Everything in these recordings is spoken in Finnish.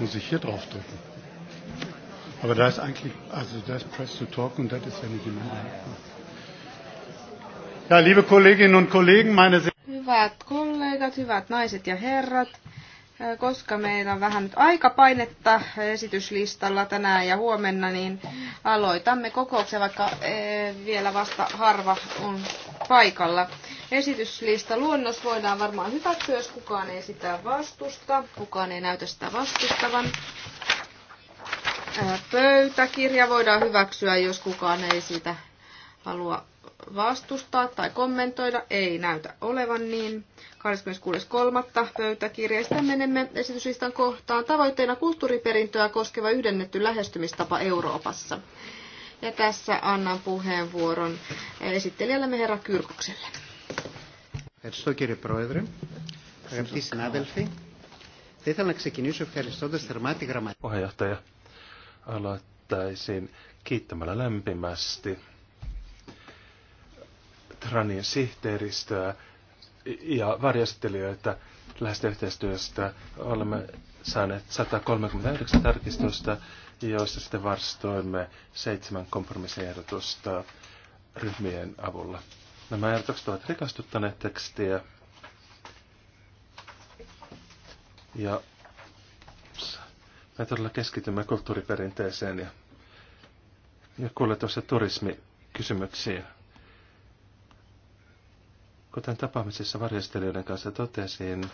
Muss ich hier drauf drücken? Aber da ist eigentlich, also da ist Press to Talk und das ist ja nicht immer. Ja, liebe Kolleginnen und Kollegen, meine sehr Hyvät kollegat, hyvät naiset ja herrat, äh, koska meillä on vähän nyt aikapainetta esityslistalla tänään ja huomenna, niin aloitamme kokouksen, vaikka äh, vielä vasta harva on paikalla. Esityslista luonnos voidaan varmaan hyväksyä, jos kukaan ei sitä vastusta. Kukaan ei näytä sitä vastustavan. Pöytäkirja voidaan hyväksyä, jos kukaan ei sitä halua vastustaa tai kommentoida. Ei näytä olevan niin. 26.3. pöytäkirjasta menemme esityslistan kohtaan. Tavoitteena kulttuuriperintöä koskeva yhdennetty lähestymistapa Euroopassa. Ja tässä annan puheenvuoron esittelijällemme herra Kyrkokselle. Ευχαριστώ κύριε Πρόεδρε. Αγαπητοί συνάδελφοι, θα ήθελα να ξεκινήσω ευχαριστώντας θερμά τη Puheenjohtaja, aloittaisin kiittämällä lämpimästi Tranin sihteeristöä ja varjostelijoita lähestä yhteistyöstä. Olemme saaneet 139 tarkistusta, joista sitten varstoimme seitsemän kompromissiehdotusta ryhmien avulla. Nämä ehdotukset ovat rikastuttaneet tekstiä. Ja me todella keskitymme kulttuuriperinteeseen ja, ja kuljetus- ja turismikysymyksiin. Kuten tapaamisissa varjostelijoiden kanssa totesin,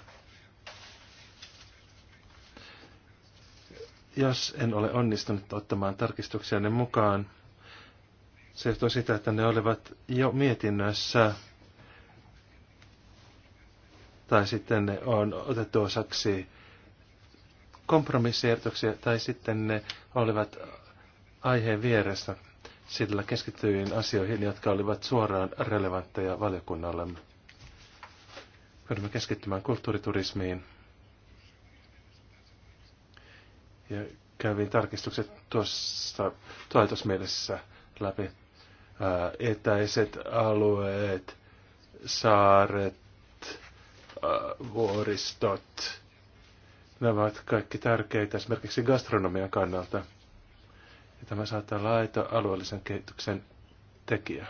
jos en ole onnistunut ottamaan tarkistuksia ne niin mukaan, se johtuu sitä, että ne olivat jo mietinnössä tai sitten ne on otettu osaksi kompromissiertoksia, tai sitten ne olivat aiheen vieressä. Sillä keskittyin asioihin, jotka olivat suoraan relevantteja valiokunnallemme. Pyrimme keskittymään kulttuuriturismiin. Ja kävin tarkistukset tuossa tuotusmielessä läpi. Äh, etäiset alueet, saaret, äh, vuoristot. nämä ovat kaikki tärkeitä esimerkiksi gastronomian kannalta. Ja tämä saattaa olla aito alueellisen kehityksen tekijä.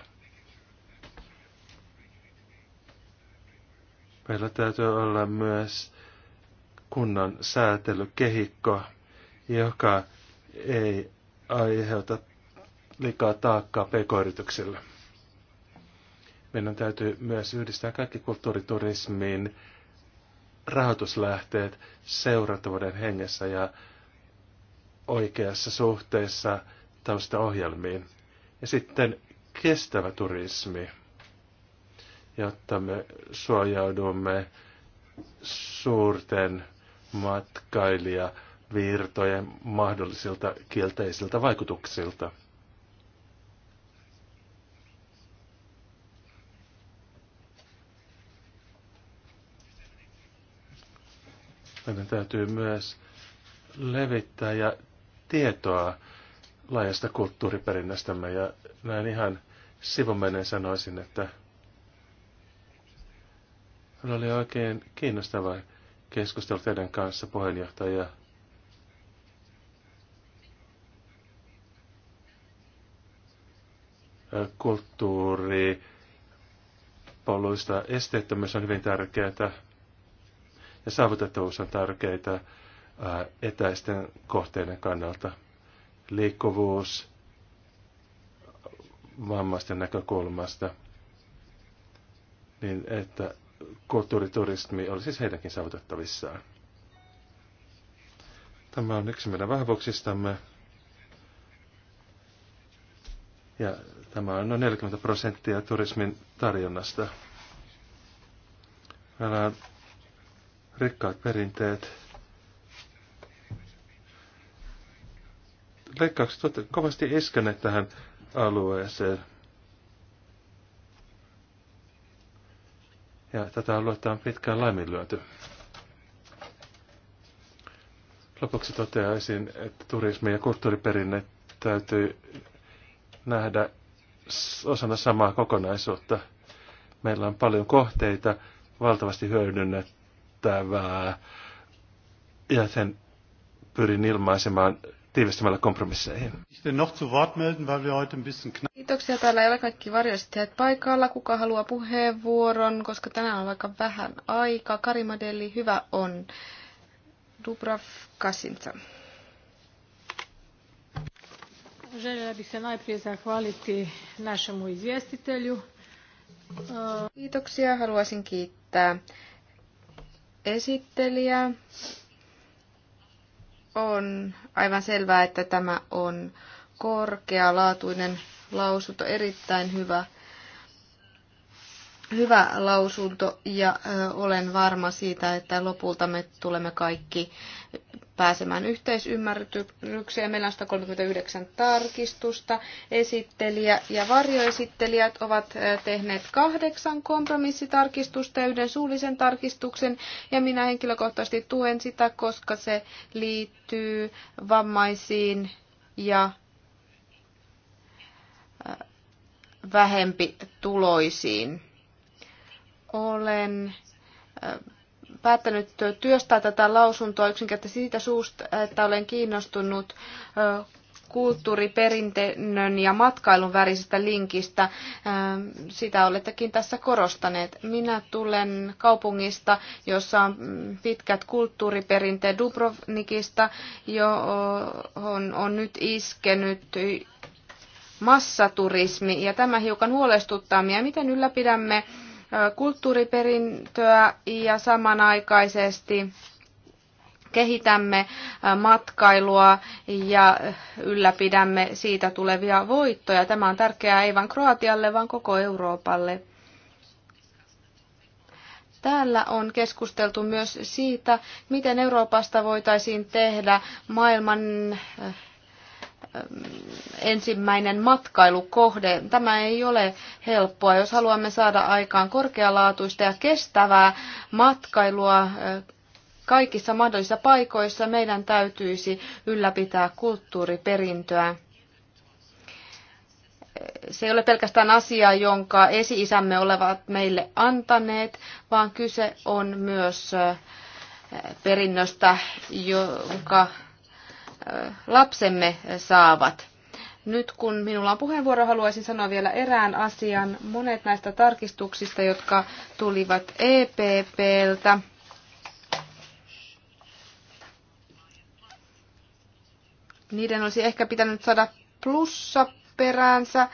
Meillä täytyy olla myös kunnan säätelykehikko, joka ei aiheuta liikaa taakkaa pk-yrityksille. Meidän täytyy myös yhdistää kaikki kulttuuriturismin rahoituslähteet seurattavuuden hengessä ja oikeassa suhteessa taustaohjelmiin. Ja sitten kestävä turismi, jotta me suojaudumme suurten matkailijavirtojen mahdollisilta kielteisiltä vaikutuksilta – meidän täytyy myös levittää ja tietoa laajasta kulttuuriperinnästämme. Ja näin ihan sivumenen sanoisin, että oli oikein kiinnostava keskustelu teidän kanssa, puheenjohtaja. Kulttuuripoluista esteettömyys on hyvin tärkeää ja saavutettavuus on tärkeitä etäisten kohteiden kannalta. Liikkuvuus vammaisten näkökulmasta, niin että kulttuuriturismi oli siis heidänkin saavutettavissaan. Tämä on yksi meidän vahvuuksistamme. Ja tämä on noin 40 prosenttia turismin tarjonnasta. Meillä on rikkaat perinteet. Leikkaukset ovat kovasti iskeneet tähän alueeseen. Ja tätä aluetta on pitkään laiminlyöty. Lopuksi toteaisin, että turismi ja kulttuuriperinne täytyy nähdä osana samaa kokonaisuutta. Meillä on paljon kohteita, valtavasti hyödynnettyä ärsyttävää. ja sen pyrin ilmaisemaan tiivistämällä kompromisseihin. Kiitoksia. Täällä ei ole kaikki varjoistajat paikalla. Kuka haluaa puheenvuoron, koska tänään on vaikka vähän aikaa. Karimadeli, hyvä on. Dubrav Kasinca. se Kiitoksia. Haluaisin kiittää Esittelijä On aivan selvää, että tämä on korkealaatuinen lausunto, erittäin hyvä, hyvä lausunto ja ö, olen varma siitä, että lopulta me tulemme kaikki pääsemään yhteisymmärrykseen. Meillä on 139 tarkistusta. Esittelijä ja varjoesittelijät ovat tehneet kahdeksan kompromissitarkistusta ja yhden suullisen tarkistuksen. Ja minä henkilökohtaisesti tuen sitä, koska se liittyy vammaisiin ja vähempi tuloisiin. Olen päättänyt työstää tätä lausuntoa yksinkertaisesti siitä suusta, että olen kiinnostunut kulttuuriperinnön ja matkailun värisestä linkistä. Sitä olettekin tässä korostaneet. Minä tulen kaupungista, jossa on pitkät kulttuuriperinteet Dubrovnikista, johon on nyt iskenyt massaturismi, ja tämä hiukan huolestuttaa minä, miten ylläpidämme kulttuuriperintöä ja samanaikaisesti kehitämme matkailua ja ylläpidämme siitä tulevia voittoja. Tämä on tärkeää ei vain Kroatialle, vaan koko Euroopalle. Täällä on keskusteltu myös siitä, miten Euroopasta voitaisiin tehdä maailman ensimmäinen matkailukohde. Tämä ei ole helppoa. Jos haluamme saada aikaan korkealaatuista ja kestävää matkailua kaikissa mahdollisissa paikoissa, meidän täytyisi ylläpitää kulttuuriperintöä. Se ei ole pelkästään asia, jonka esi-isämme olevat meille antaneet, vaan kyse on myös perinnöstä, jonka lapsemme saavat. Nyt kun minulla on puheenvuoro, haluaisin sanoa vielä erään asian. Monet näistä tarkistuksista, jotka tulivat EPPltä, niiden olisi ehkä pitänyt saada plussa peräänsä,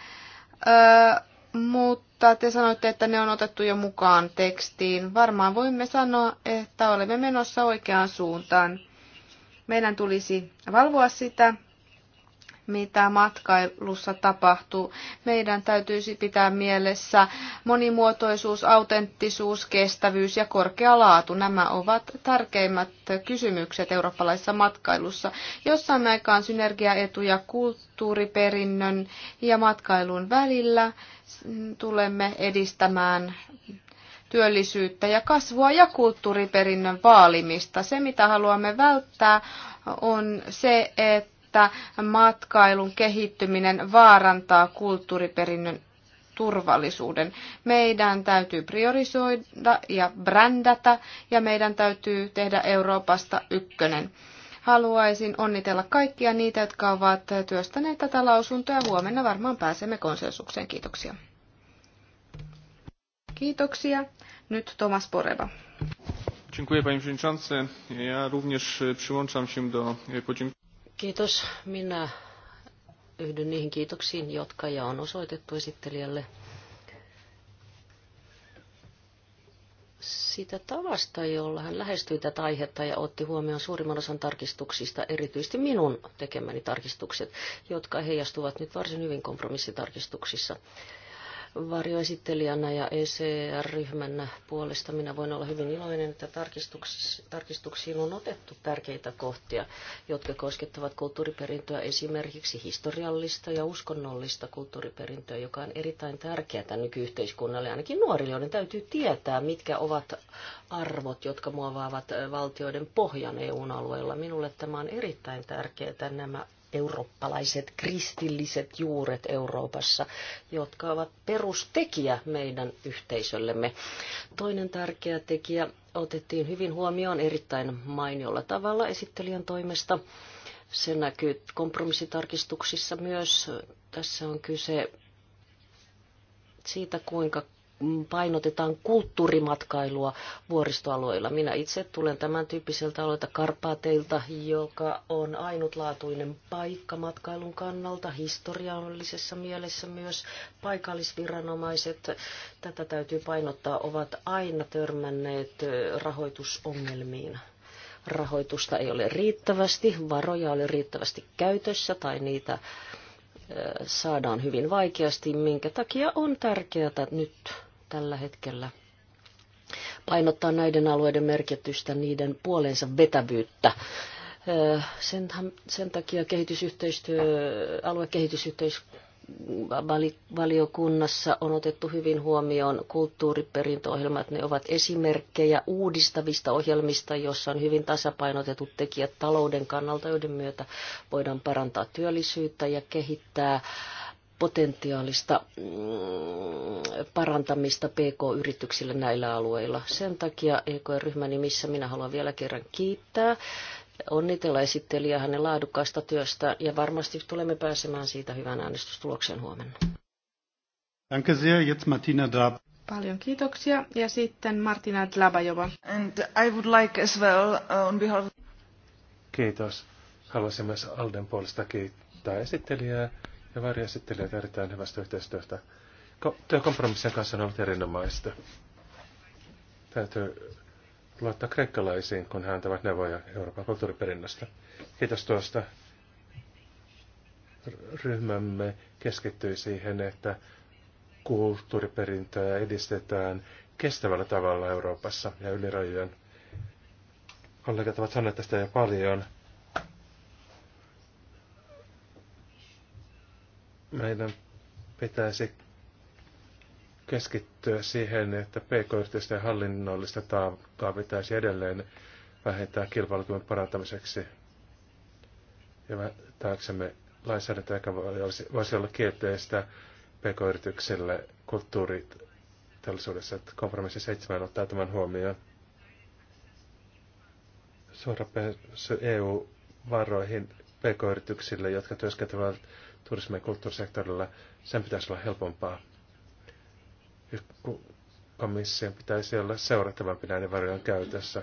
mutta te sanoitte, että ne on otettu jo mukaan tekstiin. Varmaan voimme sanoa, että olemme menossa oikeaan suuntaan. Meidän tulisi valvoa sitä, mitä matkailussa tapahtuu. Meidän täytyisi pitää mielessä monimuotoisuus, autenttisuus, kestävyys ja korkea laatu. Nämä ovat tärkeimmät kysymykset eurooppalaisessa matkailussa. Jossain aikaan synergiaetuja kulttuuriperinnön ja matkailun välillä tulemme edistämään työllisyyttä ja kasvua ja kulttuuriperinnön vaalimista. Se, mitä haluamme välttää, on se, että matkailun kehittyminen vaarantaa kulttuuriperinnön turvallisuuden. Meidän täytyy priorisoida ja brändätä ja meidän täytyy tehdä Euroopasta ykkönen. Haluaisin onnitella kaikkia niitä, jotka ovat työstäneet tätä lausuntoa. Huomenna varmaan pääsemme konsensukseen. Kiitoksia. Kiitoksia. Nyt Tomas Poreba. Dziękuję panie przewodniczący. Ja również e, przyłączam się do e, podziękowań. Kiitos. Minä yhdyn niihin kiitoksiin, jotka ja on osoitettu esittelijälle siitä tavasta, jolla hän lähestyi tätä aihetta ja otti huomioon suurimman osan tarkistuksista, erityisesti minun tekemäni tarkistukset, jotka heijastuvat nyt varsin hyvin kompromissitarkistuksissa varjoesittelijänä ja ECR-ryhmän puolesta minä voin olla hyvin iloinen, että tarkistuksiin on otettu tärkeitä kohtia, jotka koskettavat kulttuuriperintöä esimerkiksi historiallista ja uskonnollista kulttuuriperintöä, joka on erittäin tärkeää nykyyhteiskunnalle. Ainakin nuorille, joiden täytyy tietää, mitkä ovat arvot, jotka muovaavat valtioiden pohjan eu alueella. Minulle tämä on erittäin tärkeää. Nämä eurooppalaiset kristilliset juuret Euroopassa, jotka ovat perustekijä meidän yhteisöllemme. Toinen tärkeä tekijä otettiin hyvin huomioon erittäin mainiolla tavalla esittelijän toimesta. Se näkyy kompromissitarkistuksissa myös. Tässä on kyse siitä, kuinka painotetaan kulttuurimatkailua vuoristoalueilla. Minä itse tulen tämän tyyppiseltä alueelta Karpaateilta, joka on ainutlaatuinen paikka matkailun kannalta, historiallisessa mielessä myös paikallisviranomaiset, tätä täytyy painottaa, ovat aina törmänneet rahoitusongelmiin rahoitusta ei ole riittävästi, varoja ei ole riittävästi käytössä tai niitä eh, saadaan hyvin vaikeasti, minkä takia on tärkeää nyt tällä hetkellä painottaa näiden alueiden merkitystä, niiden puolensa vetävyyttä. Sen, sen takia kehitysyhteistyö, aluekehitysyhteisvaliokunnassa on otettu hyvin huomioon kulttuuriperintöohjelmat. Ne ovat esimerkkejä uudistavista ohjelmista, joissa on hyvin tasapainotetut tekijät talouden kannalta, joiden myötä voidaan parantaa työllisyyttä ja kehittää potentiaalista mm, parantamista PK-yrityksille näillä alueilla. Sen takia ek ryhmä nimissä minä haluan vielä kerran kiittää onnitella esittelijää hänen laadukkaasta työstä ja varmasti tulemme pääsemään siitä hyvän äänestystuloksen huomenna. Danke sehr, jetzt Martina Paljon kiitoksia. Ja sitten Martina Dlabajova. And I would like as well uh, on behalf... Kiitos. Haluaisin myös Alden puolesta kiittää esittelijää ja varjaesittelijät erittäin hyvästä yhteistyöstä. Työkompromissien kanssa on ollut erinomaista. Täytyy luottaa kreikkalaisiin, kun he antavat neuvoja Euroopan kulttuuriperinnöstä. Kiitos tuosta. Ryhmämme keskittyi siihen, että kulttuuriperintöä edistetään kestävällä tavalla Euroopassa ja yli rajojen. Kollegat ovat sanoneet tästä jo paljon meidän pitäisi keskittyä siihen, että pk-yritysten hallinnollista taakkaa pitäisi edelleen vähentää kilpailukyvyn parantamiseksi ja taaksemme lainsäädäntöä, joka voisi olla kielteistä pk-yrityksille kulttuuriteollisuudessa. Kompromissi 7 ottaa tämän huomioon. Suora EU-varoihin pk-yrityksille, jotka työskentelevät turismi- ja kulttuurisektorilla, sen pitäisi olla helpompaa. komission pitäisi olla seurattavampi näiden varojen käytössä.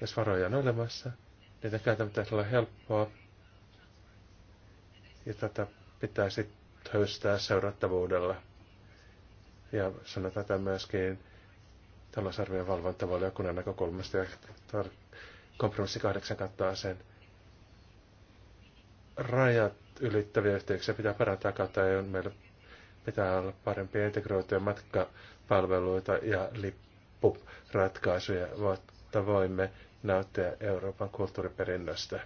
Jos varoja on olemassa, niiden käytön pitäisi olla helppoa. Ja tätä pitäisi höystää seurattavuudella. Ja sanotaan tätä myöskin talousarvion valvontavaliokunnan näkökulmasta ja kompromissi kahdeksan kattaa sen rajat ylittäviä yhteyksiä pitää parantaa kautta ja meillä pitää olla parempia integroituja matkapalveluita ja lippuratkaisuja, jotta voimme nauttia Euroopan kulttuuriperinnöstä.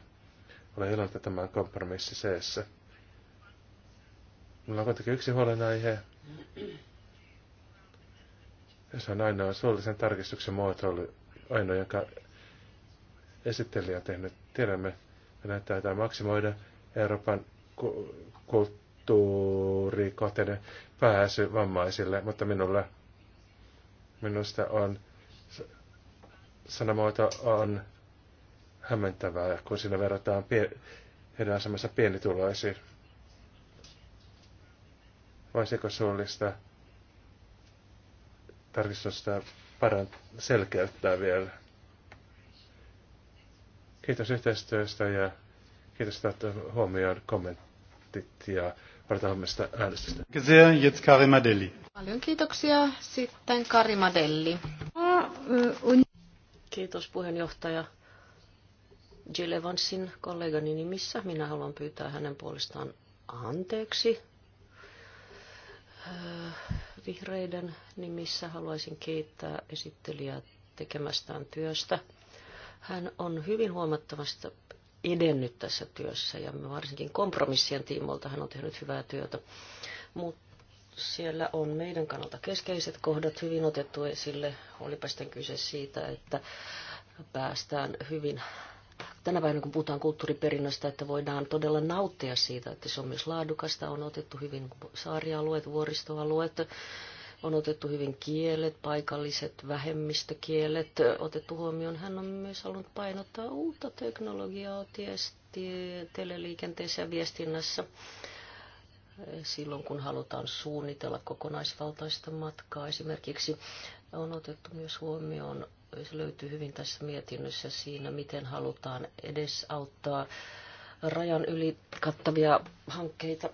Olen iloinen, että tämä on kompromissi seessä. Mulla on kuitenkin yksi huolenaihe. Se on ainoa suullisen tarkistuksen muotoilu, ainoa, jonka esittelijä on tehnyt. Tiedämme, että näyttää tämä maksimoida Euroopan kulttuurikohteiden pääsy vammaisille, mutta minulle, minusta on, sanamuoto on hämmentävää, kun siinä verrataan heidän asemassa pienituloisiin. Voisiko suullista tarkistusta parant- selkeyttää vielä? Kiitos yhteistyöstä ja Kiitos, että otatte huomioon kommentit ja palataan huomista äänestystä. Paljon kiitoksia. Sitten Karimadelli. Kiitos puheenjohtaja. Gilevansin kollegani nimissä minä haluan pyytää hänen puolestaan anteeksi. Äh, vihreiden nimissä haluaisin kiittää esittelijää tekemästään työstä. Hän on hyvin huomattavasta edennyt tässä työssä ja varsinkin kompromissien tiimoilta hän on tehnyt hyvää työtä. Mutta siellä on meidän kannalta keskeiset kohdat hyvin otettu esille. Olipa sitten kyse siitä, että päästään hyvin tänä päivänä, kun puhutaan kulttuuriperinnöstä, että voidaan todella nauttia siitä, että se on myös laadukasta, on otettu hyvin saarialueet, vuoristoalueet, on otettu hyvin kielet, paikalliset vähemmistökielet otettu huomioon. Hän on myös halunnut painottaa uutta teknologiaa tiesti, teleliikenteessä ja viestinnässä silloin, kun halutaan suunnitella kokonaisvaltaista matkaa. Esimerkiksi on otettu myös huomioon, se löytyy hyvin tässä mietinnössä siinä, miten halutaan edesauttaa rajan yli kattavia hankkeita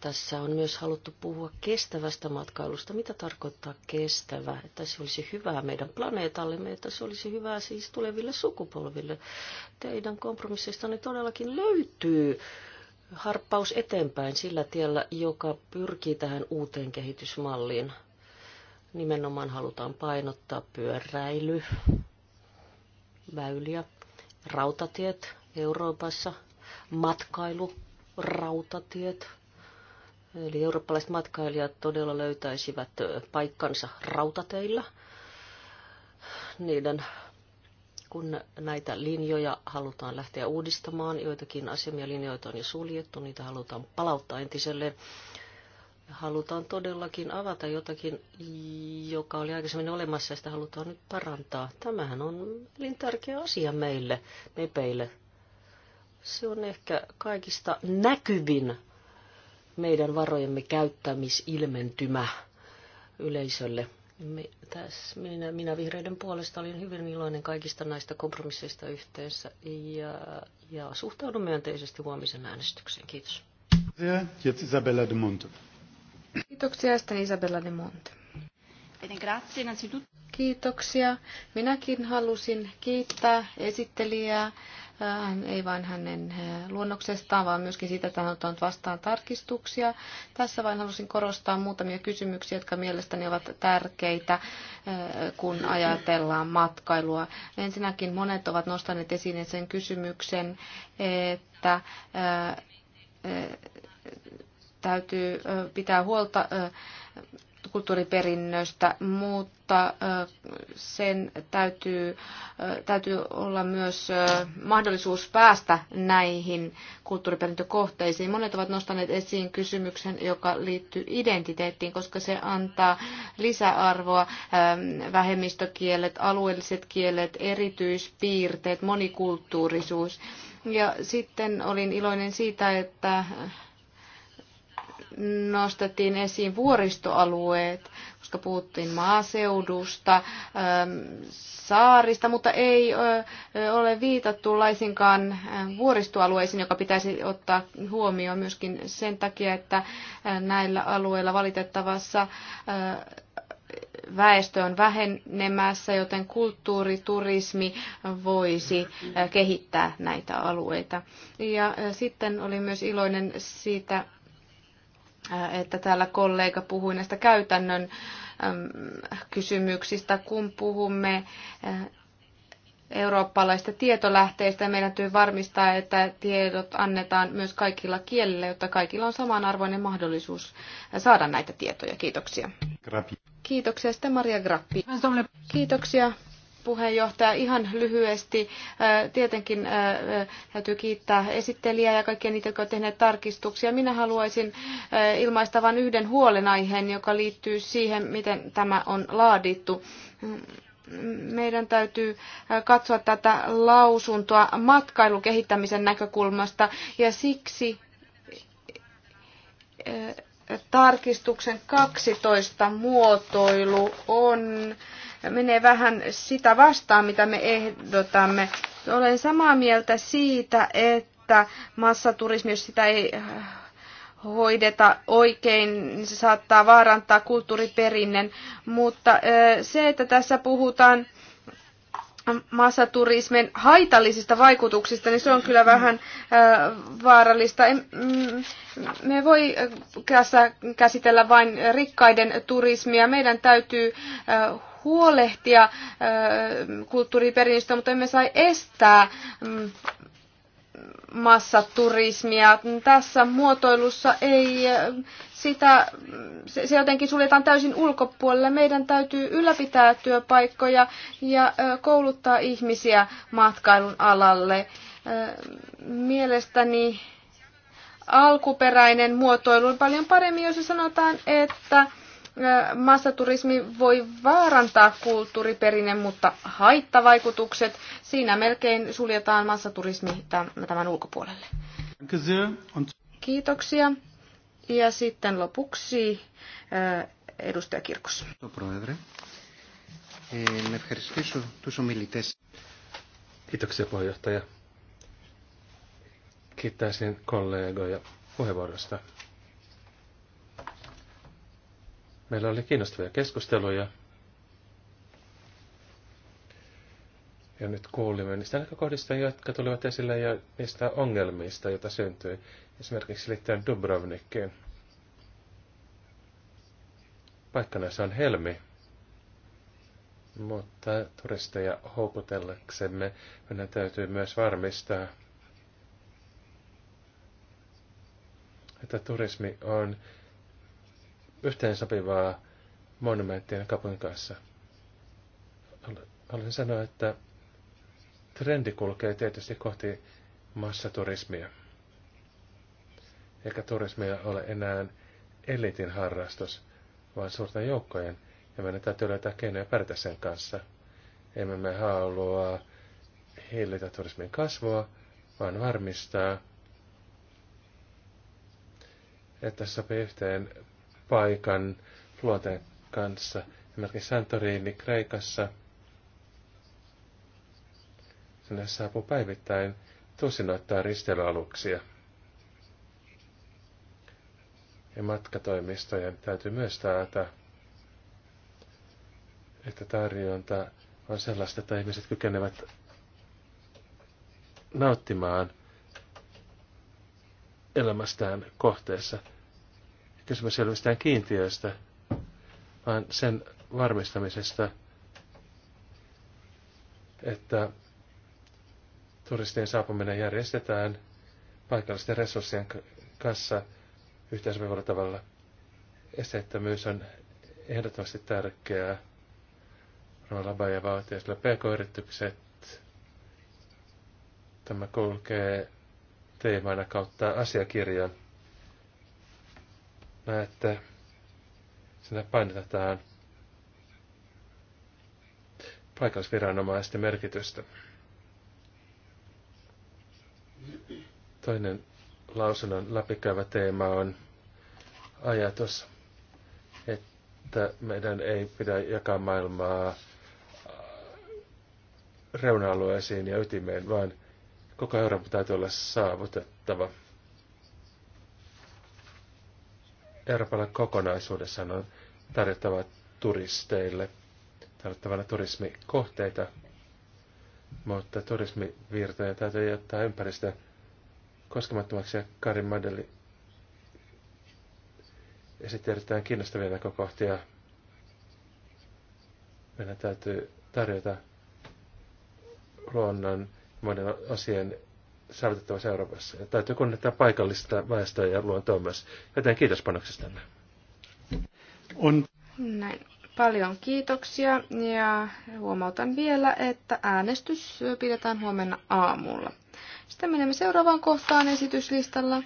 tässä on myös haluttu puhua kestävästä matkailusta. Mitä tarkoittaa kestävä? Että se olisi hyvää meidän planeetallemme, että se olisi hyvää siis tuleville sukupolville. Teidän kompromisseistanne todellakin löytyy harppaus eteenpäin sillä tiellä, joka pyrkii tähän uuteen kehitysmalliin. Nimenomaan halutaan painottaa pyöräily, väyliä, rautatiet Euroopassa, matkailu, rautatiet, Eli eurooppalaiset matkailijat todella löytäisivät paikkansa rautateillä. Niiden, kun näitä linjoja halutaan lähteä uudistamaan, joitakin asemia linjoita on jo suljettu, niitä halutaan palauttaa entiselleen. Halutaan todellakin avata jotakin, joka oli aikaisemmin olemassa ja sitä halutaan nyt parantaa. Tämähän on elintärkeä asia meille, mepeille. Se on ehkä kaikista näkyvin meidän varojemme käyttämisilmentymä yleisölle. Me, täs, minä, minä vihreiden puolesta olin hyvin iloinen kaikista näistä kompromisseista yhteensä ja, ja suhtaudun myönteisesti huomisen äänestykseen. Kiitos. Jetzt Isabella de Monte. Kiitoksia sitten Isabella de Monte. Kiitoksia. Minäkin halusin kiittää esittelijää hän ei vain hänen eh, luonnoksestaan, vaan myöskin siitä, että hän on ottanut vastaan tarkistuksia. Tässä vain halusin korostaa muutamia kysymyksiä, jotka mielestäni ovat tärkeitä, eh, kun ajatellaan matkailua. Ensinnäkin monet ovat nostaneet esiin sen kysymyksen, että eh, täytyy pitää huolta kulttuuriperinnöstä, mutta sen täytyy, täytyy olla myös mahdollisuus päästä näihin kulttuuriperintökohteisiin. Monet ovat nostaneet esiin kysymyksen, joka liittyy identiteettiin, koska se antaa lisäarvoa vähemmistökielet, alueelliset kielet, erityispiirteet, monikulttuurisuus. Ja sitten olin iloinen siitä, että nostettiin esiin vuoristoalueet, koska puhuttiin maaseudusta, ähm, saarista, mutta ei ole viitattu laisinkaan ähm, vuoristoalueisiin, joka pitäisi ottaa huomioon myöskin sen takia, että äh, näillä alueilla valitettavassa äh, väestö on vähenemässä, joten kulttuuriturismi voisi äh, kehittää näitä alueita. Ja sitten olin myös iloinen siitä, Äh, että täällä kollega puhui näistä käytännön kysymyksistä, kun puhumme äh, eurooppalaista tietolähteistä. Meidän täytyy varmistaa, että tiedot annetaan myös kaikilla kielillä, jotta kaikilla on samanarvoinen mahdollisuus äh, saada näitä tietoja. Kiitoksia. Grappi. Kiitoksia. Sitten Maria Grappi. Kiitoksia puheenjohtaja. Ihan lyhyesti tietenkin täytyy kiittää esittelijää ja kaikkia niitä, jotka ovat tehneet tarkistuksia. Minä haluaisin ilmaista vain yhden huolenaiheen, joka liittyy siihen, miten tämä on laadittu meidän täytyy katsoa tätä lausuntoa matkailukehittämisen näkökulmasta ja siksi tarkistuksen 12 muotoilu on menee vähän sitä vastaan, mitä me ehdotamme. Olen samaa mieltä siitä, että massaturismi, jos sitä ei hoideta oikein, niin se saattaa vaarantaa kulttuuriperinnön. Mutta se, että tässä puhutaan massaturismin haitallisista vaikutuksista, niin se on kyllä vähän vaarallista. Mm, me voi tässä käsitellä vain rikkaiden turismia. Meidän täytyy huolehtia kulttuuriperinnöstä, mutta emme saa estää mm, massaturismia. Tässä muotoilussa ei sitä, se, jotenkin suljetaan täysin ulkopuolelle. Meidän täytyy ylläpitää työpaikkoja ja kouluttaa ihmisiä matkailun alalle. Mielestäni alkuperäinen muotoilu on paljon paremmin, jos sanotaan, että massaturismi voi vaarantaa kulttuuriperinne, mutta haittavaikutukset, siinä melkein suljetaan massaturismi tämän ulkopuolelle. Kiitoksia. Ja sitten lopuksi edustaja Kirkos. Kiitoksia puheenjohtaja. Kiittäisin kollegoja puheenvuorosta. Meillä oli kiinnostavia keskusteluja. Ja nyt kuulimme niistä näkökohdista, jotka tulivat esille ja niistä ongelmista, joita syntyi, esimerkiksi liittyen Dubrovnikkiin. Paikkana se on helmi, mutta turisteja houkutelleksemme meidän täytyy myös varmistaa, että turismi on sopivaa monumenttien kapun kanssa. Haluaisin sanoa, että trendi kulkee tietysti kohti massaturismia. Eikä turismia ole enää elitin harrastus, vaan suurten joukkojen, ja meidän täytyy löytää keinoja pärjätä sen kanssa. Emme me halua hillitä turismin kasvua, vaan varmistaa, että sopii yhteen paikan luoteen kanssa. Esimerkiksi Santorini Kreikassa. Sinne saapuu päivittäin tusinoittaa risteilyaluksia. Ja matkatoimistojen täytyy myös taata, että tarjonta on sellaista, että ihmiset kykenevät nauttimaan elämästään kohteessa kysymys ei ole mistään kiintiöistä, vaan sen varmistamisesta, että turistien saapuminen järjestetään paikallisten resurssien kanssa yhteensopivalla tavalla. Esteettömyys on ehdottomasti tärkeää. Roolaba ja valtioisilla pk-yritykset. Tämä kulkee teemana kautta asiakirjan näette, sinä tähän paikallisviranomaisten merkitystä. Toinen lausunnon läpikäyvä teema on ajatus, että meidän ei pidä jakaa maailmaa reuna-alueisiin ja ytimeen, vaan koko Euroopan täytyy olla saavutettava. Euroopalla kokonaisuudessaan on tarjottava turisteille, tarjottavana turismikohteita, mutta turismivirtoja täytyy jättää ympäristö koskemattomaksi ja Karin Madeli esitti erittäin kiinnostavia näkökohtia. Meidän täytyy tarjota luonnon monen osien saavutettavassa Euroopassa. Ja täytyy kunnioittaa paikallista väestöä ja luontoa myös. Joten kiitos panoksestanne. On. Näin. Paljon kiitoksia ja huomautan vielä, että äänestys pidetään huomenna aamulla. Sitten menemme seuraavaan kohtaan esityslistalla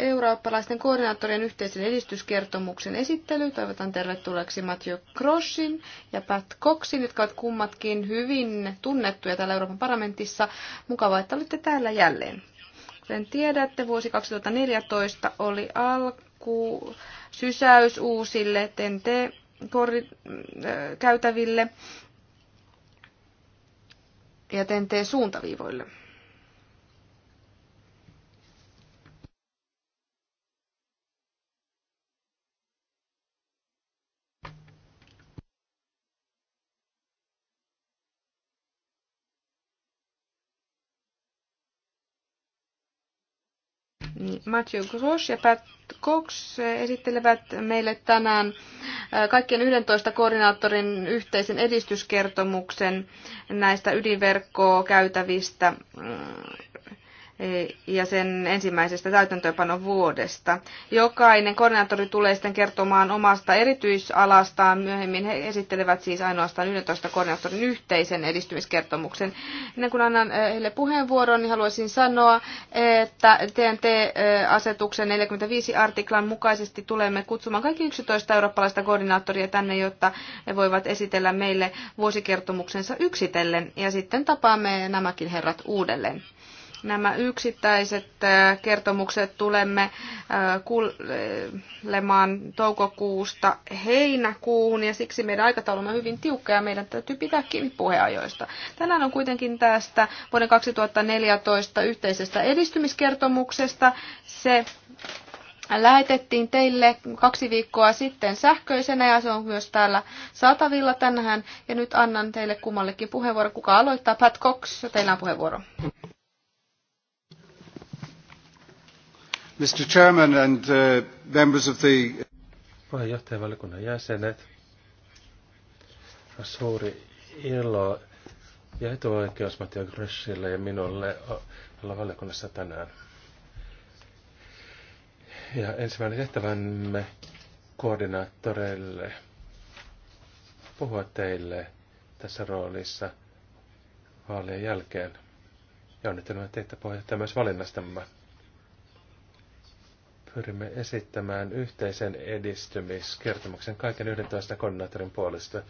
eurooppalaisten koordinaattorien yhteisen edistyskertomuksen esittely. Toivotan tervetulleeksi Matthew Crossin ja Pat Coxin, jotka ovat kummatkin hyvin tunnettuja täällä Euroopan parlamentissa. Mukavaa, että olette täällä jälleen. Kuten tiedätte, vuosi 2014 oli alku sysäys uusille TNT-käytäville äh, ja TNT-suuntaviivoille. Mathieu Grosch ja Pat Cox esittelevät meille tänään äh, kaikkien 11 koordinaattorin yhteisen edistyskertomuksen näistä ydinverkkoa käytävistä mm ja sen ensimmäisestä täytäntöönpanon vuodesta. Jokainen koordinaattori tulee sitten kertomaan omasta erityisalastaan. Myöhemmin he esittelevät siis ainoastaan 11 koordinaattorin yhteisen edistymiskertomuksen. Ennen kuin annan eh, heille puheenvuoron, niin haluaisin sanoa, että TNT-asetuksen eh, 45 artiklan mukaisesti tulemme kutsumaan kaikki 11 eurooppalaista koordinaattoria tänne, jotta he voivat esitellä meille vuosikertomuksensa yksitellen. Ja sitten tapaamme nämäkin herrat uudelleen. Nämä yksittäiset äh, kertomukset tulemme äh, kuulemaan toukokuusta heinäkuuhun ja siksi meidän aikataulumme on hyvin tiukka ja meidän täytyy pitää kiinni puheajoista. Tänään on kuitenkin tästä vuoden 2014 yhteisestä edistymiskertomuksesta. Se lähetettiin teille kaksi viikkoa sitten sähköisenä ja se on myös täällä saatavilla tänään. Ja nyt annan teille kummallekin puheenvuoro. Kuka aloittaa? Pat Cox, teillä on puheenvuoro. Mr. Chairman and uh, members of the... Puheenjohtajavaliokunnan jäsenet, suuri ilo ja etuoikeus Mattia Grössille ja minulle olla valiokunnassa tänään. Ja ensimmäinen tehtävämme koordinaattoreille puhua teille tässä roolissa vaalien jälkeen. Ja onnittelemme teitä puheenjohtaja myös valinnastamme pyrimme esittämään yhteisen edistymiskertomuksen kaiken 11 koordinaattorin puolesta.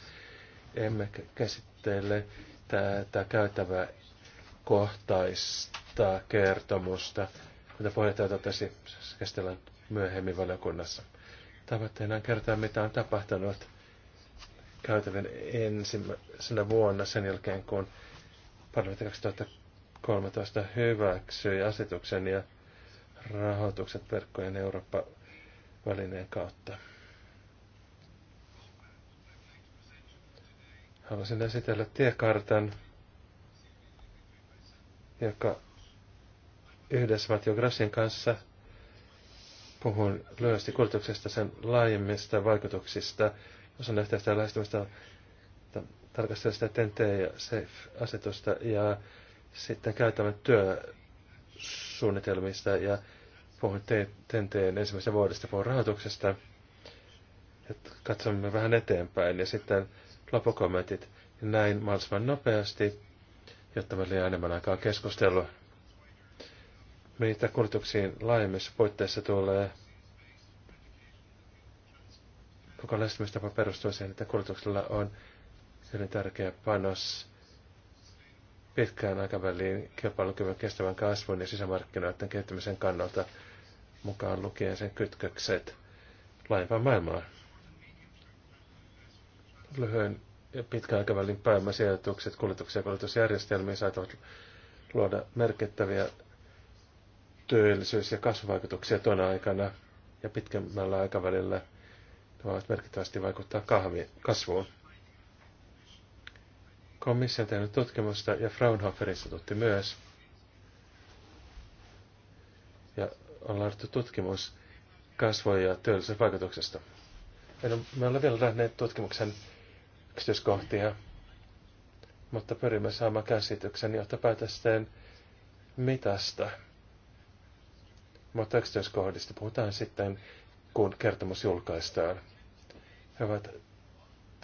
Emme käsittele tätä käytävää kohtaista kertomusta, mitä puheenjohtaja totesi, käsitellään myöhemmin valiokunnassa. Tavoitteena on kertoa, mitä on tapahtunut käytävän ensimmäisenä vuonna sen jälkeen, kun parlamentti 2013 hyväksyi asetuksen ja rahoitukset verkkojen Eurooppa-välineen kautta. Haluaisin esitellä tiekartan, joka yhdessä Matio Grassin kanssa puhun lyhyesti kulutuksesta sen laajemmista vaikutuksista, osana yhteistä lähestymistä tarkastella sitä TNT ja SAFE-asetusta ja sitten käytämme työ suunnitelmista ja puhumme TENTeen ensimmäisestä vuodesta, puhun rahoituksesta. katsomme vähän eteenpäin ja sitten lopukommentit näin mahdollisimman nopeasti, jotta meillä ei enemmän aikaa keskustella. Mitä kulutuksiin laajemmissa puitteissa tulee? Koko lähestymistapa perustuu siihen, että kulutuksella on hyvin tärkeä panos pitkään aikaväliin kilpailukyvyn kestävän kasvun ja sisämarkkinoiden kehittymisen kannalta mukaan lukien sen kytkökset laajempaan maailmaan. Lyhyen ja pitkän aikavälin pääomasijoitukset kuljetuksia ja kuljetusjärjestelmiin saattavat luoda merkittäviä työllisyys- ja kasvuvaikutuksia tuona aikana ja pitkemmällä aikavälillä ne voivat merkittävästi vaikuttaa kahvi, kasvuun. Komissio on tehnyt tutkimusta ja Fraunhofer instituutti myös. Ja on laadittu tutkimus kasvoja ja työllisyyden vaikutuksesta. En, me olemme vielä nähneet tutkimuksen yksityiskohtia, mutta pyrimme saamaan käsityksen johtopäätösten mitasta. Mutta yksityiskohdista puhutaan sitten, kun kertomus julkaistaan. He ovat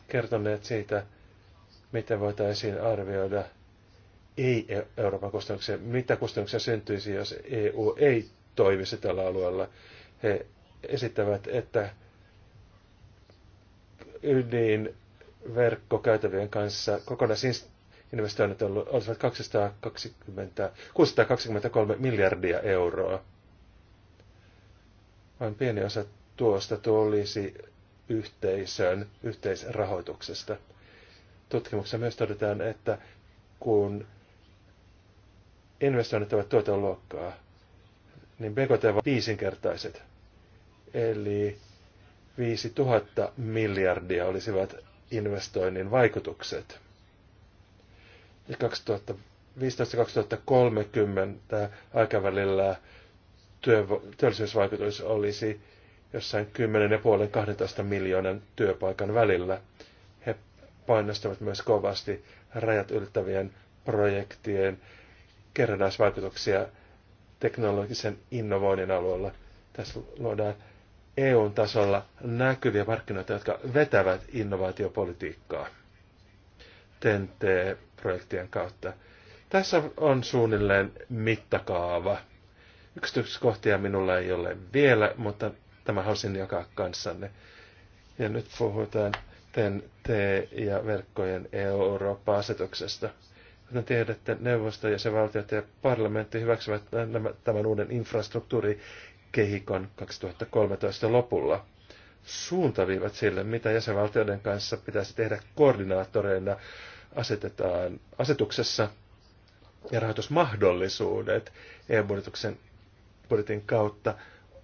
kertoneet siitä, mitä voitaisiin arvioida ei-Euroopan e- kustannuksia, mitä kustannuksia syntyisi, jos EU ei toimisi tällä alueella. He esittävät, että ydin verkkokäytävien kanssa kokonaisinvestoinnit olisivat 220, 623 miljardia euroa. Vain pieni osa tuosta tulisi yhteisön yhteisrahoituksesta tutkimuksessa myös todetaan, että kun investoinnit ovat tuoteluokkaa, niin BKT ovat viisinkertaiset. Eli 5000 miljardia olisivat investoinnin vaikutukset. Ja 2015-2030 aikavälillä työllisyysvaikutus olisi jossain 10,5-12 miljoonan työpaikan välillä – painostavat myös kovasti rajat ylittävien projektien kerrannaisvaikutuksia teknologisen innovoinnin alueella. Tässä luodaan EUn tasolla näkyviä markkinoita, jotka vetävät innovaatiopolitiikkaa ten projektien kautta. Tässä on suunnilleen mittakaava. Yksityiskohtia minulla ei ole vielä, mutta tämä halusin jakaa kanssanne. Ja nyt puhutaan TEN-T- ja verkkojen Eurooppa-asetuksesta. Kuten tiedätte, neuvosto ja se valtiot ja parlamentti hyväksyvät tämän uuden infrastruktuurikehikon 2013 lopulla. Suuntaviivat sille, mitä jäsenvaltioiden kanssa pitäisi tehdä koordinaattoreina, asetetaan asetuksessa ja rahoitusmahdollisuudet EU-budjetuksen budjetin kautta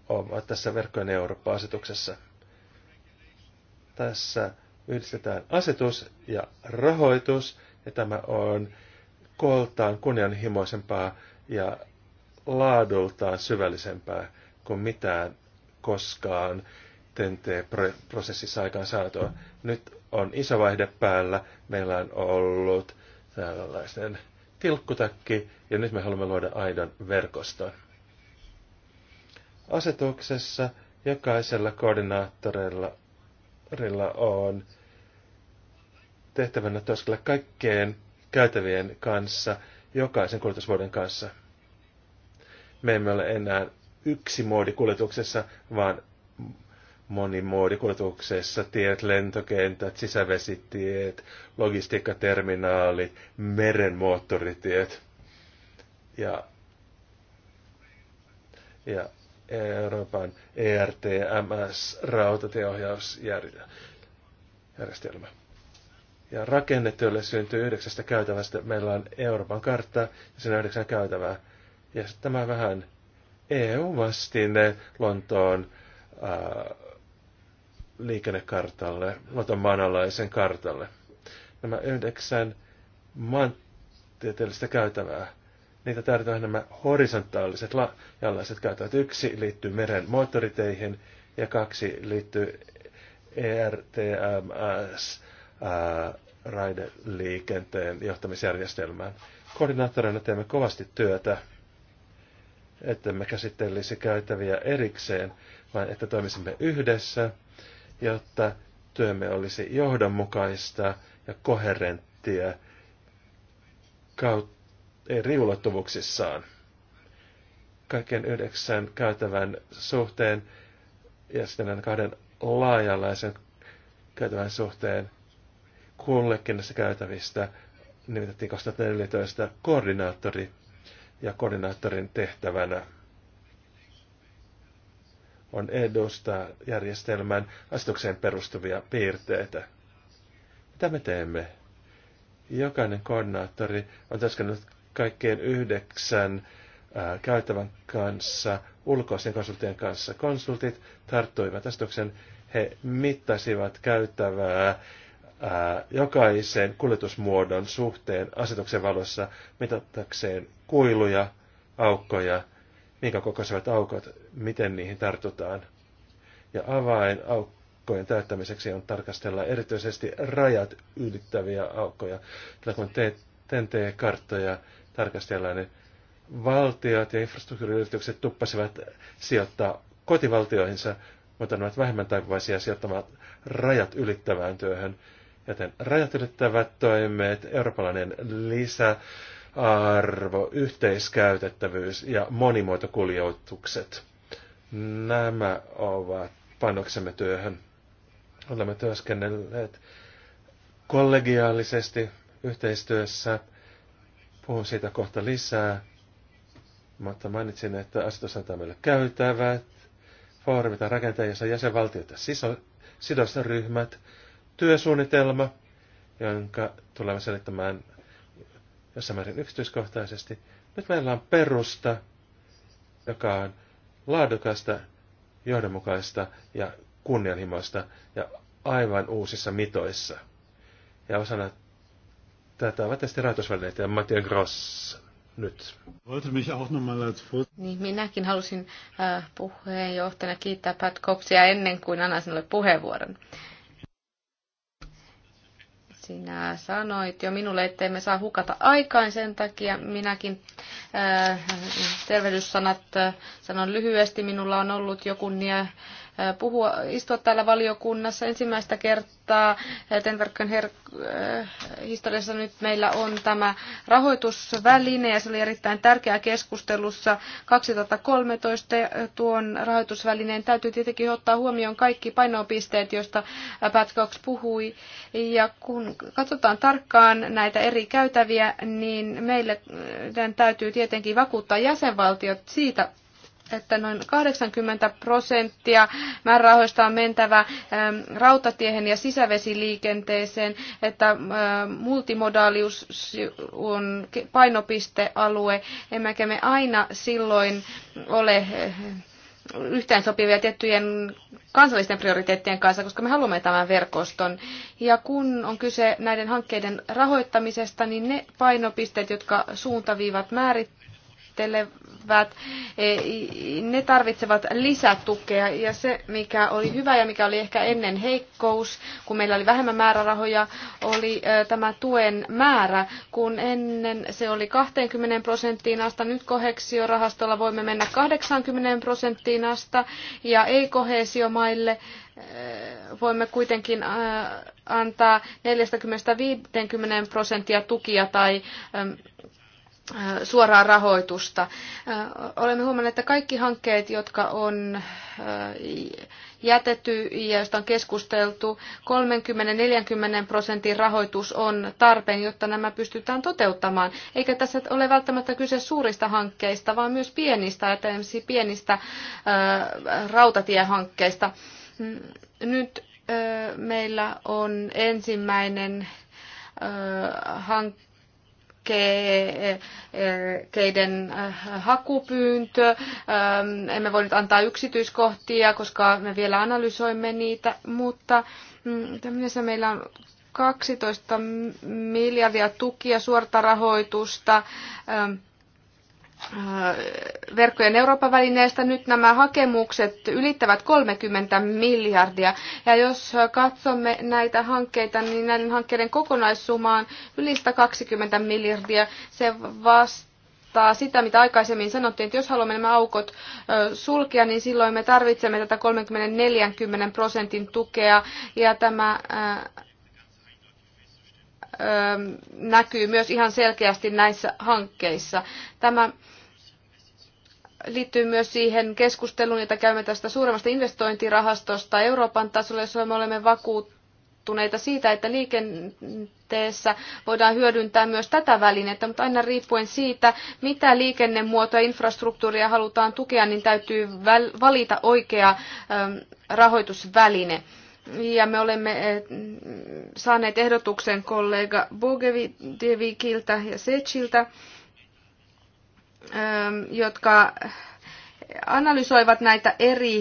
ovat tässä verkkojen Eurooppa-asetuksessa. Tässä yhdistetään asetus ja rahoitus, ja tämä on kooltaan kunnianhimoisempaa ja laadultaan syvällisempää kuin mitään koskaan TNT-prosessissa aikaan saatua. Nyt on iso vaihde päällä, meillä on ollut tällaisen tilkkutakki, ja nyt me haluamme luoda aidon verkoston. Asetuksessa jokaisella koordinaattorella Rilla on tehtävänä työskennellä kaikkeen käytävien kanssa, jokaisen kuljetusvuoden kanssa. Me emme ole enää yksi moodi kuljetuksessa, vaan kuljetuksessa. tiet, lentokentät, sisävesitiet, logistiikkaterminaalit, merenmoottoritiet. Ja, ja Euroopan ERTMS-rautatieohjausjärjestelmä. Ja rakennetyölle syntyy yhdeksästä käytävästä. Meillä on Euroopan kartta ja sen yhdeksän käytävää. Ja tämä vähän EU-vastine Lontoon ää, äh, liikennekartalle, Lontoon maanalaisen kartalle. Nämä yhdeksän maantieteellistä käytävää niitä tarvitaan nämä horisontaaliset jalaiset käytävät. Yksi liittyy meren moottoriteihin ja kaksi liittyy ERTMS raideliikenteen johtamisjärjestelmään. Koordinaattoreina teemme kovasti työtä, että me käsittelisi käytäviä erikseen, vaan että toimisimme yhdessä, jotta työmme olisi johdonmukaista ja koherenttia kautta eri Kaiken yhdeksän käytävän suhteen ja sitten näiden kahden laajalaisen käytävän suhteen kullekin näistä käytävistä nimitettiin 2014 koordinaattori ja koordinaattorin tehtävänä on edustaa järjestelmän asetukseen perustuvia piirteitä. Mitä me teemme? Jokainen koordinaattori on työskennellyt kaikkien yhdeksän ää, käytävän kanssa, ulkoisen konsulttien kanssa. Konsultit tarttuivat asetuksen, he mittasivat käytävää ää, jokaisen kuljetusmuodon suhteen asetuksen valossa mitatakseen kuiluja, aukkoja, minkä kokoisivat aukot, miten niihin tartutaan. Ja avain aukkojen täyttämiseksi on tarkastella erityisesti rajat ylittäviä aukkoja. tällä kun teet TNT-karttoja, tarkastellaan, niin valtiot ja infrastruktuuriyritykset tuppasivat sijoittaa kotivaltioihinsa, mutta ne ovat vähemmän taipuvaisia sijoittamaan rajat ylittävään työhön. Joten rajat ylittävät toimet, eurooppalainen lisäarvo, yhteiskäytettävyys ja monimuotokuljoitukset. Nämä ovat panoksemme työhön. Olemme työskennelleet kollegiaalisesti yhteistyössä – Puhun siitä kohta lisää, mutta mainitsin, että asetus antaa meille käytävät, foorumita rakentajissa jäsenvaltioita siso, sidosryhmät, työsuunnitelma, jonka tulemme selittämään jossain määrin yksityiskohtaisesti. Nyt meillä on perusta, joka on laadukasta, johdonmukaista ja kunnianhimoista ja aivan uusissa mitoissa. Ja osana Tätä ovat tästä rahoitusvälineitä ja Matian Gross nyt. Niin, minäkin halusin äh, puheenjohtajana kiittää Pat Coxia ennen kuin annan sinulle puheenvuoron. Sinä sanoit jo minulle, ettei me saa hukata aikaan sen takia. Minäkin äh, tervehdyssanat äh, sanon lyhyesti. Minulla on ollut jo kunnia puhua, istua täällä valiokunnassa ensimmäistä kertaa. Tenverkön her- historiassa nyt meillä on tämä rahoitusväline ja se oli erittäin tärkeä keskustelussa 2013. Tuon rahoitusvälineen täytyy tietenkin ottaa huomioon kaikki painopisteet, joista Pat Cox puhui. Ja kun katsotaan tarkkaan näitä eri käytäviä, niin meille täytyy tietenkin vakuuttaa jäsenvaltiot siitä, että noin 80 prosenttia määrärahoista on mentävä ähm, rautatiehen ja sisävesiliikenteeseen, että ähm, multimodaalius on painopistealue, emmekä me aina silloin ole äh, yhteen sopivia tiettyjen kansallisten prioriteettien kanssa, koska me haluamme tämän verkoston. Ja kun on kyse näiden hankkeiden rahoittamisesta, niin ne painopisteet, jotka suuntaviivat määrittävät, käsittelevät, e, ne tarvitsevat lisätukea. Ja se, mikä oli hyvä ja mikä oli ehkä ennen heikkous, kun meillä oli vähemmän määrärahoja, oli e, tämä tuen määrä. Kun ennen se oli 20 prosenttiin asta, nyt kohesiorahastolla voimme mennä 80 prosenttiin asta. Ja ei-kohesiomaille e, voimme kuitenkin antaa 40-50 prosenttia tukia tai suoraa rahoitusta. Olemme huomanneet, että kaikki hankkeet, jotka on jätetty ja joista on keskusteltu, 30-40 prosentin rahoitus on tarpeen, jotta nämä pystytään toteuttamaan. Eikä tässä ole välttämättä kyse suurista hankkeista, vaan myös pienistä, esimerkiksi pienistä rautatiehankkeista. Mm, nyt meillä on ensimmäinen hankke, hankkeiden eh, hakupyyntö. Ähm, emme voi nyt antaa yksityiskohtia, koska me vielä analysoimme niitä, mutta mm, tämmöisessä meillä on 12 miljardia tukia, suorta rahoitusta, ähm, Äh, verkkojen Euroopan välineestä nyt nämä hakemukset ylittävät 30 miljardia. Ja jos katsomme näitä hankkeita, niin näiden hankkeiden kokonaissumma on yli 120 miljardia. Se vastaa sitä, mitä aikaisemmin sanottiin, että jos haluamme nämä aukot sulkea, niin silloin me tarvitsemme tätä 30-40 prosentin tukea. Ja tämä näkyy myös ihan selkeästi näissä hankkeissa. Tämä liittyy myös siihen keskusteluun, jota käymme tästä suuremmasta investointirahastosta Euroopan tasolla, jossa me olemme vakuuttuneita siitä, että liikenteessä voidaan hyödyntää myös tätä välinettä, mutta aina riippuen siitä, mitä liikennemuotoa ja infrastruktuuria halutaan tukea, niin täytyy valita oikea rahoitusväline. Ja me olemme saaneet ehdotuksen kollega Bogevikiltä ja Sechiltä Ähm, jotka analysoivat näitä eri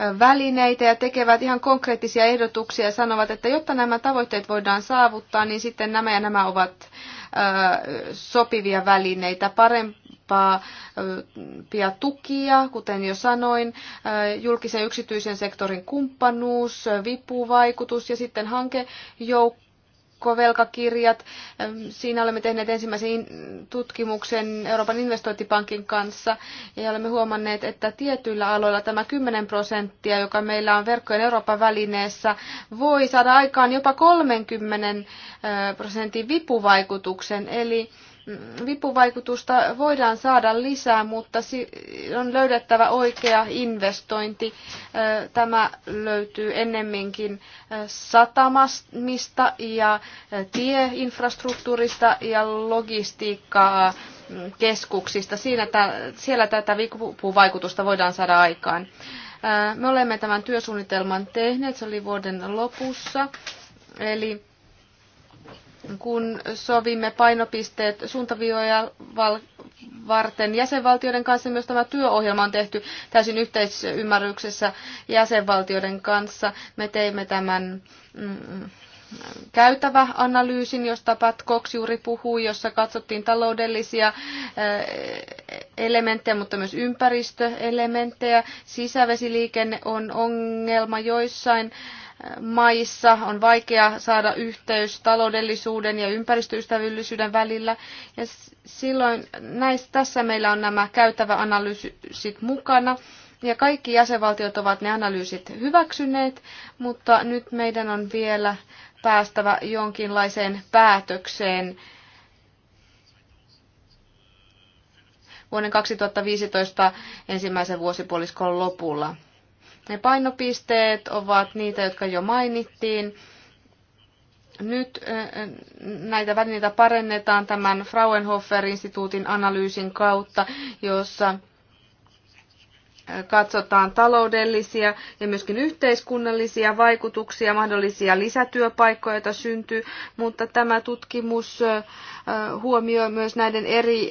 äh, välineitä ja tekevät ihan konkreettisia ehdotuksia ja sanovat, että jotta nämä tavoitteet voidaan saavuttaa, niin sitten nämä ja nämä ovat äh, sopivia välineitä, äh, pia tukia, kuten jo sanoin, julkisen yksityisen sektorin kumppanuus, vipuvaikutus ja sitten hankejoukko joukkovelkakirjat. Siinä olemme tehneet ensimmäisen tutkimuksen Euroopan investointipankin kanssa ja olemme huomanneet, että tietyillä aloilla tämä 10 prosenttia, joka meillä on verkkojen Euroopan välineessä, voi saada aikaan jopa 30 prosentin vipuvaikutuksen. Eli vipuvaikutusta voidaan saada lisää, mutta on löydettävä oikea investointi. Tämä löytyy ennemminkin satamista ja tieinfrastruktuurista ja logistiikkaa keskuksista. Siinä siellä tätä vipuvaikutusta voidaan saada aikaan. Me olemme tämän työsuunnitelman tehneet, se oli vuoden lopussa. Eli kun sovimme painopisteet suuntaviivoja varten jäsenvaltioiden kanssa. Myös tämä työohjelma on tehty täysin yhteisymmärryksessä jäsenvaltioiden kanssa. Me teimme tämän mm, käytäväanalyysin, josta Pat Cox juuri puhui, jossa katsottiin taloudellisia eh, elementtejä, mutta myös ympäristöelementtejä. Sisävesiliikenne on ongelma joissain maissa on vaikea saada yhteys taloudellisuuden ja ympäristöystävällisyyden välillä. Ja silloin näissä, tässä meillä on nämä käytäväanalyysit mukana. Ja kaikki jäsenvaltiot ovat ne analyysit hyväksyneet, mutta nyt meidän on vielä päästävä jonkinlaiseen päätökseen vuoden 2015 ensimmäisen vuosipuoliskon lopulla. Ne painopisteet ovat niitä, jotka jo mainittiin. Nyt näitä välineitä parennetaan tämän Frauenhofer-instituutin analyysin kautta, jossa katsotaan taloudellisia ja myöskin yhteiskunnallisia vaikutuksia, mahdollisia lisätyöpaikkoja, joita syntyy, mutta tämä tutkimus huomioi myös näiden eri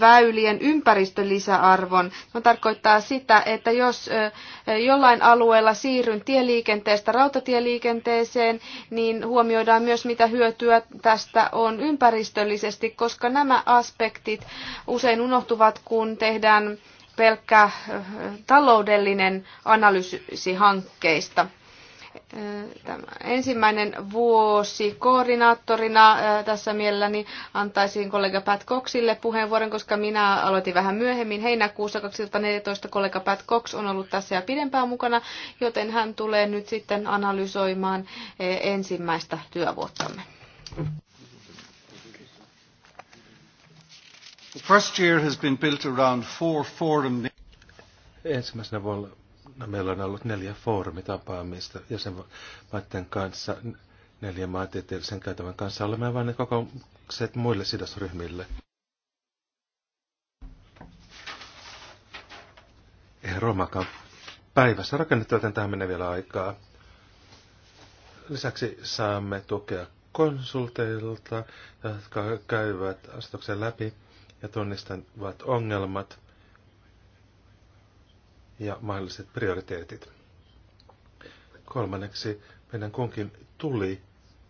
väylien ympäristölisäarvon. Se tarkoittaa sitä, että jos jollain alueella siirryn tieliikenteestä rautatieliikenteeseen, niin huomioidaan myös mitä hyötyä tästä on ympäristöllisesti, koska nämä aspektit usein unohtuvat, kun tehdään pelkkä äh, taloudellinen analyysi hankkeista. Äh, tämä ensimmäinen vuosi koordinaattorina äh, tässä mielelläni antaisin kollega Pat Coxille puheenvuoron, koska minä aloitin vähän myöhemmin heinäkuussa 2014. Kollega Pat Cox on ollut tässä ja pidempään mukana, joten hän tulee nyt sitten analysoimaan ensimmäistä työvuottamme. The first year has been built around four forum... Ensimmäisenä vuonna meillä on ollut neljä foorumitapaamista jäsenmaiden kanssa, neljä maantieteellisen käytävän kanssa. Olemme avanneet kokoukset muille sidosryhmille. Eihän Roomakaan päivässä rakennettu, joten tähän menee vielä aikaa. Lisäksi saamme tukea konsulteilta, jotka käyvät asetuksen läpi ja tunnistavat ongelmat ja mahdolliset prioriteetit. Kolmanneksi meidän kunkin tuli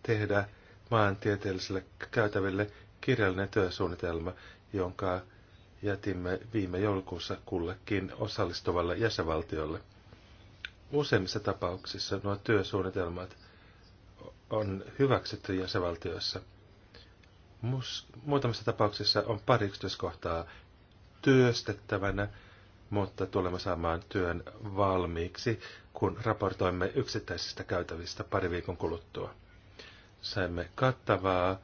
tehdä maantieteelliselle käytäville kirjallinen työsuunnitelma, jonka jätimme viime joulukuussa kullekin osallistuvalle jäsenvaltiolle. Useimmissa tapauksissa nuo työsuunnitelmat on hyväksytty jäsenvaltioissa – Mus, muutamissa tapauksissa on pari yksityiskohtaa työstettävänä, mutta tulemme saamaan työn valmiiksi, kun raportoimme yksittäisistä käytävistä pari viikon kuluttua. Saimme kattavaa,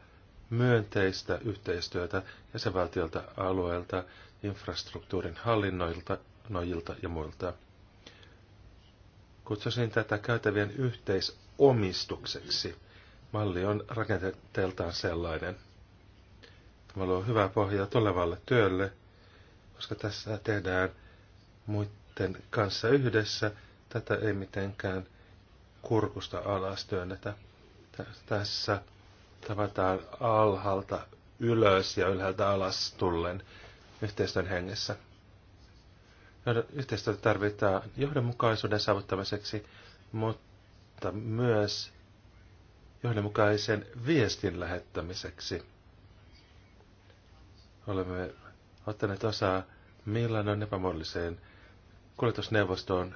myönteistä yhteistyötä jäsenvaltiolta, alueelta, infrastruktuurin hallinnoilta nojilta ja muilta. Kutsusin tätä käytävien yhteisomistukseksi. Malli on rakenteeltaan sellainen. Tämä luo hyvää pohjaa tulevalle työlle, koska tässä tehdään muiden kanssa yhdessä. Tätä ei mitenkään kurkusta alas työnnetä. Tässä tavataan alhaalta ylös ja ylhäältä alas tullen yhteistyön hengessä. Yhteistyötä tarvitaan johdonmukaisuuden saavuttamiseksi, mutta myös johdonmukaisen viestin lähettämiseksi Olemme ottaneet osaa Milanon epämuodolliseen kuljetusneuvostoon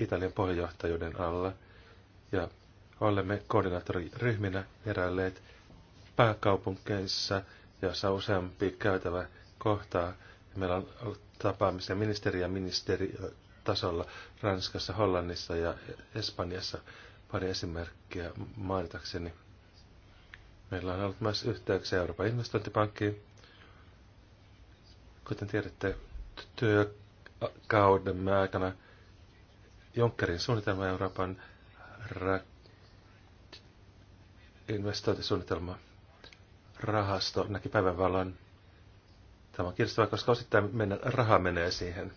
Italian puheenjohtajuuden alla ja olemme koordinaattoriryhminä eräilleet pääkaupunkeissa, jossa useampi käytävä kohtaa. Meillä on ollut tapaamisia ministeri- ja ministeritasolla Ranskassa, Hollannissa ja Espanjassa pari esimerkkiä mainitakseni. Meillä on ollut myös yhteyksiä Euroopan investointipankkiin, Kuten tiedätte, työkauden aikana Junckerin suunnitelma Euroopan ra- investointisuunnitelma rahasto näki päivänvalon. Tämä on kiinnostavaa, koska osittain meidän raha menee siihen.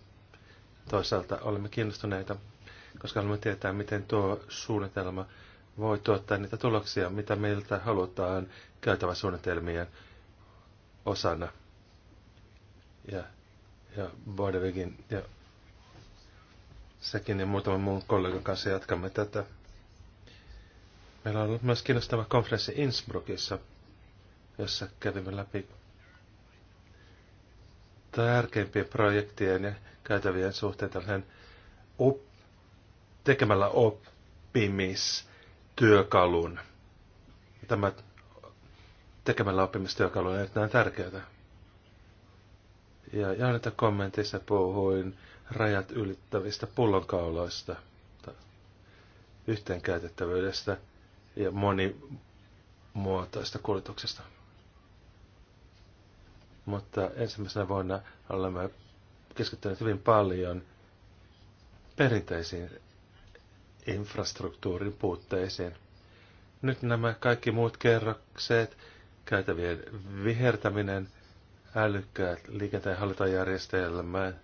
Toisaalta olemme kiinnostuneita, koska haluamme tietää, miten tuo suunnitelma voi tuottaa niitä tuloksia, mitä meiltä halutaan käytävä suunnitelmien osana – ja, ja Bodevikin ja sekin ja muutaman muun kollegan kanssa jatkamme tätä. Meillä on ollut myös kiinnostava konferenssi Innsbruckissa, jossa kävimme läpi tärkeimpien projektien ja käytävien suhteen tällainen op, tekemällä oppimistyökalun. Tämä tekemällä oppimistyökalun on erittäin tärkeää. Ja Jaanita kommenteissa puhuin rajat ylittävistä pullonkauloista, yhteenkäytettävyydestä ja monimuotoista kuljetuksesta. Mutta ensimmäisenä vuonna olemme keskittyneet hyvin paljon perinteisiin infrastruktuurin puutteisiin. Nyt nämä kaikki muut kerrokset, käytävien vihertäminen – älykkäät liikenteen hallintajärjestelmät,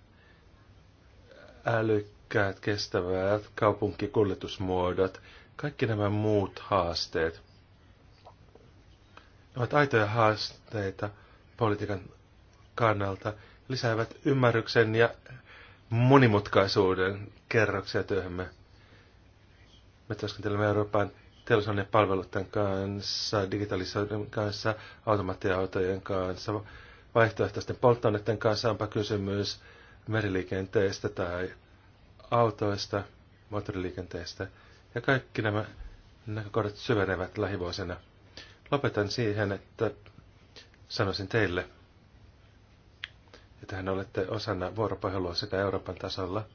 älykkäät kestävät kaupunkikuljetusmuodot, kaikki nämä muut haasteet ovat aitoja haasteita politiikan kannalta, lisäävät ymmärryksen ja monimutkaisuuden kerroksia työhömme. Me työskentelemme Euroopan teollisuuden palveluiden kanssa, digitalisoiden kanssa, automaattiautojen kanssa, vaihtoehtoisten polttoaineiden kanssa, onpa kysymys meriliikenteestä tai autoista, moottoriliikenteestä. Ja kaikki nämä näkökohdat syvenevät lähivuosina. Lopetan siihen, että sanoisin teille, että hän olette osana vuoropuhelua sekä Euroopan tasolla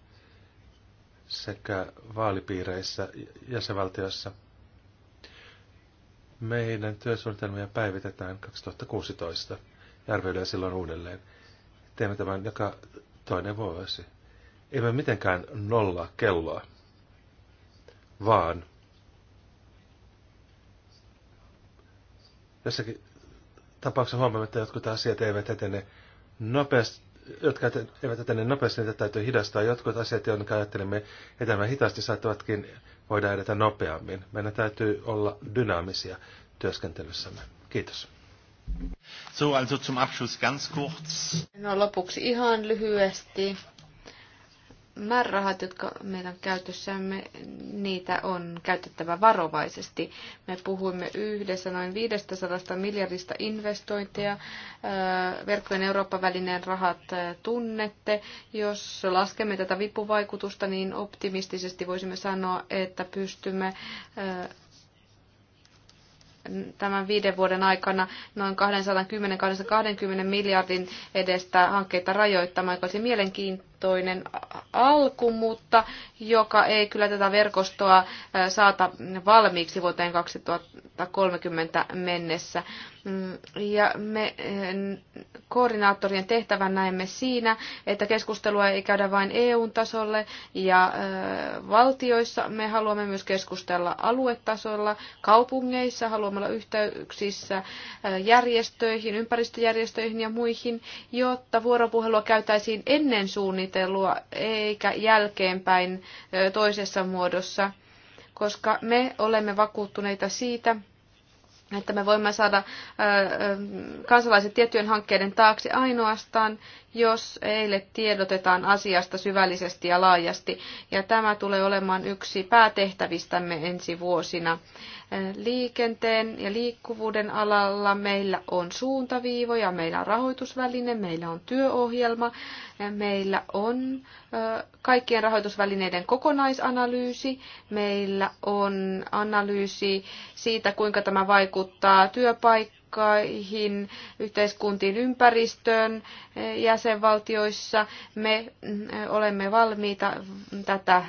sekä vaalipiireissä jäsenvaltiossa. Meidän työsuunnitelmia päivitetään 2016 arvioidaan silloin uudelleen. Teemme tämän joka toinen vuosi. Emme mitenkään nolla kelloa, vaan jossakin tapauksessa huomaamme, että jotkut asiat eivät etene nopeasti, jotka eivät etene nopeasti, niitä täytyy hidastaa. Jotkut asiat, joiden ajattelemme etämään hitaasti, saattavatkin voida edetä nopeammin. Meidän täytyy olla dynaamisia työskentelyssämme. Kiitos. So, also zum Abschluss ganz kurz. No lopuksi ihan lyhyesti. Määrärahat, jotka meillä on käytössämme, niitä on käytettävä varovaisesti. Me puhuimme yhdessä noin 500 miljardista investointeja. Verkkojen Eurooppa-välinen rahat tunnette. Jos laskemme tätä vipuvaikutusta, niin optimistisesti voisimme sanoa, että pystymme tämän viiden vuoden aikana noin 210-220 miljardin edestä hankkeita rajoittamaan, joka olisi mielenkiintoista vapaaehtoinen alku, mutta joka ei kyllä tätä verkostoa saata valmiiksi vuoteen 2030 mennessä. Mm, ja me koordinaattorien tehtävän näemme siinä, että keskustelua ei käydä vain EU-tasolle ja valtioissa. Me haluamme myös keskustella aluetasolla, kaupungeissa, haluamme olla yhteyksissä järjestöihin, ympäristöjärjestöihin ja muihin, jotta vuoropuhelua käytäisiin ennen suunnitelmaa suunnittelua eikä jälkeenpäin toisessa muodossa, koska me olemme vakuuttuneita siitä, että me voimme saada kansalaiset tiettyjen hankkeiden taakse ainoastaan, jos eille tiedotetaan asiasta syvällisesti ja laajasti. Ja tämä tulee olemaan yksi päätehtävistämme ensi vuosina liikenteen ja liikkuvuuden alalla meillä on suuntaviivoja, meillä on rahoitusväline, meillä on työohjelma, meillä on kaikkien rahoitusvälineiden kokonaisanalyysi, meillä on analyysi siitä, kuinka tämä vaikuttaa työpaikkoihin, yhteiskuntiin, ympäristöön jäsenvaltioissa. Me mm, olemme valmiita tätä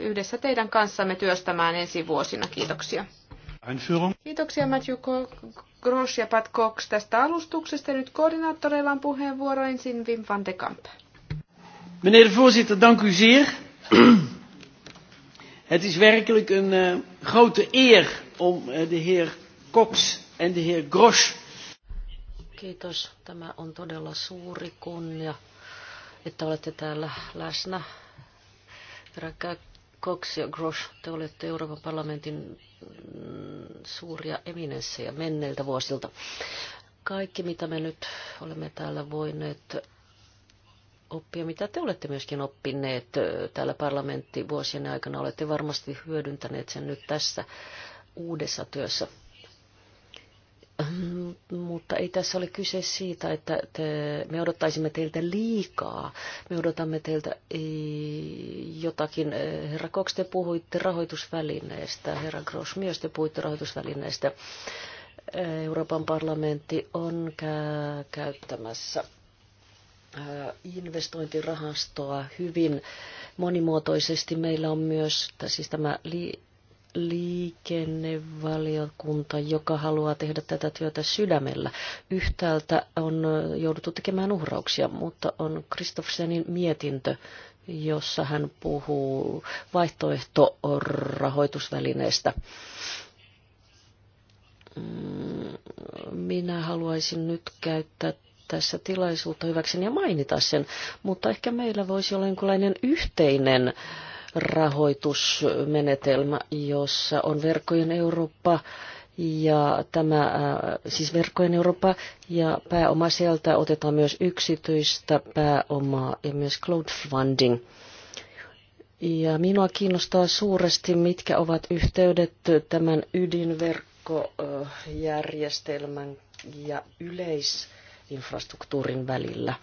yhdessä teidän kanssamme työstämään ensi vuosina. Kiitoksia. Einführung. Kiitoksia Matthew Gross ja Pat Cox tästä alustuksesta. Nyt koordinaattoreilla on puheenvuoro ensin Wim van de Kamp. Meneer de voorzitter, dank u zeer. Het is werkelijk een uh, grote eer om uh, de heer Cox en de heer Gros. Kiitos. Tämä on todella suuri kunnia, että olette täällä läsnä. Herra Cox ja Grosch, te olette Euroopan parlamentin Mm, suuria eminenssejä menneiltä vuosilta. Kaikki, mitä me nyt olemme täällä voineet oppia, mitä te olette myöskin oppineet täällä parlamentti vuosien aikana, olette varmasti hyödyntäneet sen nyt tässä uudessa työssä mutta ei tässä ole kyse siitä, että te, me odottaisimme teiltä liikaa. Me odotamme teiltä e, jotakin. E, herra Koks, te puhuitte rahoitusvälineestä. Herra Gross, myös te puhuitte rahoitusvälineestä. E, Euroopan parlamentti on käyttämässä investointirahastoa hyvin monimuotoisesti. Meillä on myös, siis tämä liikennevaliokunta, joka haluaa tehdä tätä työtä sydämellä. Yhtäältä on jouduttu tekemään uhrauksia, mutta on Kristofsenin mietintö, jossa hän puhuu vaihtoehtorahoitusvälineestä. Mm, minä haluaisin nyt käyttää tässä tilaisuutta hyväkseni ja mainita sen, mutta ehkä meillä voisi olla jonkinlainen yhteinen äh, rahoitusmenetelmä, jossa on verkkojen Eurooppa ja tämä, äh, siis verkkojen Eurooppa ja pääoma sieltä otetaan myös yksityistä pääomaa ja myös crowdfunding. Ja minua kiinnostaa suuresti, mitkä ovat yhteydet tämän ydinverkkojärjestelmän äh, ja yleisinfrastruktuurin välillä.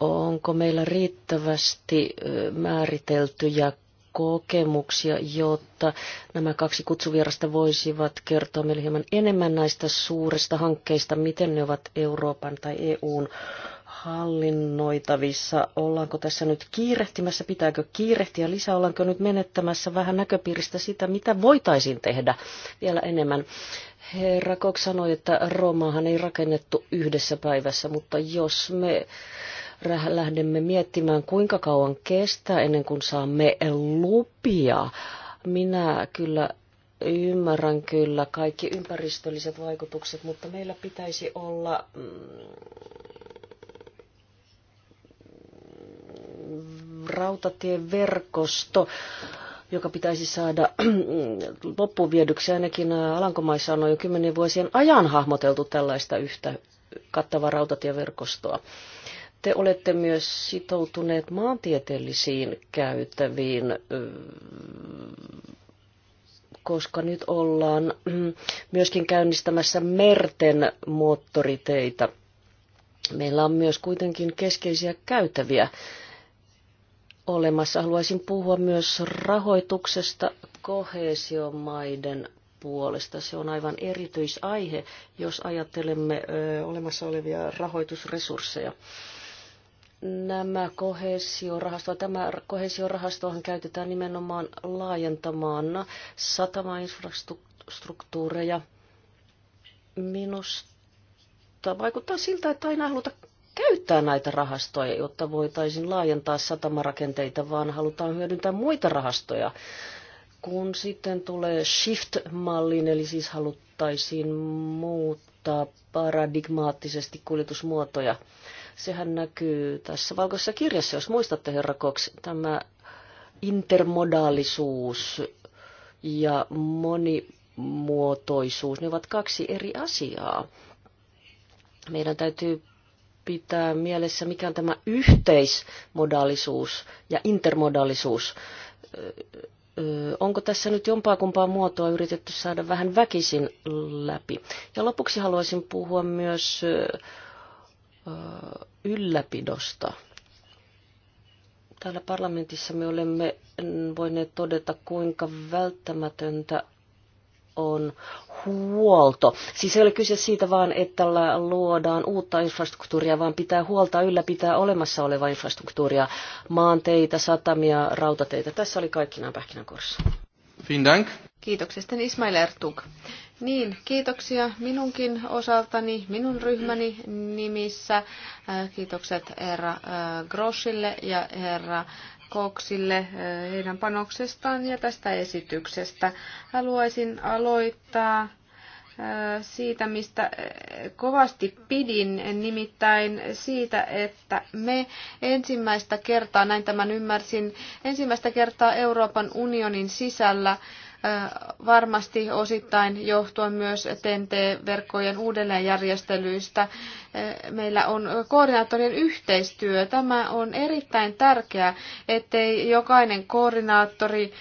Onko meillä riittävästi määriteltyjä kokemuksia, jotta nämä kaksi kutsuvierasta voisivat kertoa meille hieman enemmän näistä suurista hankkeista, miten ne ovat Euroopan tai EUn hallinnoitavissa? Ollaanko tässä nyt kiirehtimässä? Pitääkö kiirehtiä lisää? Ollaanko nyt menettämässä vähän näköpiiristä sitä, mitä voitaisiin tehdä vielä enemmän? Herra Kok sanoi, että Roomaahan ei rakennettu yhdessä päivässä, mutta jos me lähdemme miettimään, kuinka kauan kestää ennen kuin saamme lupia. Minä kyllä ymmärrän kyllä kaikki ympäristölliset vaikutukset, mutta meillä pitäisi olla mm, rautatieverkosto, joka pitäisi saada loppuviedyksi. Ainakin Alankomaissa on jo kymmenen vuosien ajan hahmoteltu tällaista yhtä kattavaa rautatieverkostoa te olette myös sitoutuneet maantieteellisiin käytäviin, koska nyt ollaan myöskin käynnistämässä merten moottoriteitä. Meillä on myös kuitenkin keskeisiä käytäviä olemassa. Haluaisin puhua myös rahoituksesta kohesiomaiden puolesta. Se on aivan erityisaihe, jos ajattelemme ö, olemassa olevia rahoitusresursseja nämä kohesiorahasto, tämä kohesiorahastohan käytetään nimenomaan laajentamaan satamainfrastruktuureja. Minusta vaikuttaa siltä, että aina haluta käyttää näitä rahastoja, jotta voitaisiin laajentaa satamarakenteita, vaan halutaan hyödyntää muita rahastoja. Kun sitten tulee shift-malliin, eli siis haluttaisiin muuttaa paradigmaattisesti kuljetusmuotoja, Sehän näkyy tässä valkoisessa kirjassa, jos muistatte herra Cox, tämä intermodaalisuus ja monimuotoisuus, ne ovat kaksi eri asiaa. Meidän täytyy pitää mielessä, mikä on tämä yhteismodaalisuus ja intermodaalisuus. Onko tässä nyt jompaa kumpaa muotoa yritetty saada vähän väkisin läpi? Ja lopuksi haluaisin puhua myös ylläpidosta. Täällä parlamentissa me olemme voineet todeta, kuinka välttämätöntä on huolto. Siis ei ole kyse siitä vaan, että luodaan uutta infrastruktuuria, vaan pitää huolta ylläpitää olemassa olevaa infrastruktuuria, maanteitä, satamia, rautateitä. Tässä oli kaikki nämä pähkinänkorissa. Fin Dank. Kiitoksesta Ismail Ertug. Niin, kiitoksia minunkin osaltani, minun ryhmäni nimissä. Äh, kiitokset herra äh, Grossille ja herra Koksille äh, heidän panoksestaan ja tästä esityksestä. Haluaisin aloittaa siitä, mistä kovasti pidin, nimittäin siitä, että me ensimmäistä kertaa, näin tämän ymmärsin, ensimmäistä kertaa Euroopan unionin sisällä varmasti osittain johtuen myös TNT-verkkojen uudelleenjärjestelyistä. Meillä on koordinaattorien yhteistyö. Tämä on erittäin tärkeää, ettei jokainen koordinaattori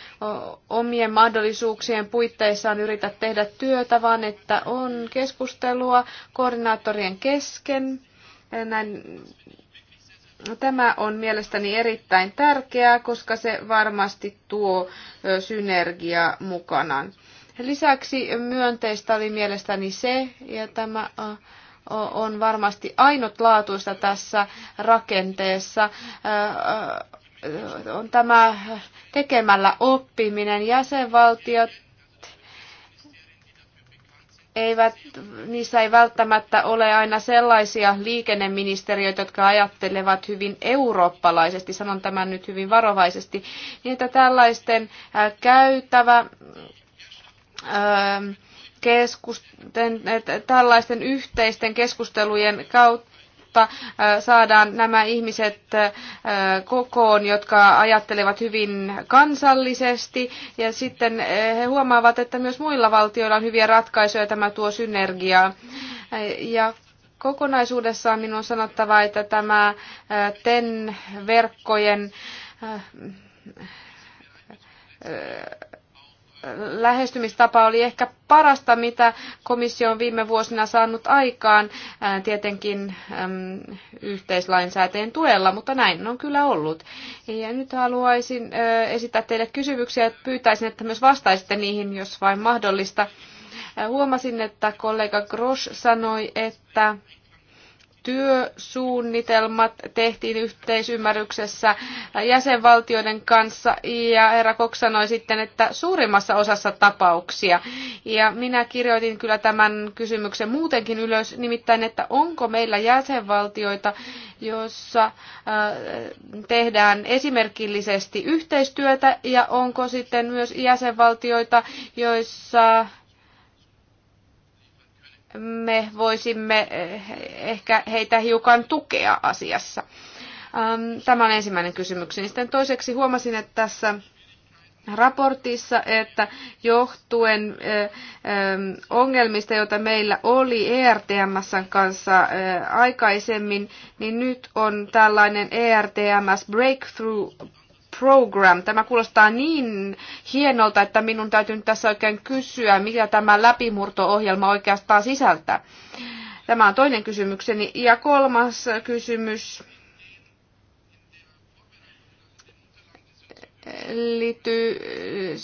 omien mahdollisuuksien puitteissaan yritä tehdä työtä, vaan että on keskustelua koordinaattorien kesken näin Tämä on mielestäni erittäin tärkeää, koska se varmasti tuo synergia mukanaan. Lisäksi myönteistä oli mielestäni se, ja tämä on varmasti ainutlaatuista tässä rakenteessa, on tämä tekemällä oppiminen. Jäsenvaltiot eivät, niissä ei välttämättä ole aina sellaisia liikenneministeriöitä, jotka ajattelevat hyvin eurooppalaisesti, sanon tämän nyt hyvin varovaisesti, niin että tällaisten käytävä keskusten, tällaisten yhteisten keskustelujen kautta jotta saadaan nämä ihmiset kokoon, jotka ajattelevat hyvin kansallisesti. Ja sitten he huomaavat, että myös muilla valtioilla on hyviä ratkaisuja, tämä tuo synergiaa. Ja kokonaisuudessaan minun on sanottava, että tämä TEN-verkkojen lähestymistapa oli ehkä parasta, mitä komissio on viime vuosina saanut aikaan, tietenkin yhteislainsääteen tuella, mutta näin on kyllä ollut. Ja nyt haluaisin esittää teille kysymyksiä, että pyytäisin, että myös vastaisitte niihin, jos vain mahdollista. Huomasin, että kollega Grosch sanoi, että työsuunnitelmat tehtiin yhteisymmärryksessä jäsenvaltioiden kanssa ja herra Kok sanoi sitten, että suurimmassa osassa tapauksia. Ja minä kirjoitin kyllä tämän kysymyksen muutenkin ylös, nimittäin, että onko meillä jäsenvaltioita, jossa äh, tehdään esimerkillisesti yhteistyötä ja onko sitten myös jäsenvaltioita, joissa me voisimme eh, ehkä heitä hiukan tukea asiassa. Ähm, tämä on ensimmäinen kysymykseni. Sitten toiseksi huomasin, että tässä raportissa, että johtuen eh, eh, ongelmista, joita meillä oli ERTMSn kanssa aikaisemmin, niin nyt on tällainen ERTMS Breakthrough Program. Tämä kuulostaa niin hienolta, että minun täytyy nyt tässä oikein kysyä, mitä tämä läpimurto-ohjelma oikeastaan sisältää. Tämä on toinen kysymykseni. Ja kolmas kysymys liittyy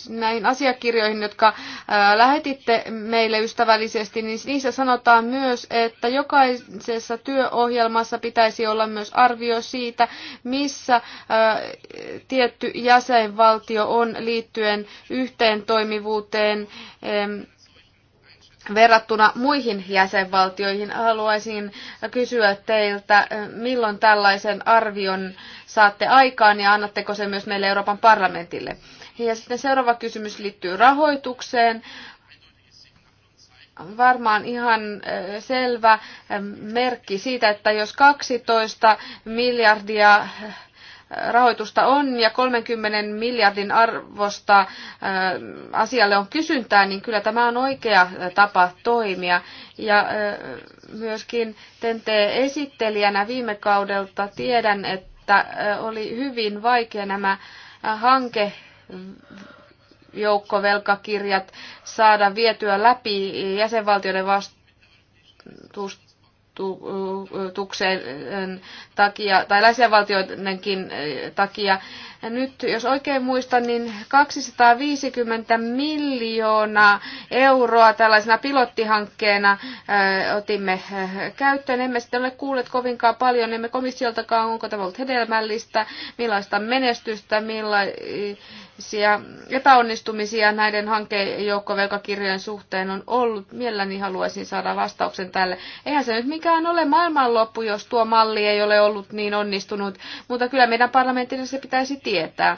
äh, näihin asiakirjoihin, jotka äh, lähetitte meille ystävällisesti, niin niissä sanotaan myös, että jokaisessa työohjelmassa pitäisi olla myös arvio siitä, missä äh, tietty jäsenvaltio on liittyen yhteen toimivuuteen, Verrattuna muihin jäsenvaltioihin haluaisin kysyä teiltä, eh, milloin tällaisen arvion saatte aikaan ja annatteko se myös meille Euroopan parlamentille? Ja sitten seuraava kysymys liittyy rahoitukseen varmaan ihan eh, selvä eh, merkki siitä, että jos 12 miljardia rahoitusta on ja 30 miljardin arvosta asialle on kysyntää, niin kyllä tämä on oikea tapa toimia. Ja myöskin TNT-esittelijänä viime kaudelta tiedän, että oli hyvin vaikea nämä hanke joukkovelkakirjat saada vietyä läpi jäsenvaltioiden vastuusta tuksen takia, tai länsivaltioidenkin takia, nyt, jos oikein muistan, niin 250 miljoonaa euroa tällaisena pilottihankkeena otimme käyttöön. Emme sitten ole kuulleet kovinkaan paljon, emme komissioltakaan, onko tämä ollut hedelmällistä, millaista menestystä, millaisia epäonnistumisia näiden hankejoukkovelkakirjojen suhteen on ollut. Mielelläni haluaisin saada vastauksen tälle. Eihän se nyt mikään ole maailmanloppu, jos tuo malli ei ole ollut niin onnistunut, mutta kyllä meidän parlamentissa se pitäisi tietää tietää.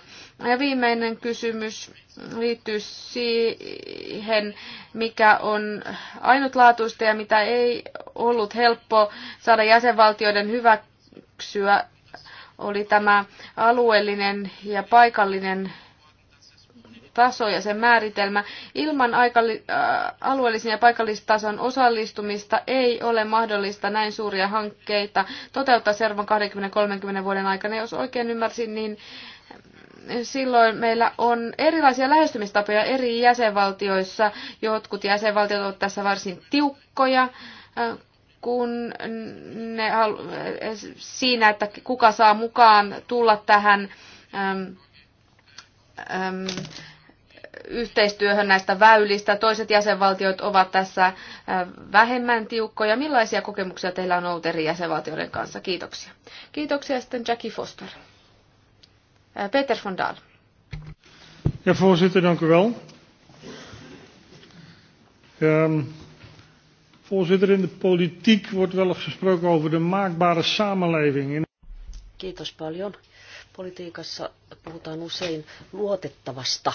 Ja viimeinen kysymys liittyy siihen, mikä on ainutlaatuista ja mitä ei ollut helppo saada jäsenvaltioiden hyväksyä, oli tämä alueellinen ja paikallinen taso ja sen määritelmä. Ilman aikali, ä, äh, alueellisen ja paikallistason osallistumista ei ole mahdollista näin suuria hankkeita toteuttaa seuraavan 20-30 vuoden aikana. Jos oikein ymmärsin, niin ä, silloin meillä on erilaisia lähestymistapoja eri jäsenvaltioissa. Jotkut jäsenvaltiot ovat tässä varsin tiukkoja, äh, kun ne äh, siinä, että kuka saa mukaan tulla tähän äm, äm, yhteistyöhön näistä väylistä. Toiset jäsenvaltiot ovat tässä äh, vähemmän tiukkoja. Millaisia kokemuksia teillä on ollut eri jäsenvaltioiden kanssa? Kiitoksia. Kiitoksia sitten Jackie Foster. Eh, Peter van Dal. Ja, voorzitter, dank u wel. Um, voorzitter, in de politiek wordt wel eens gesproken over de maakbare samenleving. Kiitos paljon. Politiikassa puhutaan usein luotettavasta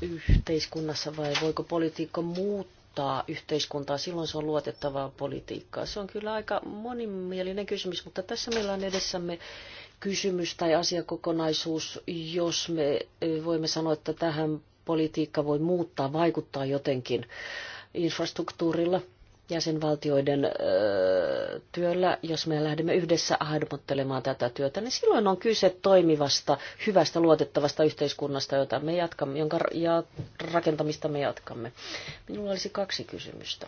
yhteiskunnassa vai voiko politiikka muuttaa yhteiskuntaa? Silloin se on luotettavaa politiikkaa. Se on kyllä aika monimielinen kysymys, mutta tässä meillä on edessämme kysymys tai asiakokonaisuus, jos me voimme sanoa, että tähän politiikka voi muuttaa, vaikuttaa jotenkin infrastruktuurilla, jäsenvaltioiden ö, työllä, jos me lähdemme yhdessä hahmottelemaan tätä työtä, niin silloin on kyse toimivasta, hyvästä, luotettavasta yhteiskunnasta, jota me jatkamme, jonka ja rakentamista me jatkamme. Minulla olisi kaksi kysymystä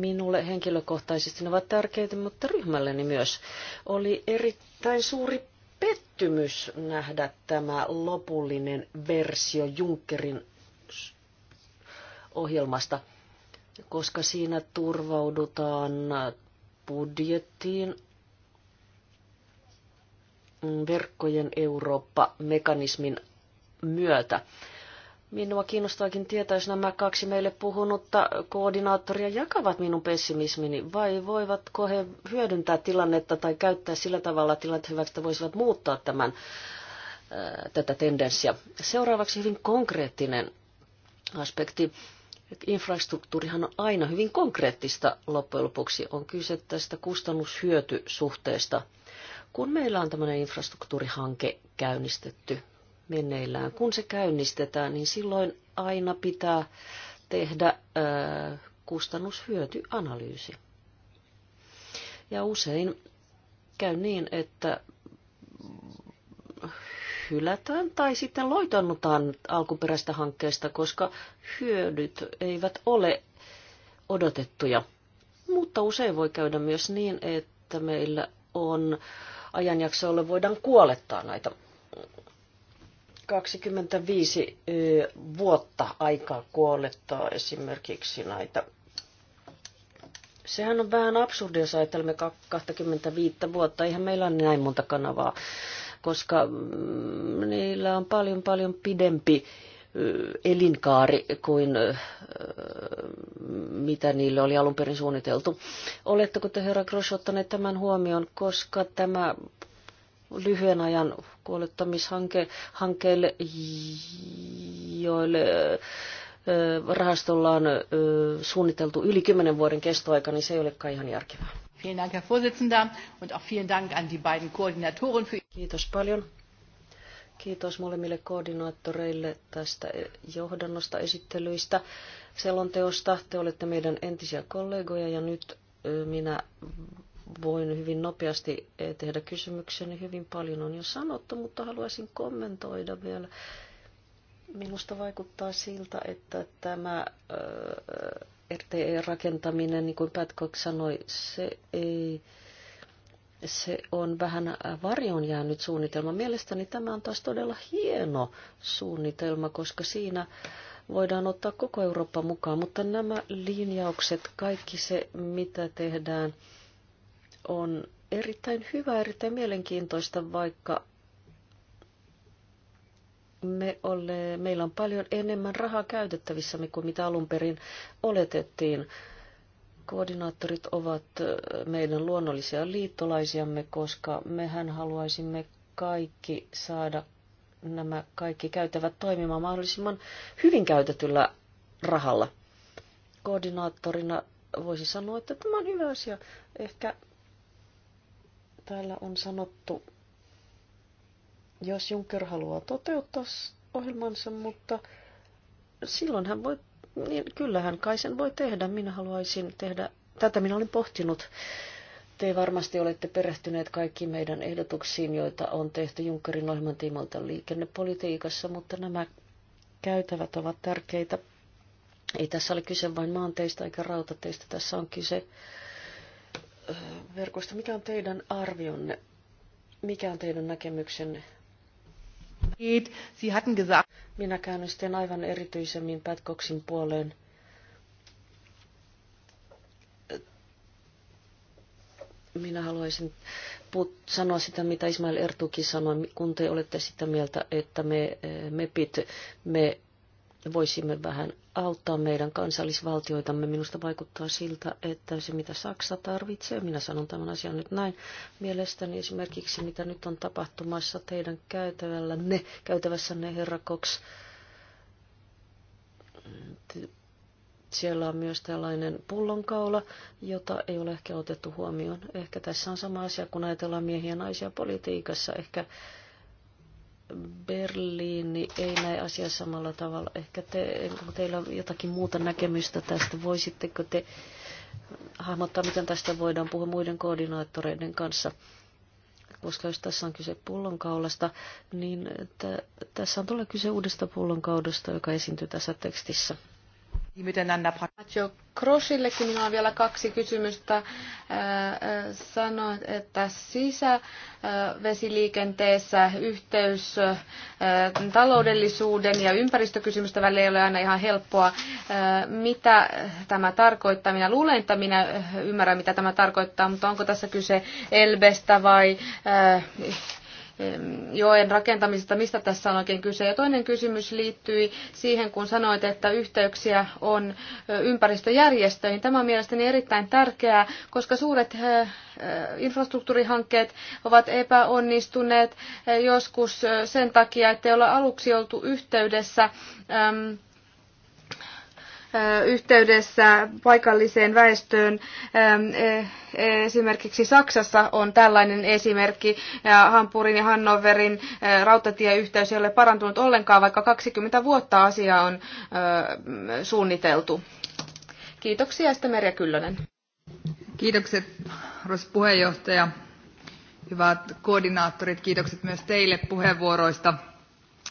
minulle henkilökohtaisesti ne ovat tärkeitä, mutta ryhmälleni myös. Oli erittäin suuri pettymys nähdä tämä lopullinen versio Junckerin ohjelmasta, koska siinä turvaudutaan budjettiin, verkkojen Eurooppa-mekanismin myötä. Minua kiinnostaakin tietää, jos nämä kaksi meille puhunutta koordinaattoria jakavat minun pessimismini, vai voivatko he hyödyntää tilannetta tai käyttää sillä tavalla tilannetta hyväksi, että voisivat muuttaa tämän, äh, tätä tendenssiä. Seuraavaksi hyvin konkreettinen aspekti. Infrastruktuurihan on aina hyvin konkreettista loppujen lopuksi. On kyse tästä kustannushyötysuhteesta. Kun meillä on tämmöinen infrastruktuurihanke käynnistetty, meneillään. Kun se käynnistetään, niin silloin aina pitää tehdä ö, kustannushyötyanalyysi. Ja usein käy niin, että hylätään tai sitten loitannutaan alkuperäistä hankkeesta, koska hyödyt eivät ole odotettuja. Mutta usein voi käydä myös niin, että meillä on ajanjakso, jolle voidaan kuolettaa näitä 25 vuotta aikaa kuolettaa esimerkiksi näitä. Sehän on vähän absurdi, jos ajatellaan 25 vuotta. Eihän meillä ole näin monta kanavaa, koska mm, niillä on paljon paljon pidempi elinkaari kuin mitä niille oli alun perin suunniteltu. Oletteko te, herra Grosch, ottaneet tämän huomioon, koska tämä lyhyen ajan kuolettamishankkeille, joille rahastolla on suunniteltu yli kymmenen vuoden kestoaika, niin se ei olekaan ihan järkevää. Kiitos paljon. Kiitos molemmille koordinaattoreille tästä johdannosta esittelyistä selonteosta. Te olette meidän entisiä kollegoja ja nyt minä Voin hyvin nopeasti eh, tehdä kysymyksen Hyvin paljon on jo sanottu, mutta haluaisin kommentoida vielä. Minusta vaikuttaa siltä, että tämä eh, RTE-rakentaminen, niin kuin Pätkok sanoi, se ei se on vähän varjon jäänyt suunnitelma. Mielestäni tämä on taas todella hieno suunnitelma, koska siinä voidaan ottaa koko Eurooppa mukaan, mutta nämä linjaukset, kaikki se mitä tehdään on erittäin hyvä, erittäin mielenkiintoista, vaikka me ole, meillä on paljon enemmän rahaa käytettävissämme kuin mitä alun perin oletettiin. Koordinaattorit ovat meidän luonnollisia liittolaisiamme, koska mehän haluaisimme kaikki saada nämä kaikki käytävät toimimaan mahdollisimman hyvin käytetyllä rahalla. Koordinaattorina voisi sanoa, että tämä on hyvä asia. Ehkä Täällä on sanottu, jos Juncker haluaa toteuttaa ohjelmansa, mutta silloin hän voi, niin kyllähän kai sen voi tehdä. Minä haluaisin tehdä, tätä minä olin pohtinut. Te varmasti olette perehtyneet kaikki meidän ehdotuksiin, joita on tehty Junckerin ohjelman tiimoilta liikennepolitiikassa, mutta nämä käytävät ovat tärkeitä. Ei tässä ole kyse vain maanteista eikä rautateistä, tässä on kyse verkosta. Mikä on teidän arvionne? Mikä on teidän näkemyksenne? Minä sitten aivan erityisemmin Pätkoksin puoleen. Minä haluaisin puut, sanoa sitä, mitä Ismail Ertuki sanoi, kun te olette sitä mieltä, että me eh, pit me voisimme vähän auttaa meidän kansallisvaltioitamme. Minusta vaikuttaa siltä, että se mitä Saksa tarvitsee, minä sanon tämän asian nyt näin, mielestäni esimerkiksi mitä nyt on tapahtumassa teidän käytävällänne, käytävässänne herra Cox, siellä on myös tällainen pullonkaula, jota ei ole ehkä otettu huomioon. Ehkä tässä on sama asia, kun ajatellaan miehiä ja naisia politiikassa. Ehkä Berliini ei näe asiaa samalla tavalla. Ehkä te, teillä on jotakin muuta näkemystä tästä. Voisitteko te hahmottaa, miten tästä voidaan puhua muiden koordinaattoreiden kanssa? Koska jos tässä on kyse pullonkaulasta, niin t- tässä on tullut kyse uudesta pullonkaudesta, joka esiintyy tässä tekstissä. Jo Crossillekin minulla on vielä kaksi kysymystä. Äh, äh, sanoit, että sisävesiliikenteessä äh, yhteys taloudellisuuden ja ympäristökysymystä välillä ei ole aina ihan helppoa. Mitä tämä tarkoittaa? Minä luulen, että minä ymmärrän, mitä tämä tarkoittaa, mutta onko tässä kyse Elbestä vai joen rakentamisesta, mistä tässä on oikein kyse. Ja toinen kysymys liittyi siihen, kun sanoit, että yhteyksiä on ympäristöjärjestöihin. Tämä on mielestäni erittäin tärkeää, koska suuret infrastruktuurihankkeet ovat epäonnistuneet joskus sen takia, että ei ole aluksi oltu yhteydessä yhteydessä paikalliseen väestöön. E, esimerkiksi Saksassa on tällainen esimerkki. Hampurin ja Hannoverin rautatieyhteys ei ole parantunut ollenkaan, vaikka 20 vuotta asiaa on suunniteltu. Kiitoksia, sitten Merja Kyllönen. Kiitokset, arvoisa puheenjohtaja. Hyvät koordinaattorit, kiitokset myös teille puheenvuoroista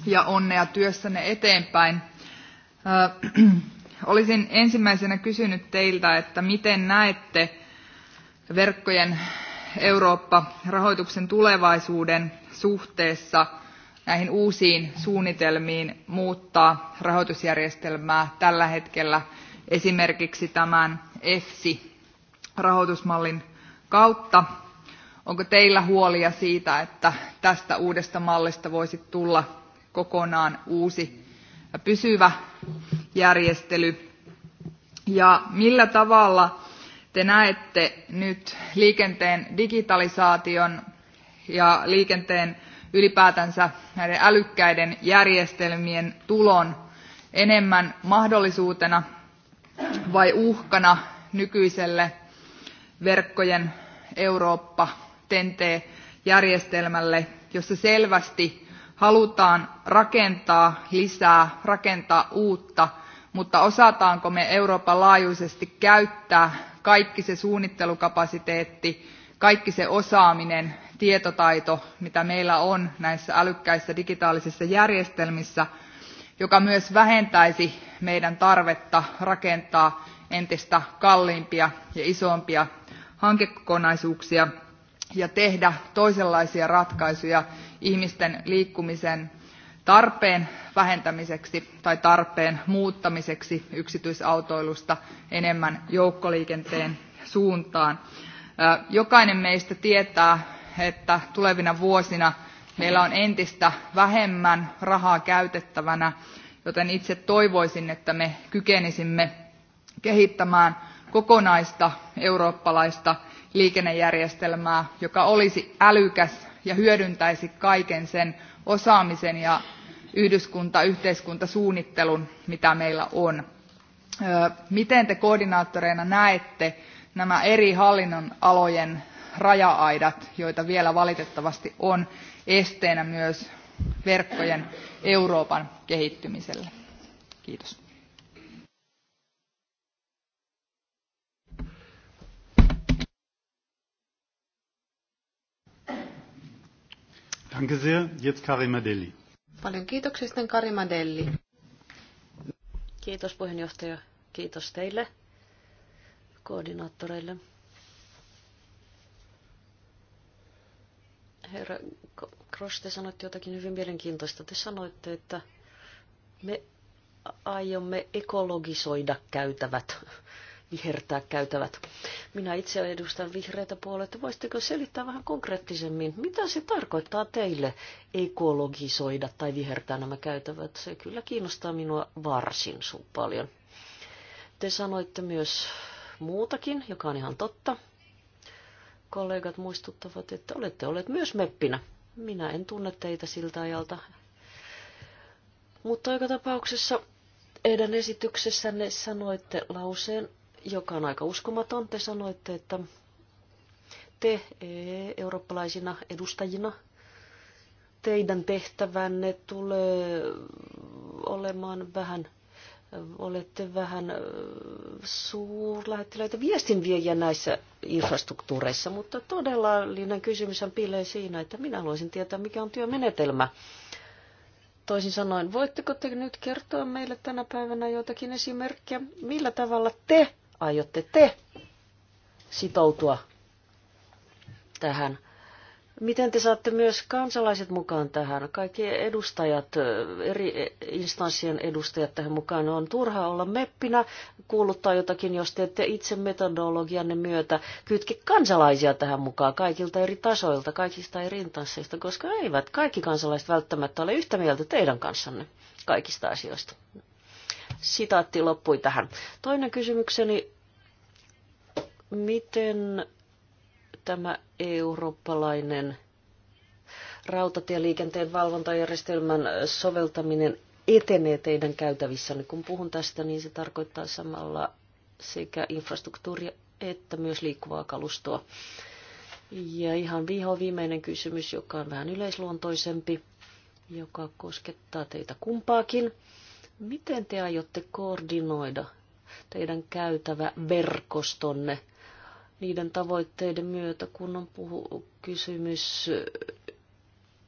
ja onnea työssänne eteenpäin. Olisin ensimmäisenä kysynyt teiltä, että miten näette verkkojen Eurooppa-rahoituksen tulevaisuuden suhteessa näihin uusiin suunnitelmiin muuttaa rahoitusjärjestelmää tällä hetkellä esimerkiksi tämän EFSI-rahoitusmallin kautta. Onko teillä huolia siitä, että tästä uudesta mallista voisi tulla kokonaan uusi ja pysyvä järjestely ja millä tavalla te näette nyt liikenteen digitalisaation ja liikenteen ylipäätänsä näiden älykkäiden järjestelmien tulon enemmän mahdollisuutena vai uhkana nykyiselle verkkojen Eurooppa tnt järjestelmälle, jossa selvästi halutaan rakentaa lisää, rakentaa uutta mutta osataanko me Euroopan laajuisesti käyttää kaikki se suunnittelukapasiteetti, kaikki se osaaminen, tietotaito, mitä meillä on näissä älykkäissä digitaalisissa järjestelmissä, joka myös vähentäisi meidän tarvetta rakentaa entistä kalliimpia ja isompia hankekokonaisuuksia ja tehdä toisenlaisia ratkaisuja ihmisten liikkumisen tarpeen vähentämiseksi tai tarpeen muuttamiseksi yksityisautoilusta enemmän joukkoliikenteen suuntaan. Jokainen meistä tietää, että tulevina vuosina meillä on entistä vähemmän rahaa käytettävänä, joten itse toivoisin, että me kykenisimme kehittämään kokonaista eurooppalaista liikennejärjestelmää, joka olisi älykäs ja hyödyntäisi kaiken sen osaamisen ja yhdyskunta yhteiskuntasuunnittelun mitä meillä on. Miten te koordinaattoreina näette nämä eri hallinnonalojen raja-aidat, joita vielä valitettavasti on esteenä myös verkkojen Euroopan kehittymiselle? Kiitos. Danke sehr. Jetzt Karima Deli. Paljon kiitoksia sitten Karima Delli. Kiitos puheenjohtaja. Kiitos teille, koordinaattoreille. Herra Krosh, te sanoitte jotakin hyvin mielenkiintoista. Te sanoitte, että me aiomme ekologisoida käytävät vihertää käytävät. Minä itse edustan vihreitä puolet. Voisitteko selittää vähän konkreettisemmin, mitä se tarkoittaa teille ekologisoida tai vihertää nämä käytävät? Se kyllä kiinnostaa minua varsin paljon. Te sanoitte myös muutakin, joka on ihan totta. Kollegat muistuttavat, että olette olleet myös meppinä. Minä en tunne teitä siltä ajalta. Mutta joka tapauksessa teidän esityksessänne sanoitte lauseen, joka on aika uskomaton. Te sanoitte, että te e, eurooppalaisina edustajina teidän tehtävänne tulee olemaan vähän, olette vähän e, suurlähettiläitä viestinviejiä näissä infrastruktuureissa, mutta todellinen kysymys on piilee siinä, että minä haluaisin tietää, mikä on työmenetelmä. Toisin sanoen, voitteko te nyt kertoa meille tänä päivänä joitakin esimerkkejä, millä tavalla te aiotte te sitoutua tähän? Miten te saatte myös kansalaiset mukaan tähän? Kaikki edustajat, eri instanssien edustajat tähän mukaan. On turha olla meppinä kuuluttaa jotakin, jos te ette itse metodologianne myötä kytke kansalaisia tähän mukaan kaikilta eri tasoilta, kaikista eri instansseista, koska eivät kaikki kansalaiset välttämättä ole yhtä mieltä teidän kanssanne kaikista asioista. Sitaatti loppui tähän. Toinen kysymykseni, miten tämä eurooppalainen rautatieliikenteen valvontajärjestelmän soveltaminen etenee teidän niin Kun puhun tästä, niin se tarkoittaa samalla sekä infrastruktuuria että myös liikkuvaa kalustoa. Ja ihan viho viimeinen kysymys, joka on vähän yleisluontoisempi, joka koskettaa teitä kumpaakin. Miten te aiotte koordinoida teidän käytävä verkostonne niiden tavoitteiden myötä, kun on puhu, kysymys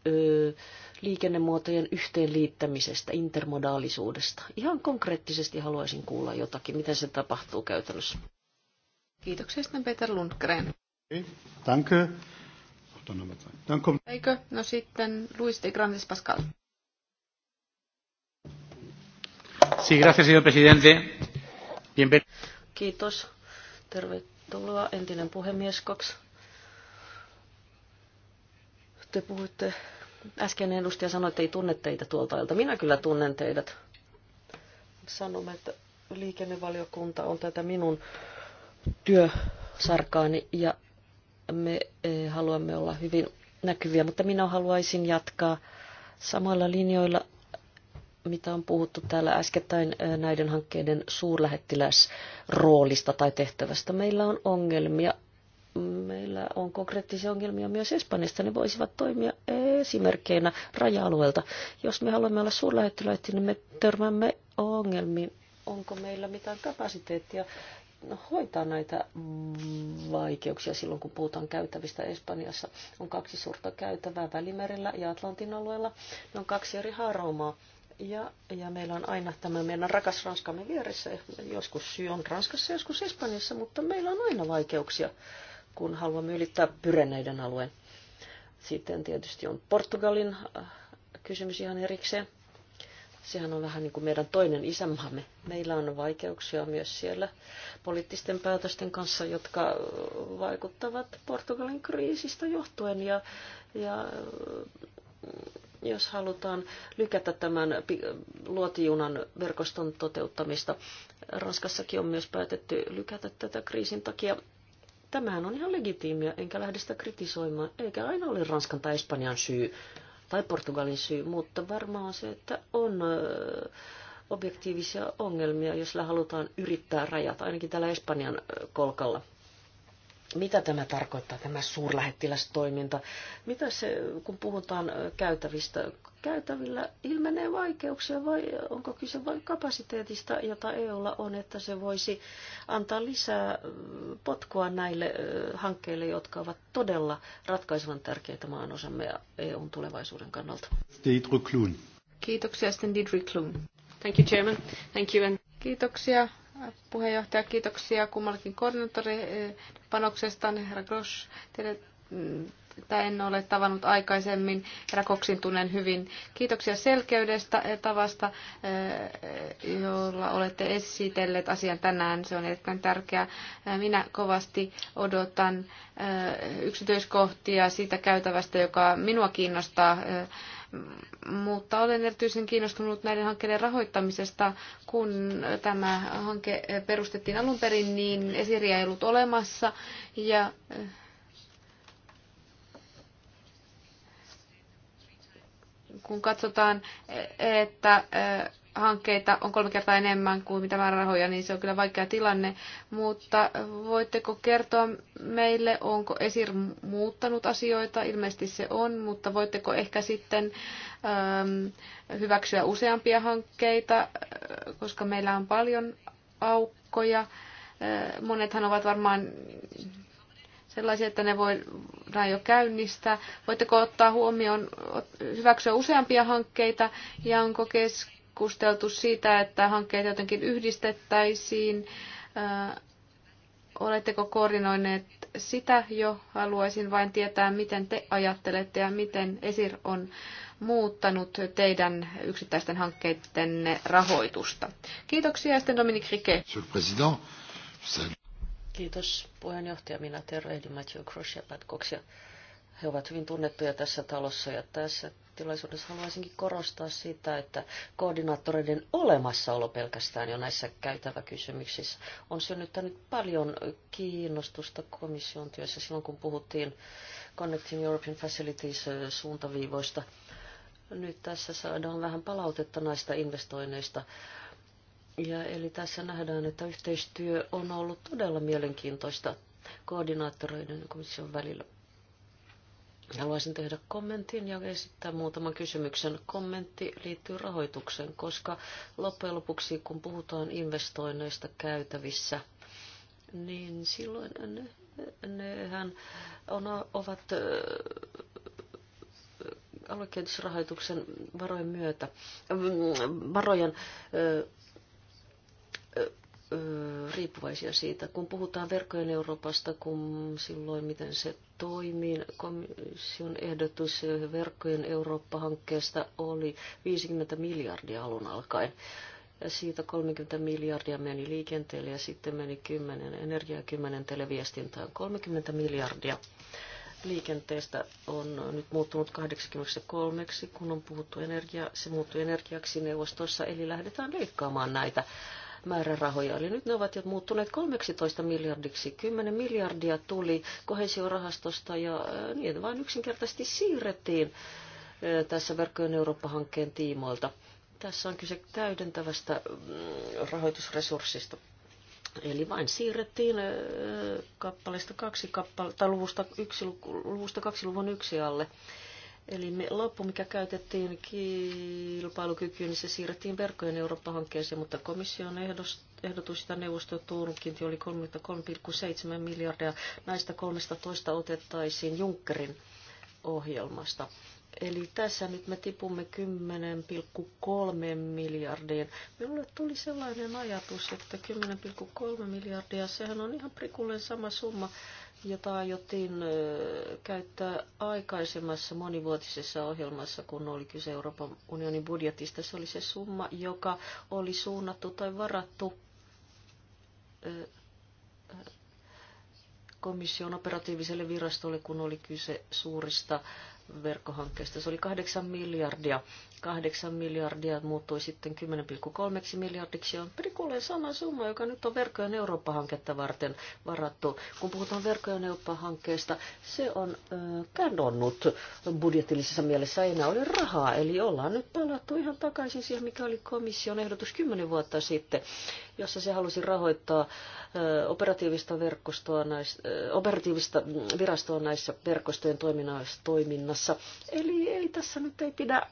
ö, liikennemuotojen yhteenliittämisestä, intermodaalisuudesta? Ihan konkreettisesti haluaisin kuulla jotakin, miten se tapahtuu käytännössä. Kiitoksia sitten Peter Lundgren. Niin, danke. Eikö? No sitten Luis de Grandes Pascal. Sí, gracias, señor presidente. Kiitos. Tervetuloa entinen puhemies Cox. Te puhuitte, äsken edustaja sanoi, että ei tunne teitä tuolta ajalta. Minä kyllä tunnen teidät. Sanomme, että liikennevaliokunta on tätä minun työsarkaani ja me eh, haluamme olla hyvin näkyviä, mutta minä haluaisin jatkaa samoilla linjoilla mitä on puhuttu täällä äskettäin näiden hankkeiden suurlähettiläsroolista tai tehtävästä. Meillä on ongelmia. Meillä on konkreettisia ongelmia myös Espanjasta. Ne voisivat toimia esimerkkeinä raja-alueelta. Jos me haluamme olla suurlähettiläitä, niin me törmäämme ongelmiin. Onko meillä mitään kapasiteettia hoitaa näitä vaikeuksia silloin, kun puhutaan käytävistä Espanjassa. On kaksi suurta käytävää Välimerellä ja Atlantin alueella. Ne on kaksi eri haaraumaa. Ja, ja meillä on aina tämä meidän rakas Ranskamme vieressä. Joskus syy on Ranskassa, joskus Espanjassa, mutta meillä on aina vaikeuksia, kun haluamme ylittää Pyreneiden alueen. Sitten tietysti on Portugalin äh, kysymys ihan erikseen. Sehän on vähän niin kuin meidän toinen isämaamme. Meillä on vaikeuksia myös siellä poliittisten päätösten kanssa, jotka vaikuttavat Portugalin kriisistä johtuen. Ja, ja jos halutaan lykätä tämän luotijunan verkoston toteuttamista. Ranskassakin on myös päätetty lykätä tätä kriisin takia. Tämähän on ihan legitiimiä, enkä lähde sitä kritisoimaan, eikä aina ole Ranskan tai Espanjan syy tai Portugalin syy, mutta varmaan se, että on objektiivisia ongelmia, jos halutaan yrittää rajata, ainakin täällä Espanjan kolkalla. Mitä tämä tarkoittaa, tämä suurlähettilästoiminta? Mitä se, kun puhutaan käytävistä, käytävillä ilmenee vaikeuksia vai onko kyse vain kapasiteetista, jota EUlla on, että se voisi antaa lisää potkua näille hankkeille, jotka ovat todella ratkaisevan tärkeitä maanosamme ja EUn tulevaisuuden kannalta? Kiitoksia sitten Didrik Klun. Thank you, Chairman. Thank you Kiitoksia puheenjohtaja, kiitoksia kummallekin koordinaattorin eh, panoksesta, herra Grosch. Tätä mm, en ole tavannut aikaisemmin. Herra Koksin tunnen hyvin. Kiitoksia selkeydestä ja tavasta, eh, jolla olette esitelleet asian tänään. Se on erittäin tärkeää. Eh, minä kovasti odotan yksityiskohtia siitä käytävästä, joka minua kiinnostaa mutta olen erityisen kiinnostunut näiden hankkeiden rahoittamisesta. Kun tämä hanke perustettiin alun perin, niin esiriä ei ollut olemassa ja kun katsotaan, että hankkeita on kolme kertaa enemmän kuin mitä määrärahoja, niin se on kyllä vaikea tilanne. Mutta voitteko kertoa meille, onko ESIR muuttanut asioita? Ilmeisesti se on, mutta voitteko ehkä sitten ähm, hyväksyä useampia hankkeita, äh, koska meillä on paljon aukkoja. Äh, monethan ovat varmaan sellaisia, että ne voidaan jo käynnistää. Voitteko ottaa huomioon, hyväksyä useampia hankkeita ja onko kesk keskusteltu siitä, että hankkeet jotenkin yhdistettäisiin. Äh, oletteko koordinoineet sitä jo? Haluaisin vain tietää, miten te ajattelette ja miten ESIR on muuttanut teidän yksittäisten hankkeiden rahoitusta. Kiitoksia ja sitten Dominique Rike. Kiitos puheenjohtaja. Minä tervehdin Mathieu Crochet-Patkoksia. He ovat hyvin tunnettuja tässä talossa ja tässä tilaisuudessa haluaisinkin korostaa sitä, että koordinaattoreiden olemassaolo pelkästään jo näissä käytäväkysymyksissä on synnyttänyt paljon kiinnostusta komission työssä silloin, kun puhuttiin Connecting European Facilities-suuntaviivoista. Nyt tässä saadaan vähän palautetta näistä investoinneista. Ja eli tässä nähdään, että yhteistyö on ollut todella mielenkiintoista koordinaattoreiden ja komission välillä Haluaisin tehdä kommentin ja esittää muutaman kysymyksen. Kommentti liittyy rahoitukseen, koska loppujen lopuksi, kun puhutaan investoinneista käytävissä, niin silloin ne, nehän on, ovat aluekehitysrahoituksen varojen myötä, varojen riippuvaisia siitä. Kun puhutaan verkkojen Euroopasta, kun silloin miten se toimii, komission ehdotus verkkojen Eurooppa-hankkeesta oli 50 miljardia alun alkaen. Ja siitä 30 miljardia meni liikenteelle ja sitten meni 10 energiaa 10 televiestintään. 30 miljardia liikenteestä on nyt muuttunut 83, kun on puhuttu energiaa, se muuttui energiaksi neuvostossa, eli lähdetään leikkaamaan näitä määrärahoja. Eli nyt ne ovat jo muuttuneet 13 miljardiksi. 10 miljardia tuli kohesiorahastosta ja äh, niitä vain yksinkertaisesti siirrettiin äh, tässä Verkkojen Eurooppa-hankkeen tiimoilta. Tässä on kyse täydentävästä mm, rahoitusresurssista. Eli vain siirrettiin äh, kappaleesta kaksi kappale, tai luvusta, yksi, luvusta kaksi luvun yksi alle. Eli me, loppu, mikä käytettiin kilpailukykyyn, niin se siirrettiin verkkojen Eurooppa-hankkeeseen, mutta komission ehdotus ehdotusta neuvostotuunkinti oli 33,7 miljardia. Näistä 13 otettaisiin Junckerin ohjelmasta. Eli tässä nyt me tipumme 10,3 miljardiin. Minulle tuli sellainen ajatus, että 10,3 miljardia, sehän on ihan prikulleen sama summa jota aiottiin käyttää aikaisemmassa monivuotisessa ohjelmassa, kun oli kyse Euroopan unionin budjetista. Se oli se summa, joka oli suunnattu tai varattu komission operatiiviselle virastolle, kun oli kyse suurista verkkohankkeista. Se oli kahdeksan miljardia 8 miljardia muuttui sitten 10,3 miljardiksi. On prikulleen sama summa, joka nyt on verkkojen Eurooppa-hanketta varten varattu. Kun puhutaan verkkojen Eurooppa-hankkeesta, se on äh, kadonnut budjetillisessa mielessä. Ei enää ole rahaa, eli ollaan nyt palattu ihan takaisin siihen, mikä oli komission ehdotus 10 vuotta sitten, jossa se halusi rahoittaa äh, operatiivista, verkostoa näis, äh, operatiivista virastoa näissä verkostojen toiminnassa. Eli ei tässä nyt ei pidä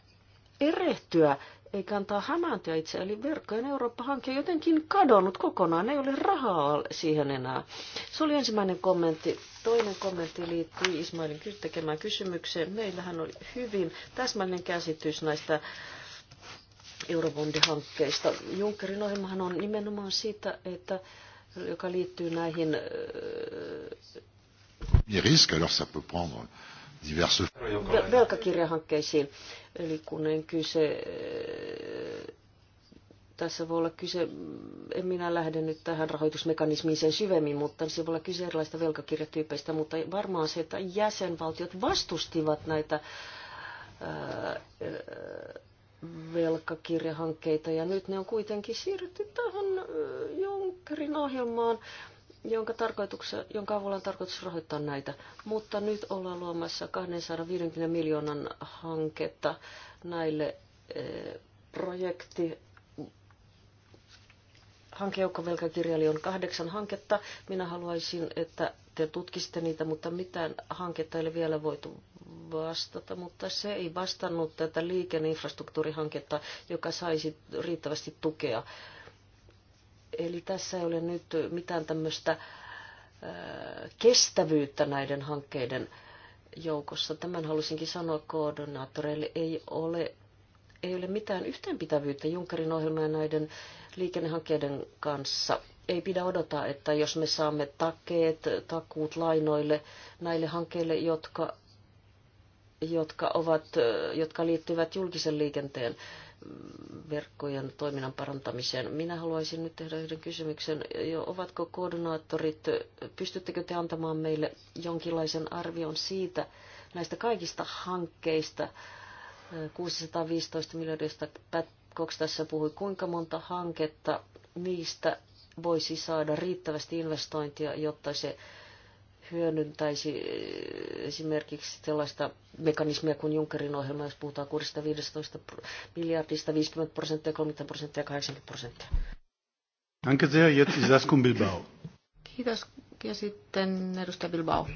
erehtyä eikä antaa hämääntyä itse. Eli verkkojen Eurooppa-hanke on jotenkin kadonnut kokonaan, ei ole rahaa siihen enää. Se oli ensimmäinen kommentti. Toinen kommentti liittyy Ismailin tekemään kysymykseen. Meillähän oli hyvin täsmällinen käsitys näistä eurobondihankkeista. Junckerin ohjelmahan on nimenomaan siitä, että joka liittyy näihin... Äh, Velkakirjahankkeisiin. Eli kun en kyse äh, tässä voi olla kyse, en minä lähde nyt tähän rahoitusmekanismiin sen syvemmin, mutta se voi olla kyse erilaista velkakirjatyypeistä, mutta varmaan se, että jäsenvaltiot vastustivat näitä ää, äh, velkakirjahankkeita ja nyt ne on kuitenkin siirretty tähän äh, Junckerin ohjelmaan jonka, jonka avulla on tarkoitus rahoittaa näitä. Mutta nyt ollaan luomassa 250 miljoonan hanketta näille eh, projekti hankejoukkovelkakirjali on kahdeksan hanketta. Minä haluaisin, että te tutkisitte niitä, mutta mitään hanketta ei ole vielä voitu vastata, mutta se ei vastannut tätä liikenneinfrastruktuurihanketta, joka saisi riittävästi tukea Eli tässä ei ole nyt mitään tämmöistä äh, kestävyyttä näiden hankkeiden joukossa. Tämän halusinkin sanoa koordinaattoreille. Ei ole, ei ole mitään yhteenpitävyyttä Junckerin ohjelman ja näiden liikennehankkeiden kanssa. Ei pidä odottaa, että jos me saamme takeet, takuut lainoille näille hankkeille, jotka, jotka, ovat, jotka liittyvät julkisen liikenteen verkkojen toiminnan parantamiseen. Minä haluaisin nyt tehdä yhden kysymyksen. Jo, ovatko koordinaattorit, pystyttekö te antamaan meille jonkinlaisen arvion siitä, näistä kaikista hankkeista, 615 miljardista Pätkoks tässä puhui, kuinka monta hanketta niistä voisi saada riittävästi investointia, jotta se hyödyntäisi eh, esimerkiksi sellaista mekanismia kuin Junckerin ohjelma, jos puhutaan 615 miljardista, 50 prosenttia, 30 prosenttia, 80 prosenttia. Danke sehr, jetzt ist Bilbao. Kiitos. Ja sitten edustaja Bilbao.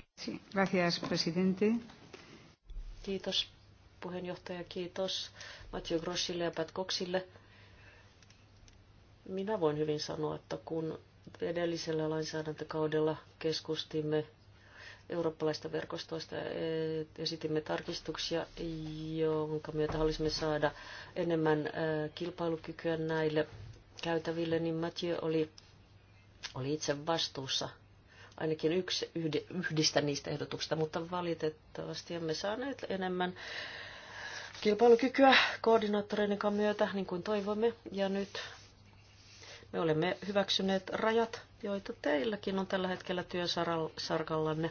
Gracias, presidente. Kiitos puheenjohtaja, kiitos Mathieu Grossille ja Pat Coxille. Minä voin hyvin sanoa, että kun edellisellä lainsäädäntökaudella keskustimme eurooppalaista verkostoista. E, esitimme tarkistuksia, jonka myötä haluaisimme saada enemmän e, kilpailukykyä näille käytäville, niin Mathieu oli, oli itse vastuussa ainakin yksi yhdistä niistä ehdotuksista, mutta valitettavasti emme saaneet enemmän kilpailukykyä koordinaattoreiden myötä, niin kuin toivomme. Ja nyt me olemme hyväksyneet rajat, joita teilläkin on tällä hetkellä työsarkallanne.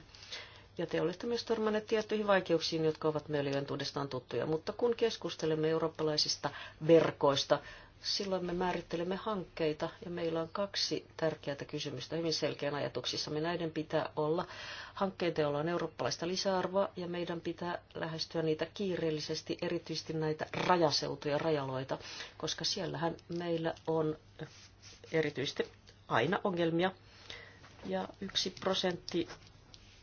Ja te olette myös törmänneet tiettyihin vaikeuksiin, jotka ovat meille jo entuudestaan tuttuja. Mutta kun keskustelemme eurooppalaisista verkoista, silloin me määrittelemme hankkeita ja meillä on kaksi tärkeää kysymystä hyvin selkeän ajatuksissa. Me näiden pitää olla hankkeita, joilla on eurooppalaista lisäarvoa ja meidän pitää lähestyä niitä kiireellisesti, erityisesti näitä rajaseutuja, rajaloita, koska siellähän meillä on erityisesti aina ongelmia. Ja yksi prosentti,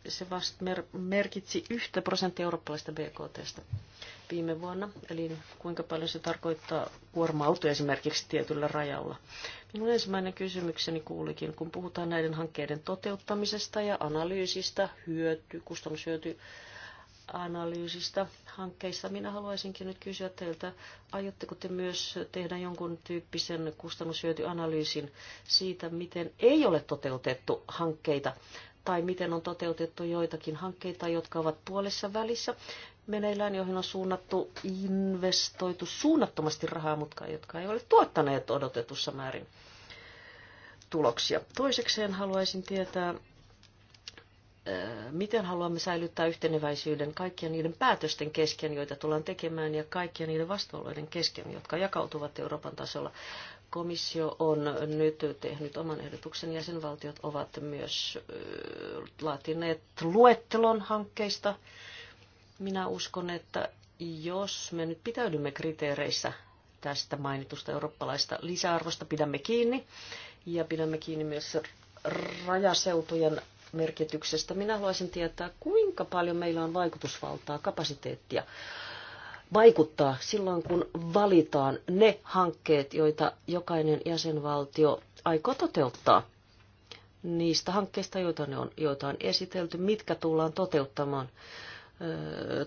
se vast mer- merkitsi yhtä prosenttia eurooppalaista BKTstä viime vuonna, eli kuinka paljon se tarkoittaa kuorma-autoja esimerkiksi tietyllä rajalla. Minun ensimmäinen kysymykseni kuulikin, kun puhutaan näiden hankkeiden toteuttamisesta ja analyysistä, hyöty, kustannushyöty analyysistä hankkeista. Minä haluaisinkin nyt kysyä teiltä, aiotteko te myös tehdä jonkun tyyppisen kustannushyötyanalyysin siitä, miten ei ole toteutettu hankkeita tai miten on toteutettu joitakin hankkeita, jotka ovat puolessa välissä meneillään, joihin on suunnattu, investoitu suunnattomasti rahaa, mutta jotka ei ole tuottaneet odotetussa määrin tuloksia. Toisekseen haluaisin tietää, miten haluamme säilyttää yhteneväisyyden kaikkien niiden päätösten kesken, joita tullaan tekemään, ja kaikkien niiden vastuualueiden kesken, jotka jakautuvat Euroopan tasolla. Komissio on nyt tehnyt oman ehdotuksen, jäsenvaltiot ovat myös laatineet luettelon hankkeista. Minä uskon, että jos me nyt pitäydymme kriteereissä tästä mainitusta eurooppalaista lisäarvosta, pidämme kiinni, ja pidämme kiinni myös rajaseutujen merkityksestä. Minä haluaisin tietää, kuinka paljon meillä on vaikutusvaltaa, kapasiteettia vaikuttaa silloin, kun valitaan ne hankkeet, joita jokainen jäsenvaltio aikoo toteuttaa. Niistä hankkeista, joita, ne on, joita on esitelty, mitkä tullaan toteuttamaan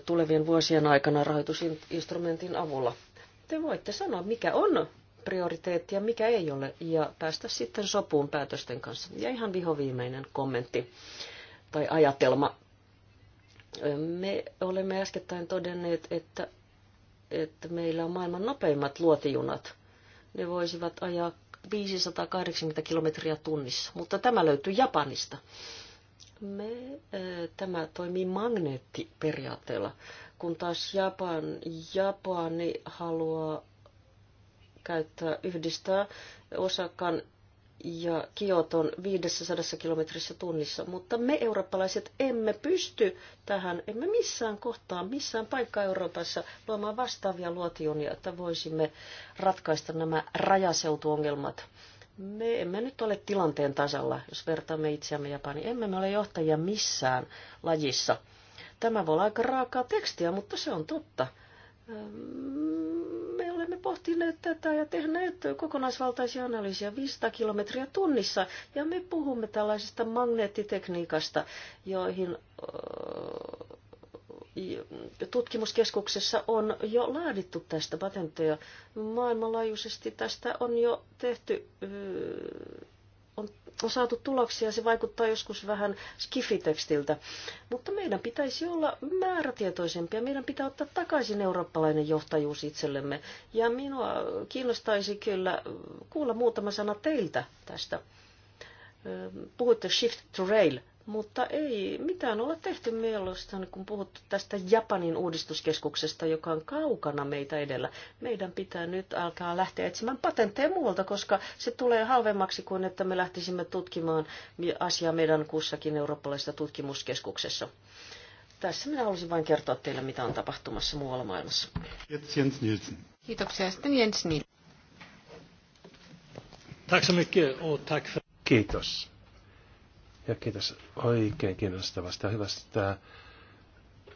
tulevien vuosien aikana rahoitusinstrumentin avulla. Te voitte sanoa, mikä on prioriteetti ja mikä ei ole, ja päästä sitten sopuun päätösten kanssa. Ja ihan vihoviimeinen kommentti tai ajatelma. Me olemme äskettäin todenneet, että, että meillä on maailman nopeimmat luotijunat. Ne voisivat ajaa 580 kilometriä tunnissa, mutta tämä löytyy Japanista. Me, tämä toimii magneettiperiaatteella, kun taas Japan, Japani haluaa käyttää, yhdistää Osakan ja Kioton 500 kilometrissä tunnissa, mutta me eurooppalaiset emme pysty tähän, emme missään kohtaa, missään paikkaa Euroopassa luomaan vastaavia luotionia, että voisimme ratkaista nämä rajaseutuongelmat. Me emme nyt ole tilanteen tasalla, jos vertaamme itseämme Japaniin. Emme me ole johtajia missään lajissa. Tämä voi olla aika raakaa tekstiä, mutta se on totta. Me olemme pohtineet tätä ja tehneet kokonaisvaltaisia analyysiä 500 kilometriä tunnissa. Ja me puhumme tällaisesta magneettitekniikasta, joihin tutkimuskeskuksessa on jo laadittu tästä patentteja. Maailmanlaajuisesti tästä on jo tehty, on on saatu tuloksia, se vaikuttaa joskus vähän skifitekstiltä. Mutta meidän pitäisi olla määrätietoisempia, meidän pitää ottaa takaisin eurooppalainen johtajuus itsellemme. Ja minua kiinnostaisi kyllä kuulla muutama sana teiltä tästä. Puhuitte Shift to Rail mutta ei mitään ole tehty mielestäni, kun puhuttu tästä Japanin uudistuskeskuksesta, joka on kaukana meitä edellä. Meidän pitää nyt alkaa lähteä etsimään patentteja muualta, koska se tulee halvemmaksi kuin että me lähtisimme tutkimaan asiaa meidän kussakin eurooppalaisessa tutkimuskeskuksessa. Tässä minä halusin vain kertoa teille, mitä on tapahtumassa muualla maailmassa. Jens Nielsen. Kiitoksia. Sitten Jens Nielsen. Tack så mycket och tack för... Kiitos ja kiitos oikein kiinnostavasta ja hyvästä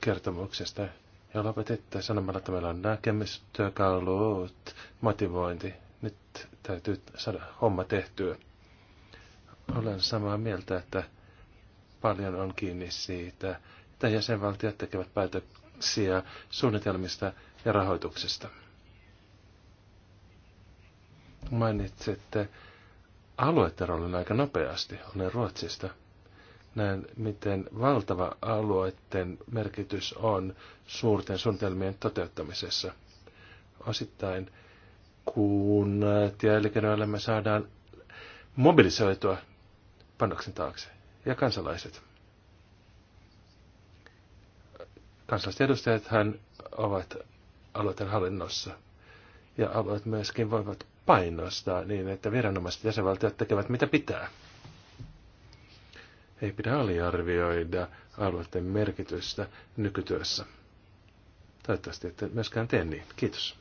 kertomuksesta. Ja lopetitte sanomalla, että meillä on näkemistyökalut, motivointi. Nyt täytyy saada homma tehtyä. Olen samaa mieltä, että paljon on kiinni siitä, että jäsenvaltiot tekevät päätöksiä suunnitelmista ja rahoituksesta. Mainitsitte alueiden roolin aika nopeasti. Olen Ruotsista – näen, miten valtava alueiden merkitys on suurten suunnitelmien toteuttamisessa. Osittain kun ja saadaan mobilisoitua panoksen taakse ja kansalaiset. Kansalaiset hän ovat alueiden hallinnossa ja alueet myöskin voivat painostaa niin, että viranomaiset jäsenvaltiot tekevät mitä pitää. Ei pidä aliarvioida alueiden merkitystä nykytyössä. Toivottavasti ette myöskään tee niin. Kiitos.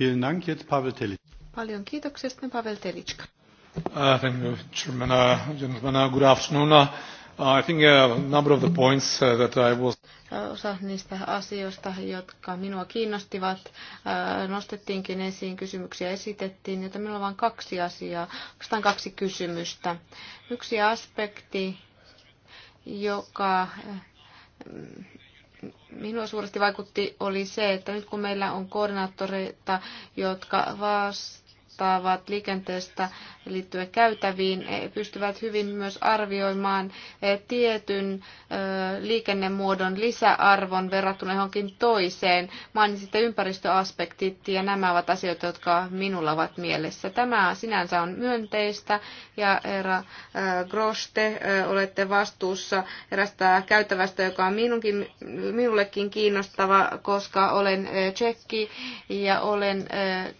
Vielen Dank, jetzt Pavel Telic. Paljon kiitoksia, Pavel Telitschka. Uh, äh, thank you, Chairman. Uh, gentlemen, uh, good afternoon. Uh, Uh, I think a uh, number of the points uh, that I was... Osa niistä asioista, jotka minua kiinnostivat, nostettiinkin esiin, kysymyksiä esitettiin, joten minulla on vain kaksi asiaa, oikeastaan kaksi kysymystä. Yksi aspekti, joka minua suuresti vaikutti, oli se, että nyt kun meillä on koordinaattoreita, jotka vastaavat vastaavat liikenteestä liittyen käytäviin e, pystyvät hyvin myös arvioimaan e, tietyn liikennemuodon lisäarvon verrattuna johonkin toiseen. Mainitsitte ympäristöaspektit ja nämä ovat asioita, jotka minulla ovat mielessä. Tämä sinänsä on myönteistä ja herra Groste, olette vastuussa erästä käytävästä, joka on minunkin, minullekin kiinnostava, koska olen tsekki ja olen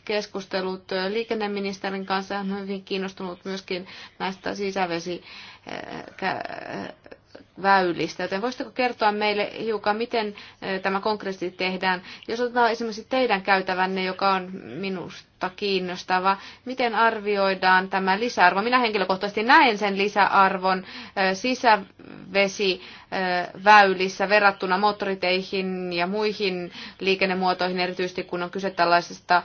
keskustellut liikenteestä liikenneministerin kanssa. Hän on hyvin kiinnostunut myöskin näistä sisävesiväylistä. Joten voisitteko kertoa meille hiukan, miten tämä konkreettisesti tehdään? Jos otetaan esimerkiksi teidän käytävänne, joka on minusta minusta kiinnostava. Miten arvioidaan tämä lisäarvo? Minä henkilökohtaisesti näen sen lisäarvon sisävesiväylissä verrattuna moottoriteihin ja muihin liikennemuotoihin, erityisesti kun on kyse tällaisesta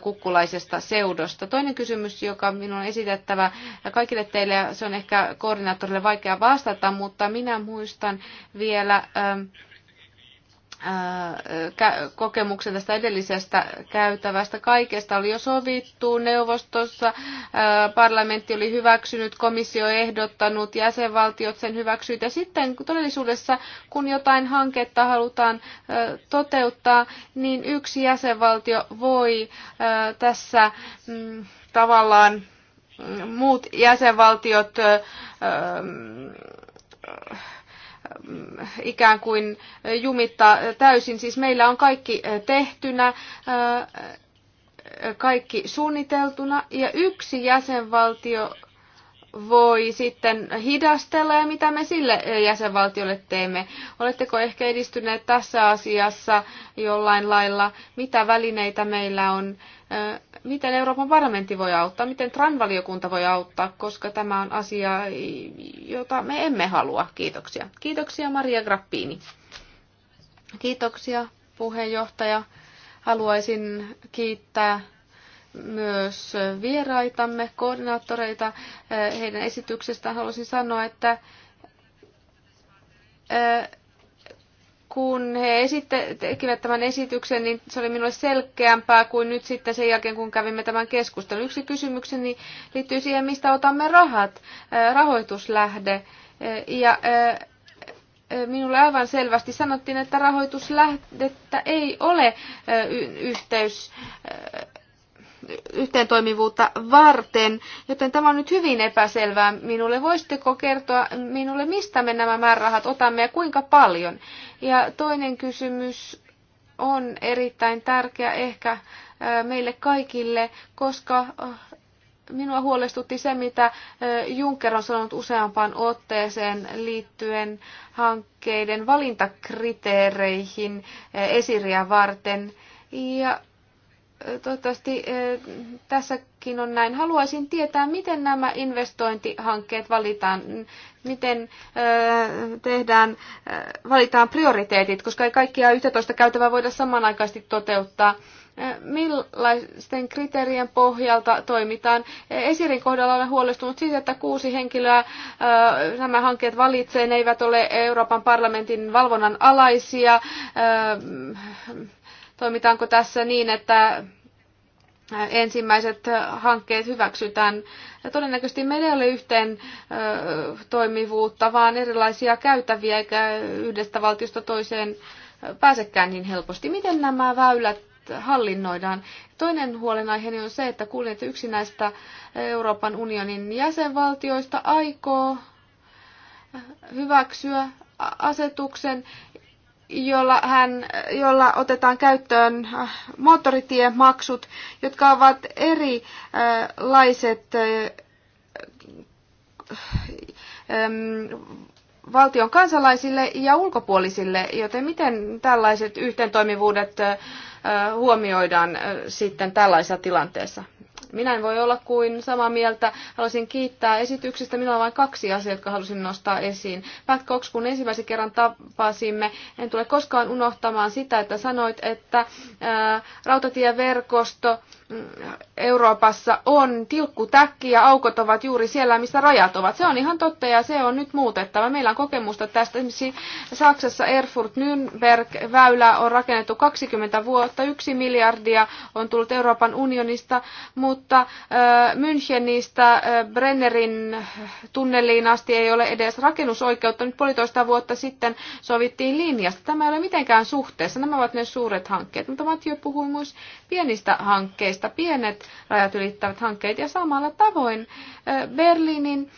kukkulaisesta seudosta. Toinen kysymys, joka minun on esitettävä kaikille teille, ja se on ehkä koordinaattorille vaikea vastata, mutta minä muistan vielä kokemuksen tästä edellisestä käytävästä. Kaikesta oli jo sovittu neuvostossa, parlamentti oli hyväksynyt, komissio ehdottanut, jäsenvaltiot sen hyväksyivät. Ja sitten todellisuudessa, kun jotain hanketta halutaan toteuttaa, niin yksi jäsenvaltio voi tässä mm, tavallaan mm, muut jäsenvaltiot Mm, ikään kuin jumitta täysin. Siis meillä on kaikki eh, tehtynä, eh, kaikki suunniteltuna ja yksi jäsenvaltio voi sitten hidastella ja mitä me sille jäsenvaltiolle teemme? Oletteko ehkä edistyneet tässä asiassa jollain lailla? Mitä välineitä meillä on? Miten Euroopan parlamentti voi auttaa? Miten TRAN-valiokunta voi auttaa? Koska tämä on asia, jota me emme halua. Kiitoksia. Kiitoksia Maria Grappini. Kiitoksia puheenjohtaja. Haluaisin kiittää myös vieraitamme, koordinaattoreita eh, heidän esityksestään. Haluaisin sanoa, että eh, kun he esitte, tekivät tämän esityksen, niin se oli minulle selkeämpää kuin nyt sitten sen jälkeen, kun kävimme tämän keskustelun. Yksi kysymykseni liittyy siihen, mistä otamme rahat, eh, rahoituslähde. Ja minulle aivan selvästi sanottiin, että rahoituslähdettä ei ole yhteys yhteentoimivuutta varten, joten tämä on nyt hyvin epäselvää minulle. Voisitteko kertoa minulle, mistä me nämä määrärahat otamme ja kuinka paljon? Ja toinen kysymys on erittäin tärkeä ehkä äh, meille kaikille, koska äh, minua huolestutti se, mitä äh, Juncker on sanonut useampaan otteeseen liittyen hankkeiden valintakriteereihin esiriä varten. Ja toivottavasti eh, tässäkin on näin. Haluaisin tietää, miten nämä investointihankkeet valitaan, miten eh, tehdään, eh, valitaan prioriteetit, koska ei kaikkia 11 käytävää voida samanaikaisesti toteuttaa. Millaisten kriteerien pohjalta toimitaan? Esirin kohdalla olen huolestunut siitä, että kuusi henkilöä nämä hankkeet valitsee. Ne eivät ole Euroopan parlamentin valvonnan alaisia Toimitaanko tässä niin, että äh, ensimmäiset äh, hankkeet hyväksytään. Ja todennäköisesti meillä ei ole yhteen äh, toimivuutta, vaan erilaisia käytäviä, eikä yhdestä valtiosta toiseen pääsekään niin helposti. Miten nämä väylät hallinnoidaan? Toinen huolenaiheeni on se, että kuulin, että yksi näistä Euroopan unionin jäsenvaltioista aikoo hyväksyä asetuksen, jolla, hän, jolla otetaan käyttöön äh, moottoritiemaksut, jotka ovat erilaiset äh, ähm, valtion kansalaisille ja ulkopuolisille, joten miten tällaiset yhteentoimivuudet äh, huomioidaan sitten tällaisessa tilanteessa? Minä en voi olla kuin samaa mieltä. Haluaisin kiittää esityksestä. Minulla on vain kaksi asiaa, jotka halusin nostaa esiin. Pat Cox, kun ensimmäisen kerran tapasimme, en tule koskaan unohtamaan sitä, että sanoit, että äh, rautatieverkosto mm, Euroopassa on tilkkutäkki ja aukot ovat juuri siellä, missä rajat ovat. Se on ihan totta ja se on nyt muutettava. Meillä on kokemusta tästä. Esimerkiksi Saksassa Erfurt-Nürnberg-väylä on rakennettu 20 vuotta. Yksi miljardia on tullut Euroopan unionista, mutta mutta Münchenistä Brennerin tunneliin asti ei ole edes rakennusoikeutta. Nyt puolitoista vuotta sitten sovittiin linjasta. Tämä ei ole mitenkään suhteessa. Nämä ovat ne suuret hankkeet. Mutta Matio puhui myös pienistä hankkeista, pienet rajat ylittävät hankkeet. Ja samalla tavoin Berliinin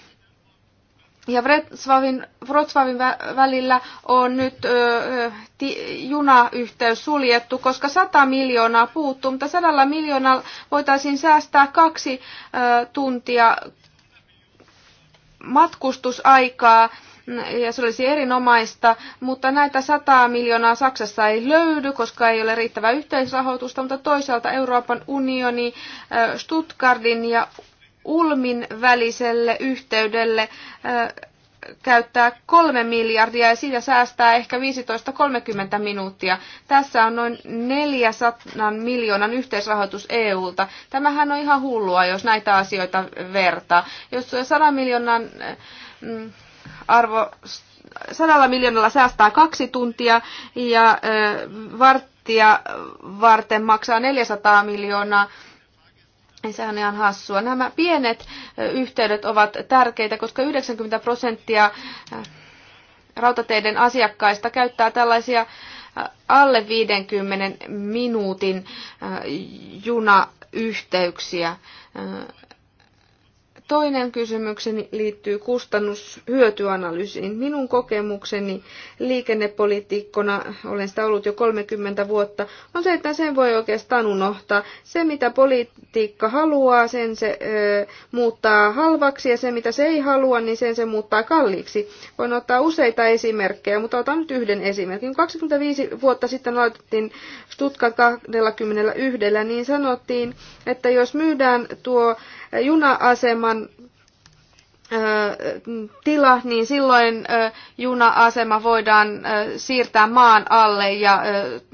ja Wrocławin, Wrocławin välillä on nyt ö, ti, junayhteys suljettu, koska 100 miljoonaa puuttuu, mutta 100 miljoonaa voitaisiin säästää kaksi ö, tuntia matkustusaikaa ja se olisi erinomaista, mutta näitä 100 miljoonaa Saksassa ei löydy, koska ei ole riittävää yhteisrahoitusta, mutta toisaalta Euroopan unioni Stuttgartin ja Ulmin väliselle yhteydelle käyttää kolme miljardia ja siitä säästää ehkä 15-30 minuuttia. Tässä on noin 400 miljoonan yhteisrahoitus EUlta. Tämähän on ihan hullua, jos näitä asioita vertaa. Jos 100 miljoonan mm, arvo, 100 miljoonalla säästää kaksi tuntia ja varttia varten maksaa 400 miljoonaa, Sehän on ihan hassua. Nämä pienet yhteydet ovat tärkeitä, koska 90 prosenttia rautateiden asiakkaista käyttää tällaisia alle 50 minuutin junayhteyksiä. Toinen kysymykseni liittyy kustannushyötyanalyysiin. Minun kokemukseni liikennepolitiikkona, olen sitä ollut jo 30 vuotta, on se, että sen voi oikeastaan unohtaa. Se, mitä politiikka haluaa, sen se ö, muuttaa halvaksi ja se, mitä se ei halua, niin sen se muuttaa kalliiksi. Voin ottaa useita esimerkkejä, mutta otan nyt yhden esimerkin. 25 vuotta sitten aloitettiin Stuttgart 21, niin sanottiin, että jos myydään tuo juna-aseman tila, niin silloin juna-asema voidaan siirtää maan alle ja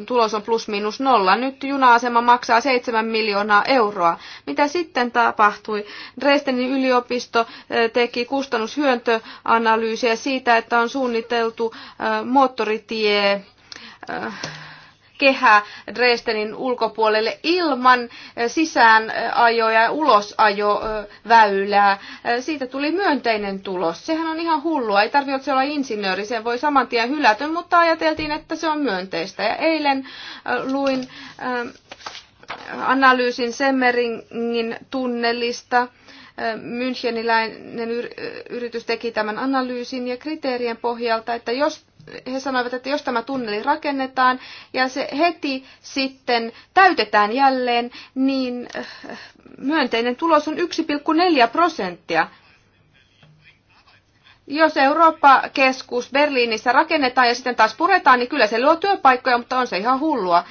tulos on plus miinus nolla. Nyt juna-asema maksaa 7 miljoonaa euroa. Mitä sitten tapahtui? Dresdenin yliopisto teki kustannushyöntöanalyysiä siitä, että on suunniteltu moottoritie kehä Dresdenin ulkopuolelle ilman sisäänajoja ja ulosajoväylää. Siitä tuli myönteinen tulos. Sehän on ihan hullua. Ei tarvitse olla insinööri, sen voi saman tien hylätä, mutta ajateltiin, että se on myönteistä. Ja eilen luin analyysin Semmeringin tunnelista. Müncheniläinen yritys teki tämän analyysin ja kriteerien pohjalta, että jos he sanoivat, että jos tämä tunneli rakennetaan ja se heti sitten täytetään jälleen, niin äh, äh, myönteinen tulos on 1,4 prosenttia. Jos Eurooppa-keskus Berliinissä rakennetaan ja sitten taas puretaan, niin kyllä se luo työpaikkoja, mutta on se ihan hullua.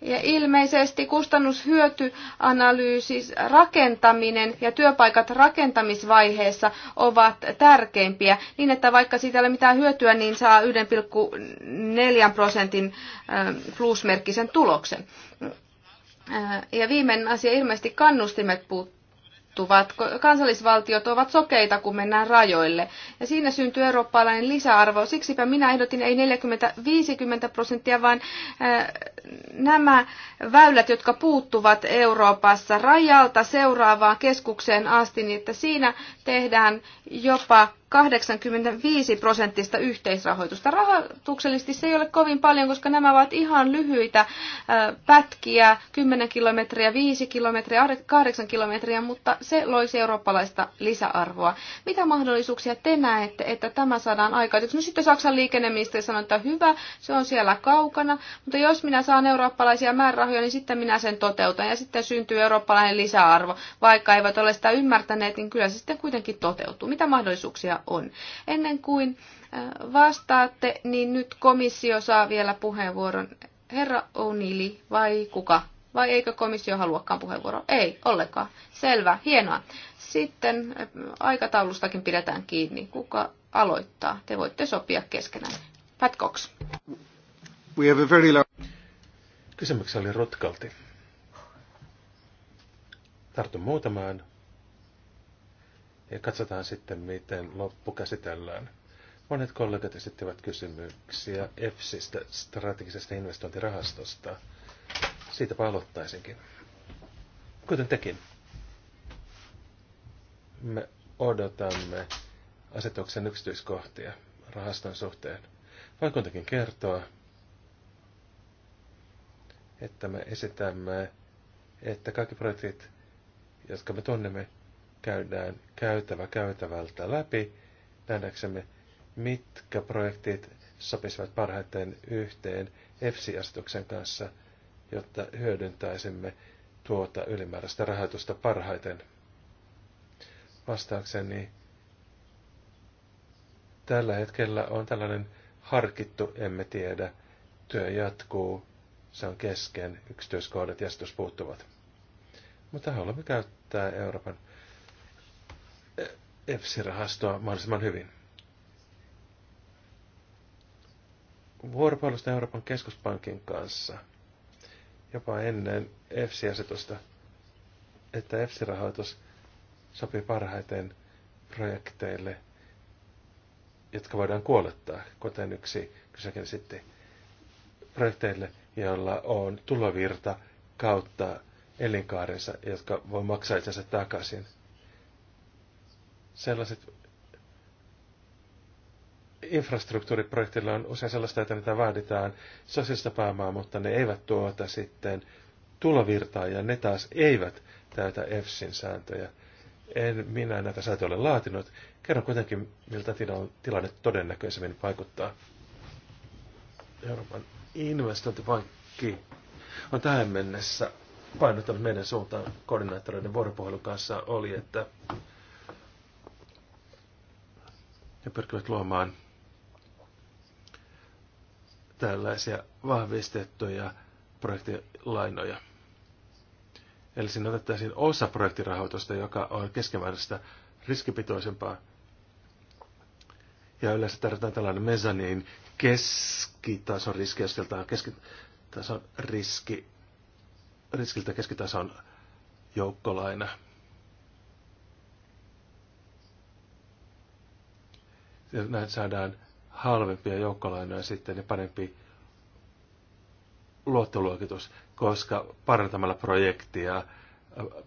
Ja ilmeisesti kustannushyötyanalyysis, rakentaminen ja työpaikat rakentamisvaiheessa ovat tärkeimpiä, niin että vaikka siitä ei ole mitään hyötyä, niin saa 1,4 prosentin ähm, plusmerkkisen tuloksen. Äh, ja viimeinen asia, ilmeisesti kannustimet puuttuu muuttuvat. Kansallisvaltiot ovat sokeita, kun mennään rajoille. Ja siinä syntyy eurooppalainen lisäarvo. Siksipä minä ehdotin ei 40-50 prosenttia, vaan äh, nämä väylät, jotka puuttuvat Euroopassa rajalta seuraavaan keskukseen asti, niin että siinä tehdään jopa 85 prosenttista yhteisrahoitusta. Rahoituksellisesti se ei ole kovin paljon, koska nämä ovat ihan lyhyitä pätkiä, 10 kilometriä, 5 kilometriä, 8 kilometriä, mutta se loisi eurooppalaista lisäarvoa. Mitä mahdollisuuksia te näette, että tämä saadaan aikaiseksi? No sitten Saksan liikenneministeri sanoi, että hyvä, se on siellä kaukana, mutta jos minä saan eurooppalaisia määrärahoja, niin sitten minä sen toteutan ja sitten syntyy eurooppalainen lisäarvo. Vaikka eivät ole sitä ymmärtäneet, niin kyllä se sitten kuitenkin toteutuu. Mitä mahdollisuuksia on. Ennen kuin äh, vastaatte, niin nyt komissio saa vielä puheenvuoron. Herra O'Neilly vai kuka? Vai eikö komissio haluakaan puheenvuoroa? Ei, ollenkaan. Selvä, hienoa. Sitten äh, aikataulustakin pidetään kiinni. Kuka aloittaa? Te voitte sopia keskenään. Pat Cox. We have a very oli rotkalti. Tartun muutamaan ja katsotaan sitten, miten loppu käsitellään. Monet kollegat esittivät kysymyksiä EFSistä, strategisesta investointirahastosta. Siitä aloittaisinkin. Kuten tekin, me odotamme asetuksen yksityiskohtia rahaston suhteen. Voin kuitenkin kertoa, että me esitämme, että kaikki projektit, jotka me tunnemme, käydään käytävä käytävältä läpi nähdäksemme, mitkä projektit sopisivat parhaiten yhteen EFSI-asetuksen kanssa, jotta hyödyntäisimme tuota ylimääräistä rahoitusta parhaiten. Vastaakseni tällä hetkellä on tällainen harkittu, emme tiedä, työ jatkuu, se on kesken, yksityiskohdat ja puuttuvat. Mutta haluamme käyttää Euroopan EFSI-rahastoa mahdollisimman hyvin. Vuoropuhelusta Euroopan keskuspankin kanssa jopa ennen EFSI-asetusta, että EFSI-rahoitus sopii parhaiten projekteille, jotka voidaan kuolettaa, kuten yksi kysekin sitten projekteille, joilla on tulovirta kautta elinkaarensa, jotka voi maksaa itsensä takaisin – sellaiset infrastruktuuriprojektilla on usein sellaista, että niitä vaaditaan sosiaalista pääomaa, mutta ne eivät tuota sitten tulovirtaa ja ne taas eivät täytä EFSin sääntöjä. En minä näitä sääntöjä ole laatinut. Kerron kuitenkin, miltä tilanne todennäköisemmin vaikuttaa. Euroopan investointipankki on tähän mennessä painottanut meidän suuntaan koordinaattoreiden vuoropuhelun kanssa oli, että ja pyrkivät luomaan tällaisia vahvistettuja projektilainoja. Eli siinä otettaisiin osa projektirahoitusta, joka on keskimääräistä riskipitoisempaa. Ja yleensä tarvitaan tällainen mezzanin keskitason riski, jos sieltä on keskitason riski, riskiltä keskitason joukkolaina. ja näitä saadaan halvempia joukkolainoja sitten ja parempi luottoluokitus, koska parantamalla projektia,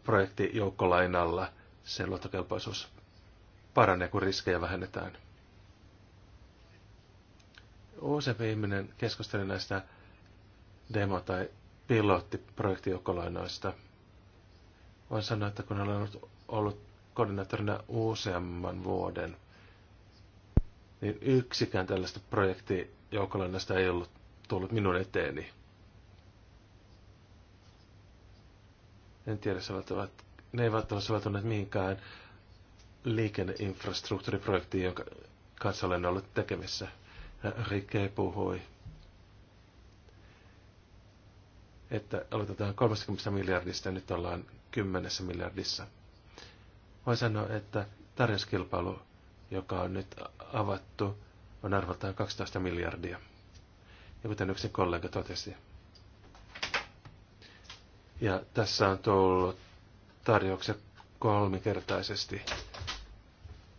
projektijoukkolainalla sen luottokelpoisuus paranee, kun riskejä vähennetään. Useampi ihminen keskusteli näistä demo- tai pilottiprojektijoukkolainoista. Voin sanoa, että kun olen ollut koordinaattorina useamman vuoden, niin yksikään tällaista projektijoukolannasta ei ollut tullut minun eteeni. En tiedä, ovat, ne eivät ole soveltuneet mihinkään liikenneinfrastruktuuriprojektiin, jonka kanssa olen ollut tekemissä. Rike puhui, että aloitetaan 30 miljardista ja nyt ollaan 10 miljardissa. Voi sanoa, että tarjouskilpailu joka on nyt avattu, on arvoltaan 12 miljardia. Ja kuten yksi kollega totesi. Ja tässä on tullut tarjoukset kolmikertaisesti.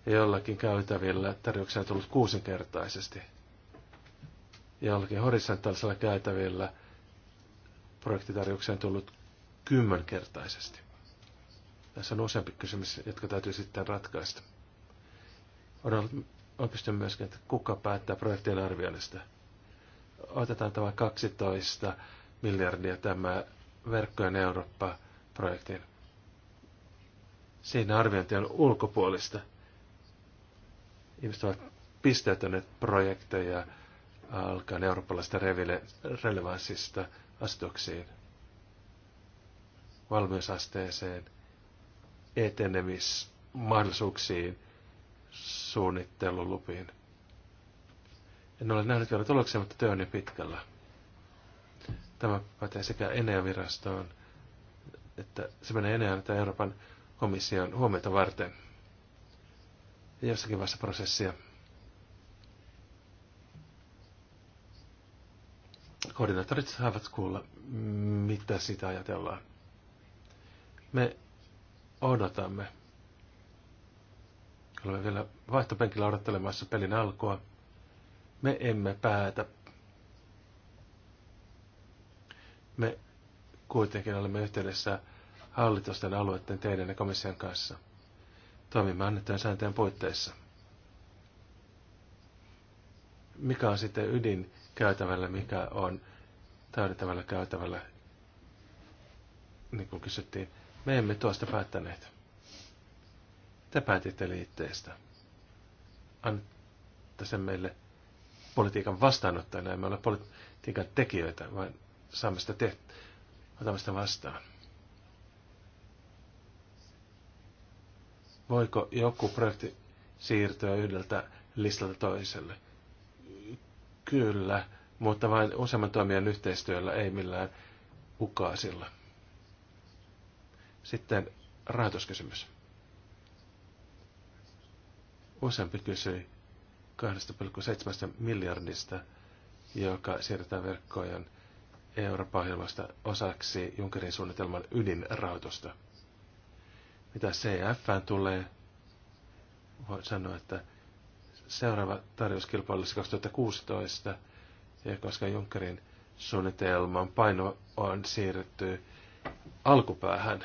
Ja jollakin käytävillä tarjouksia on tullut kuusinkertaisesti. Ja jollakin horisontaalisella käytävillä projektitarjouksia on tullut kymmenkertaisesti. Tässä on useampi kysymys, jotka täytyy sitten ratkaista on oikeastaan myöskin, että kuka päättää projektien arvioinnista. Otetaan tämä 12 miljardia tämä verkkojen Eurooppa-projektin. Siinä arviointi on ulkopuolista. Ihmiset ovat pisteytäneet projekteja alkaen reville relevanssista astuksiin, valmiusasteeseen, etenemismahdollisuuksiin – suunnittelulupiin. En ole nähnyt vielä tuloksia, mutta työ on jo niin pitkällä. Tämä pätee sekä Enea-virastoon, että se menee Enean että Euroopan komission huomiota varten. Ja jossakin vaiheessa prosessia koordinaattorit saavat kuulla, mitä sitä ajatellaan. Me odotamme olemme vielä vaihtopenkillä odottelemassa pelin alkua. Me emme päätä. Me kuitenkin olemme yhteydessä hallitusten alueiden teidän ja komission kanssa. Toimimme annettujen sääntöjen puitteissa. Mikä on sitten ydin käytävällä, mikä on täydentävällä käytävällä, niin kuin kysyttiin. Me emme tuosta päättäneet. Te päätitte liitteestä. Annatte sen meille politiikan vastaanottajana. Emme ole politiikan tekijöitä, vaan saamme sitä te- otamme sitä vastaan. Voiko joku projekti siirtyä yhdeltä listalta toiselle? Kyllä, mutta vain useamman toimijan yhteistyöllä, ei millään ukaasilla. Sitten rahoituskysymys. Useampi kysyi 2,7 miljardista, joka siirretään verkkojen Eurooppa-ohjelmasta osaksi Junckerin suunnitelman ydinrahoitusta. Mitä CFään tulee, voin sanoa, että seuraava tarjouskilpailu olisi 2016, ja koska Junckerin suunnitelman paino on siirretty alkupäähän,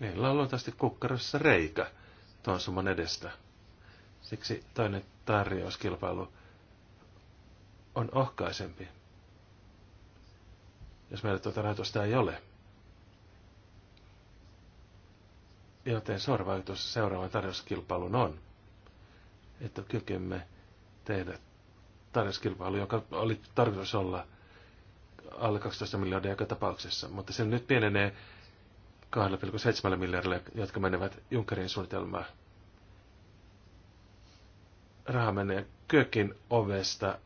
meillä on luultavasti kukkarossa reikä tuon summan edestä. Siksi toinen tarjouskilpailu on ohkaisempi, jos meillä tuota rahoitusta ei ole. Joten sorvaikutus seuraavan tarjouskilpailun on, että kykymme tehdä tarjouskilpailu, joka oli tarkoitus olla alle 12 miljardia joka tapauksessa, mutta se nyt pienenee 2,7 miljardille, jotka menevät Junckerin suunnitelmaan. Raha menee kökin ovesta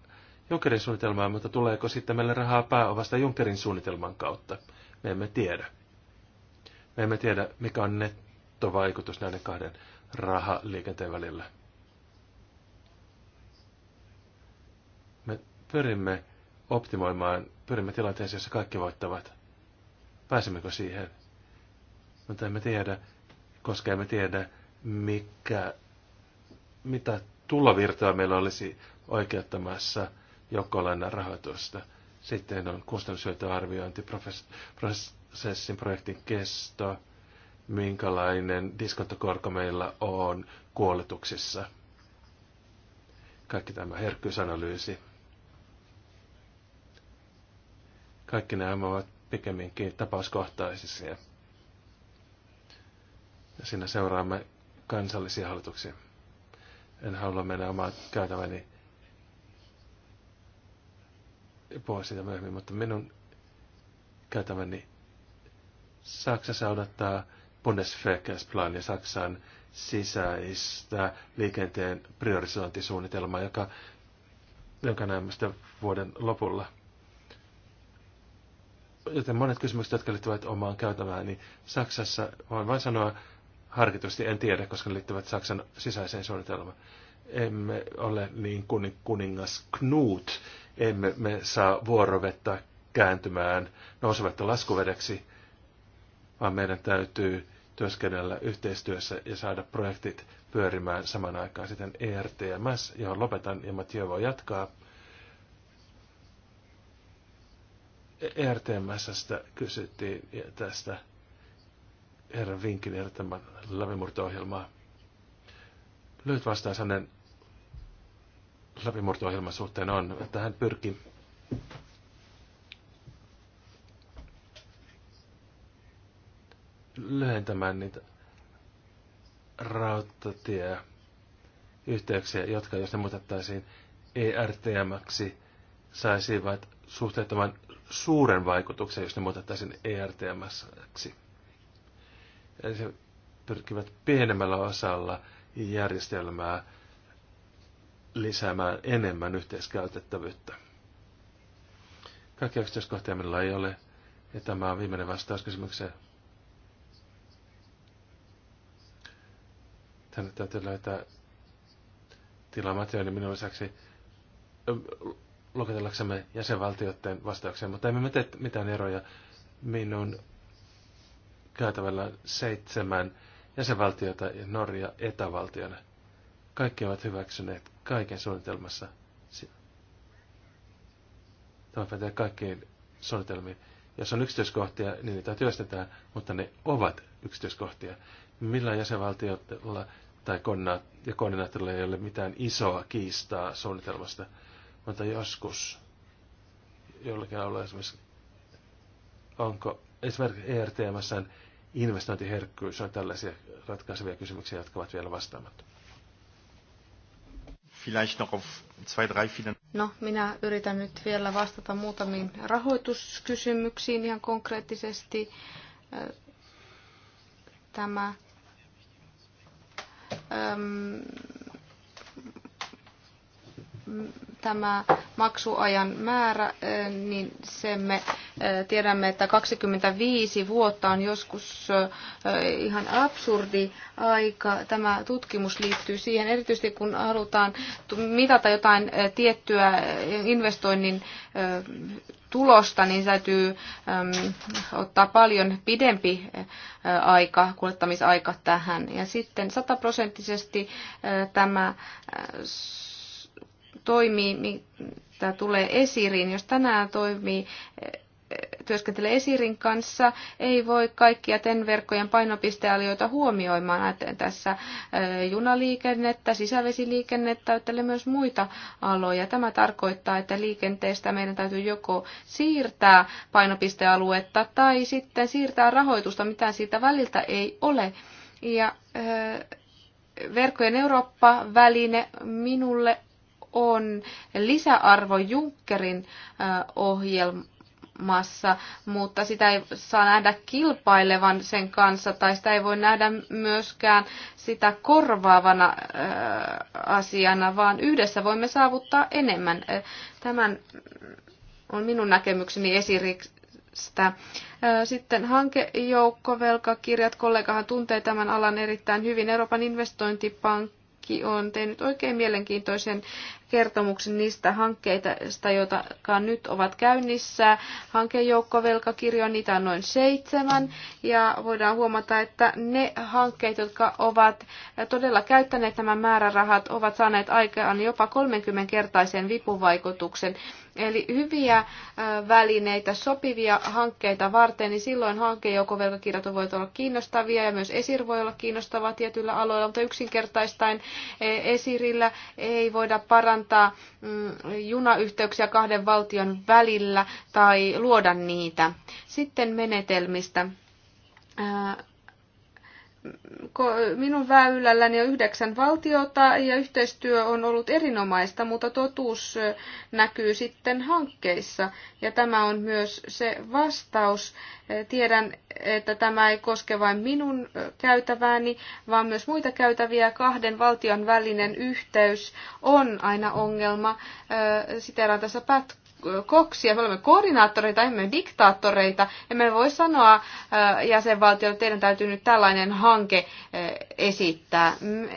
Junckerin suunnitelmaan, mutta tuleeko sitten meille rahaa pääovasta Junckerin suunnitelman kautta? Me emme tiedä. Me emme tiedä, mikä on nettovaikutus näiden kahden rahaliikenteen välillä. Me pyrimme optimoimaan, pyrimme tilanteeseen, jossa kaikki voittavat. Pääsemmekö siihen? mutta emme tiedä, koska emme tiedä, mikä, mitä tulovirtaa meillä olisi oikeuttamassa joukkolainen rahoitusta. Sitten on kustannushyötyarviointi, prosessin projektin kesto, minkälainen diskontokorko meillä on kuoletuksissa. Kaikki tämä herkkyysanalyysi. Kaikki nämä ovat pikemminkin tapauskohtaisia ja siinä seuraamme kansallisia hallituksia. En halua mennä omaan käytäväni pois siitä myöhemmin, mutta minun käytäväni Saksassa odottaa Bundesverkehrsplan Saksan sisäistä liikenteen priorisointisuunnitelmaa, joka, jonka näemme sitten vuoden lopulla. Joten monet kysymykset, jotka liittyvät omaan käytävään, niin Saksassa voin vain sanoa harkitusti en tiedä, koska ne liittyvät Saksan sisäiseen suunnitelmaan. Emme ole niin kuin kuningas Knut, emme me saa vuorovettä kääntymään nousuvettä laskuvedeksi, vaan meidän täytyy työskennellä yhteistyössä ja saada projektit pyörimään saman aikaan. Sitten ERTMS, johon lopetan ja Mathieu voi jatkaa. ERTMSstä kysyttiin tästä herran vinkin ehdottaman läpimurto-ohjelmaa. Lyhyt vastaus hänen läpimurto-ohjelman suhteen on, että hän pyrkii lyhentämään niitä rautatieyhteyksiä, jotka jos ne muutettaisiin ERTMksi, saisivat suhteettoman suuren vaikutuksen, jos ne muutettaisiin ERTMksi. Eli se pyrkivät pienemmällä osalla järjestelmää lisäämään enemmän yhteiskäytettävyyttä. Kaikkia yksityiskohtia minulla ei ole, ja tämä on viimeinen vastaus kysymykseen. Tänne täytyy löytää tilaa niin minun lisäksi luokitellaksemme jäsenvaltioiden vastauksia, mutta emme me tee mitään eroja minun käytävällä seitsemän jäsenvaltiota ja Norja etävaltiona. Kaikki ovat hyväksyneet kaiken suunnitelmassa. Tämä pätee kaikkiin suunnitelmiin. Jos on yksityiskohtia, niin niitä työstetään, mutta ne ovat yksityiskohtia. Millä jäsenvaltiolla tai ja koordinaattorilla ei ole mitään isoa kiistaa suunnitelmasta, mutta joskus jollakin alueella esimerkiksi onko esimerkiksi ERTMSn investointiherkkyys on tällaisia ratkaisevia kysymyksiä, jotka ovat vielä vastaamatta. No, minä yritän nyt vielä vastata muutamiin rahoituskysymyksiin ihan konkreettisesti. Tämä äm, tämä maksuajan määrä, niin se me tiedämme, että 25 vuotta on joskus ihan absurdi aika. Tämä tutkimus liittyy siihen, erityisesti kun halutaan mitata jotain tiettyä investoinnin tulosta, niin täytyy äm, ottaa paljon pidempi ä, aika, kuljettamisaika tähän. Ja sitten sataprosenttisesti tämä ä, toimii, mitä tulee esiriin, jos tänään toimii työskentelee Esirin kanssa, ei voi kaikkia TEN-verkkojen painopistealueita huomioimaan tässä eh, junaliikennettä, sisävesiliikennettä, ajattelen myös muita aloja. Tämä tarkoittaa, että liikenteestä meidän täytyy joko siirtää painopistealuetta tai sitten siirtää rahoitusta, mitä siitä väliltä ei ole. Ja eh, verkkojen Eurooppa-väline minulle on lisäarvo Junckerin ohjelmassa, mutta sitä ei saa nähdä kilpailevan sen kanssa tai sitä ei voi nähdä myöskään sitä korvaavana asiana, vaan yhdessä voimme saavuttaa enemmän. Tämän on minun näkemykseni esiristä. Sitten hankejoukkovelkakirjat, kollegahan tuntee tämän alan erittäin hyvin. Euroopan investointipankki on tehnyt oikein mielenkiintoisen kertomuksen niistä hankkeista, jotka nyt ovat käynnissä. Hankejoukkovelkakirjo, niitä on noin seitsemän. Ja voidaan huomata, että ne hankkeet, jotka ovat todella käyttäneet nämä määrärahat, ovat saaneet aikaan jopa 30-kertaisen vipuvaikutuksen. Eli hyviä välineitä, sopivia hankkeita varten, niin silloin hankejoukkovelkakirjat voivat olla kiinnostavia ja myös esir voi olla kiinnostava tietyillä aloilla, mutta yksinkertaistain e, esirillä ei voida parantaa parantaa mm, junayhteyksiä kahden valtion välillä tai luoda niitä. Sitten menetelmistä minun väylälläni on yhdeksän valtiota ja yhteistyö on ollut erinomaista, mutta totuus näkyy sitten hankkeissa. Ja tämä on myös se vastaus. Tiedän, että tämä ei koske vain minun käytävääni, vaan myös muita käytäviä. Kahden valtion välinen yhteys on aina ongelma. Siteraan tässä pätkää koksia, me olemme koordinaattoreita, emme diktaattoreita. Emme voi sanoa äh, jäsenvaltiolle, että teidän täytyy nyt tällainen hanke äh, esittää. Me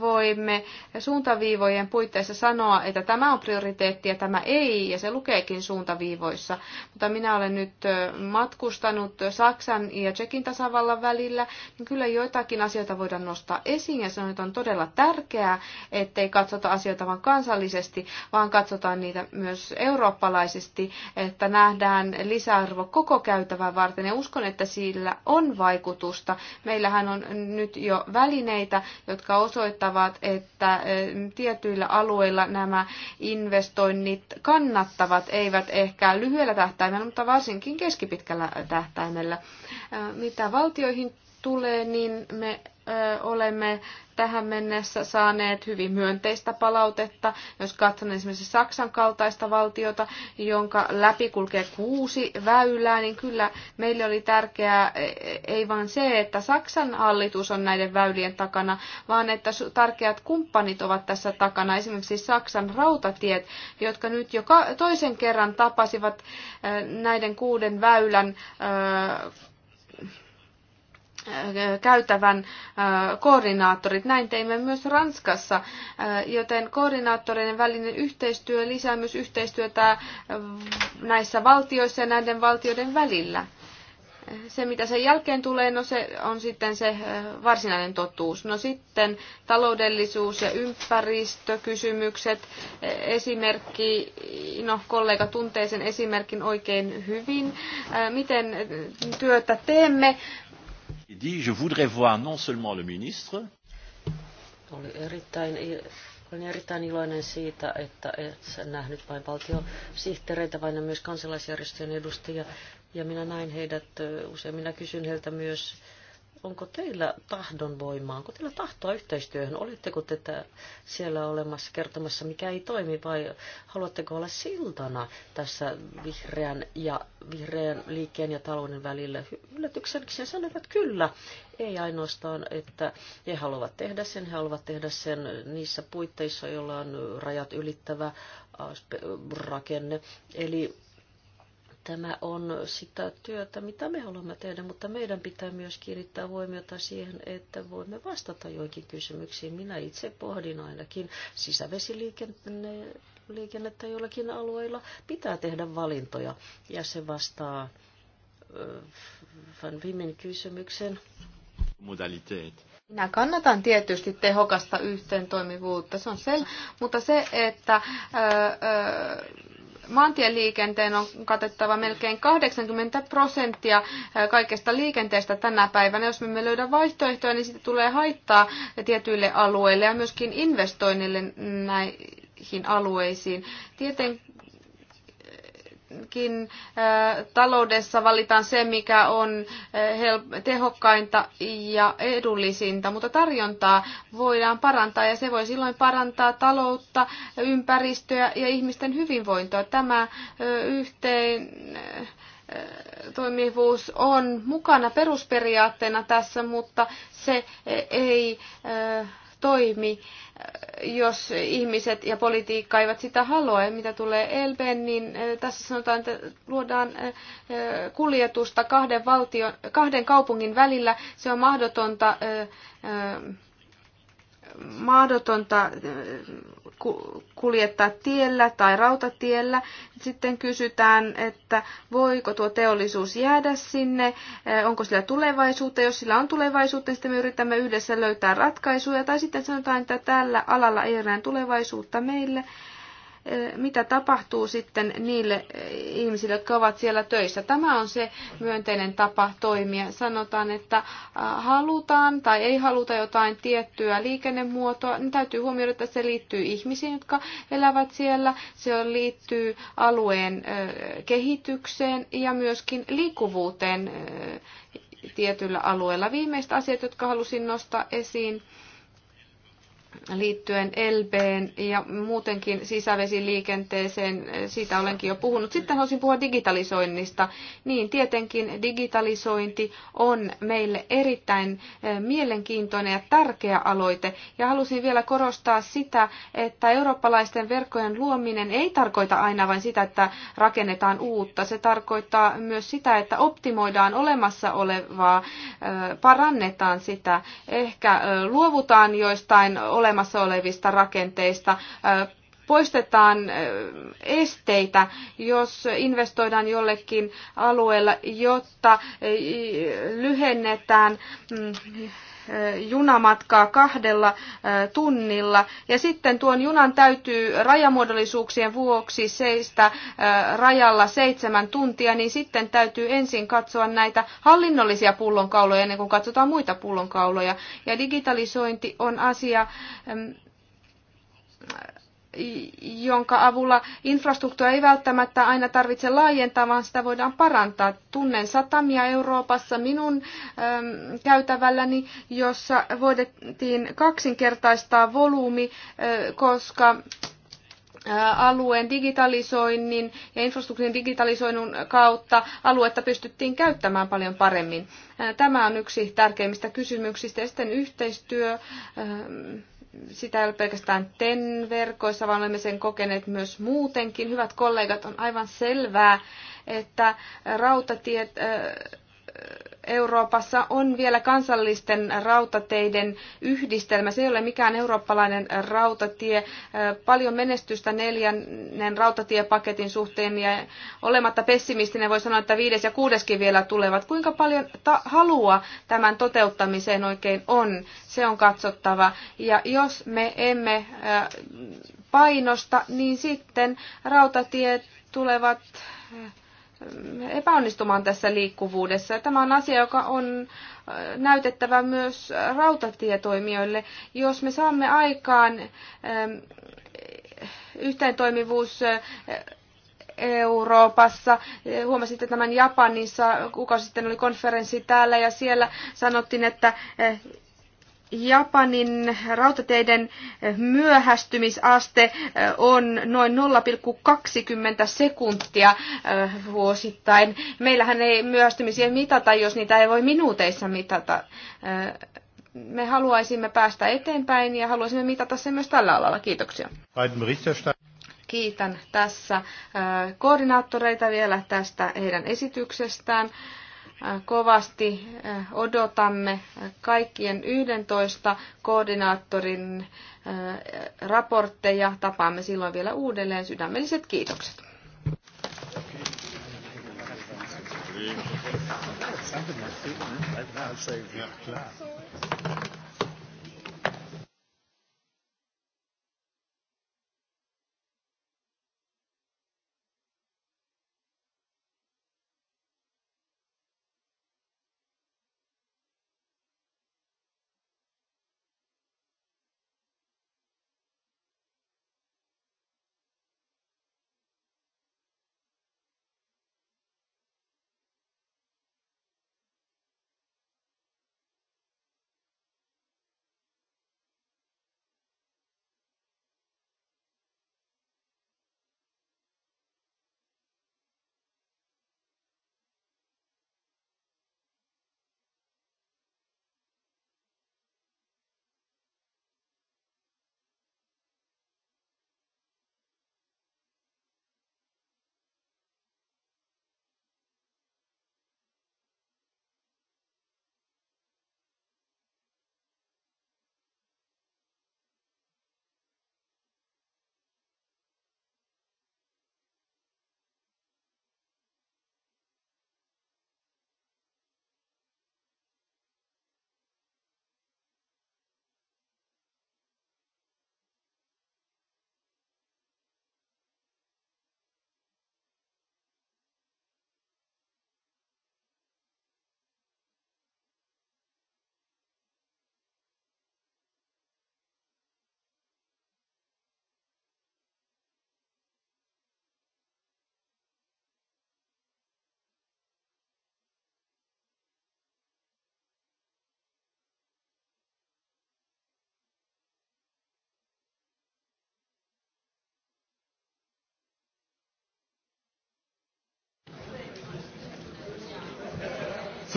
voimme suuntaviivojen puitteissa sanoa, että tämä on prioriteetti ja tämä ei, ja se lukeekin suuntaviivoissa. Mutta minä olen nyt äh, matkustanut Saksan ja Tsekin tasavallan välillä, niin kyllä joitakin asioita voidaan nostaa esiin ja sanoa, että on todella tärkeää, ettei katsota asioita vain kansallisesti, vaan katsotaan niitä myös Eurooppaan eurooppalaisesti, että nähdään lisäarvo koko käytävää varten ja uskon, että sillä on vaikutusta. Meillähän on nyt jo välineitä, jotka osoittavat, että eh, tietyillä alueilla nämä investoinnit kannattavat, eivät ehkä lyhyellä tähtäimellä, mutta varsinkin keskipitkällä tähtäimellä. Eh, mitä valtioihin tulee, niin me olemme tähän mennessä saaneet hyvin myönteistä palautetta. Jos katson esimerkiksi Saksan kaltaista valtiota, jonka läpi kulkee kuusi väylää, niin kyllä meille oli tärkeää e, ei vain se, että Saksan hallitus on näiden väylien takana, vaan että tärkeät kumppanit ovat tässä takana. Esimerkiksi Saksan rautatiet, jotka nyt jo toisen kerran tapasivat näiden kuuden väylän Äh, käytävän äh, koordinaattorit. Näin teimme myös Ranskassa, äh, joten koordinaattoreiden välinen yhteistyö lisää myös yhteistyötä näissä valtioissa ja näiden valtioiden välillä. Se, mitä sen jälkeen tulee, no se on sitten se varsinainen totuus. No sitten taloudellisuus ja ympäristökysymykset. Esimerkki, no kollega tuntee sen esimerkin oikein hyvin. Miten työtä teemme? Dit, je voudrais voir non seulement le ministre. Oli erittäin olen erittäin iloinen siitä, että et nähnyt vain valtiosihteereitä, vaan myös kansalaisjärjestöjen edustajia. Ja minä näin heidät, usein minä kysyn heiltä myös Onko teillä tahdon voimaa? onko teillä tahtoa yhteistyöhön? Oletteko te siellä olemassa kertomassa, mikä ei toimi, vai haluatteko olla siltana tässä vihreän ja vihreän liikkeen ja talouden välillä? Yllätykseksi sanovat kyllä. Ei ainoastaan, että he haluavat tehdä sen, he haluavat tehdä sen niissä puitteissa, joilla on rajat ylittävä rakenne. Eli Tämä on sitä työtä, mitä me haluamme tehdä, mutta meidän pitää myös kiinnittää huomiota siihen, että voimme vastata joihinkin kysymyksiin. Minä itse pohdin ainakin sisävesiliikennettä jollakin alueilla. Pitää tehdä valintoja ja se vastaa Van Vimin kysymyksen. Modaliteet. Minä kannatan tietysti tehokasta yhteen toimivuutta, se on sel, mutta se, että öö, öö, maantieliikenteen on katettava melkein 80 prosenttia kaikesta liikenteestä tänä päivänä. Jos me emme löydä vaihtoehtoja, niin siitä tulee haittaa tietyille alueille ja myöskin investoinnille näihin alueisiin. Tieten kuitenkin äh, taloudessa valitaan se, mikä on äh, tehokkainta ja edullisinta, mutta tarjontaa voidaan parantaa ja se voi silloin parantaa taloutta, ympäristöä ja ihmisten hyvinvointoa. Tämä äh, yhteen toimivuus on mukana perusperiaatteena tässä, mutta se ei toimi, jos ihmiset ja politiikka eivät sitä halua. Ja mitä tulee Elbeen, niin tässä sanotaan, että luodaan kuljetusta kahden, valtion, kahden kaupungin välillä. Se on mahdotonta mahdotonta äh, kuljettaa tiellä tai rautatiellä. Sitten kysytään, että voiko tuo teollisuus jäädä sinne, äh, onko sillä tulevaisuutta. Jos sillä on tulevaisuutta, niin sitten me yritämme yhdessä löytää ratkaisuja. Tai sitten sanotaan, että tällä alalla ei ole tulevaisuutta meille mitä tapahtuu sitten niille ihmisille, jotka ovat siellä töissä. Tämä on se myönteinen tapa toimia. Sanotaan, että halutaan tai ei haluta jotain tiettyä liikennemuotoa, niin täytyy huomioida, että se liittyy ihmisiin, jotka elävät siellä. Se liittyy alueen kehitykseen ja myöskin liikkuvuuteen tietyllä alueella. Viimeiset asiat, jotka halusin nostaa esiin, liittyen Elbeen ja muutenkin sisävesiliikenteeseen, siitä olenkin jo puhunut. Sitten haluaisin puhua digitalisoinnista. Niin, tietenkin digitalisointi on meille erittäin eh, mielenkiintoinen ja tärkeä aloite. Ja halusin vielä korostaa sitä, että eurooppalaisten verkkojen luominen ei tarkoita aina vain sitä, että rakennetaan uutta. Se tarkoittaa myös sitä, että optimoidaan olemassa olevaa, eh, parannetaan sitä, ehkä eh, luovutaan joistain ole olemassa olevista rakenteista, poistetaan esteitä, jos investoidaan jollekin alueella, jotta lyhennetään mm, Eh, junamatkaa kahdella eh, tunnilla. Ja sitten tuon junan täytyy rajamuodollisuuksien vuoksi seistä eh, rajalla seitsemän tuntia, niin sitten täytyy ensin katsoa näitä hallinnollisia pullonkauloja ennen kuin katsotaan muita pullonkauloja. Ja digitalisointi on asia, jonka avulla infrastruktuuria ei välttämättä aina tarvitse laajentaa, vaan sitä voidaan parantaa. Tunnen satamia Euroopassa minun äm, käytävälläni, jossa voidettiin kaksinkertaistaa volyymi, äh, koska äh, alueen digitalisoinnin ja infrastruktuurin digitalisoinnin kautta aluetta pystyttiin käyttämään paljon paremmin. Äh, tämä on yksi tärkeimmistä kysymyksistä. Ja sitten yhteistyö. Ähm, sitä ei ole pelkästään TEN-verkoissa, vaan olemme sen kokeneet myös muutenkin. Hyvät kollegat, on aivan selvää, että rautatiet äh, Euroopassa on vielä kansallisten rautateiden yhdistelmä. Se ei ole mikään eurooppalainen rautatie. Paljon menestystä neljännen rautatiepaketin suhteen ja olematta pessimistinen voi sanoa, että viides ja kuudeskin vielä tulevat. Kuinka paljon halua tämän toteuttamiseen oikein on? Se on katsottava. Ja jos me emme painosta, niin sitten rautatiet tulevat epäonnistumaan tässä liikkuvuudessa. Tämä on asia, joka on äh, näytettävä myös rautatietoimijoille. Jos me saamme aikaan ähm, yhteentoimivuus äh, Euroopassa. Äh, huomasitte tämän Japanissa, kuukausi sitten oli konferenssi täällä ja siellä sanottiin, että Japanin rautateiden myöhästymisaste on noin 0,20 sekuntia vuosittain. Meillähän ei myöhästymisiä mitata, jos niitä ei voi minuuteissa mitata. Me haluaisimme päästä eteenpäin ja haluaisimme mitata sen myös tällä alalla. Kiitoksia. Kiitän tässä koordinaattoreita vielä tästä heidän esityksestään kovasti eh, odotamme kaikkien 11 koordinaattorin eh, raportteja. Tapaamme silloin vielä uudelleen. Sydämelliset kiitokset.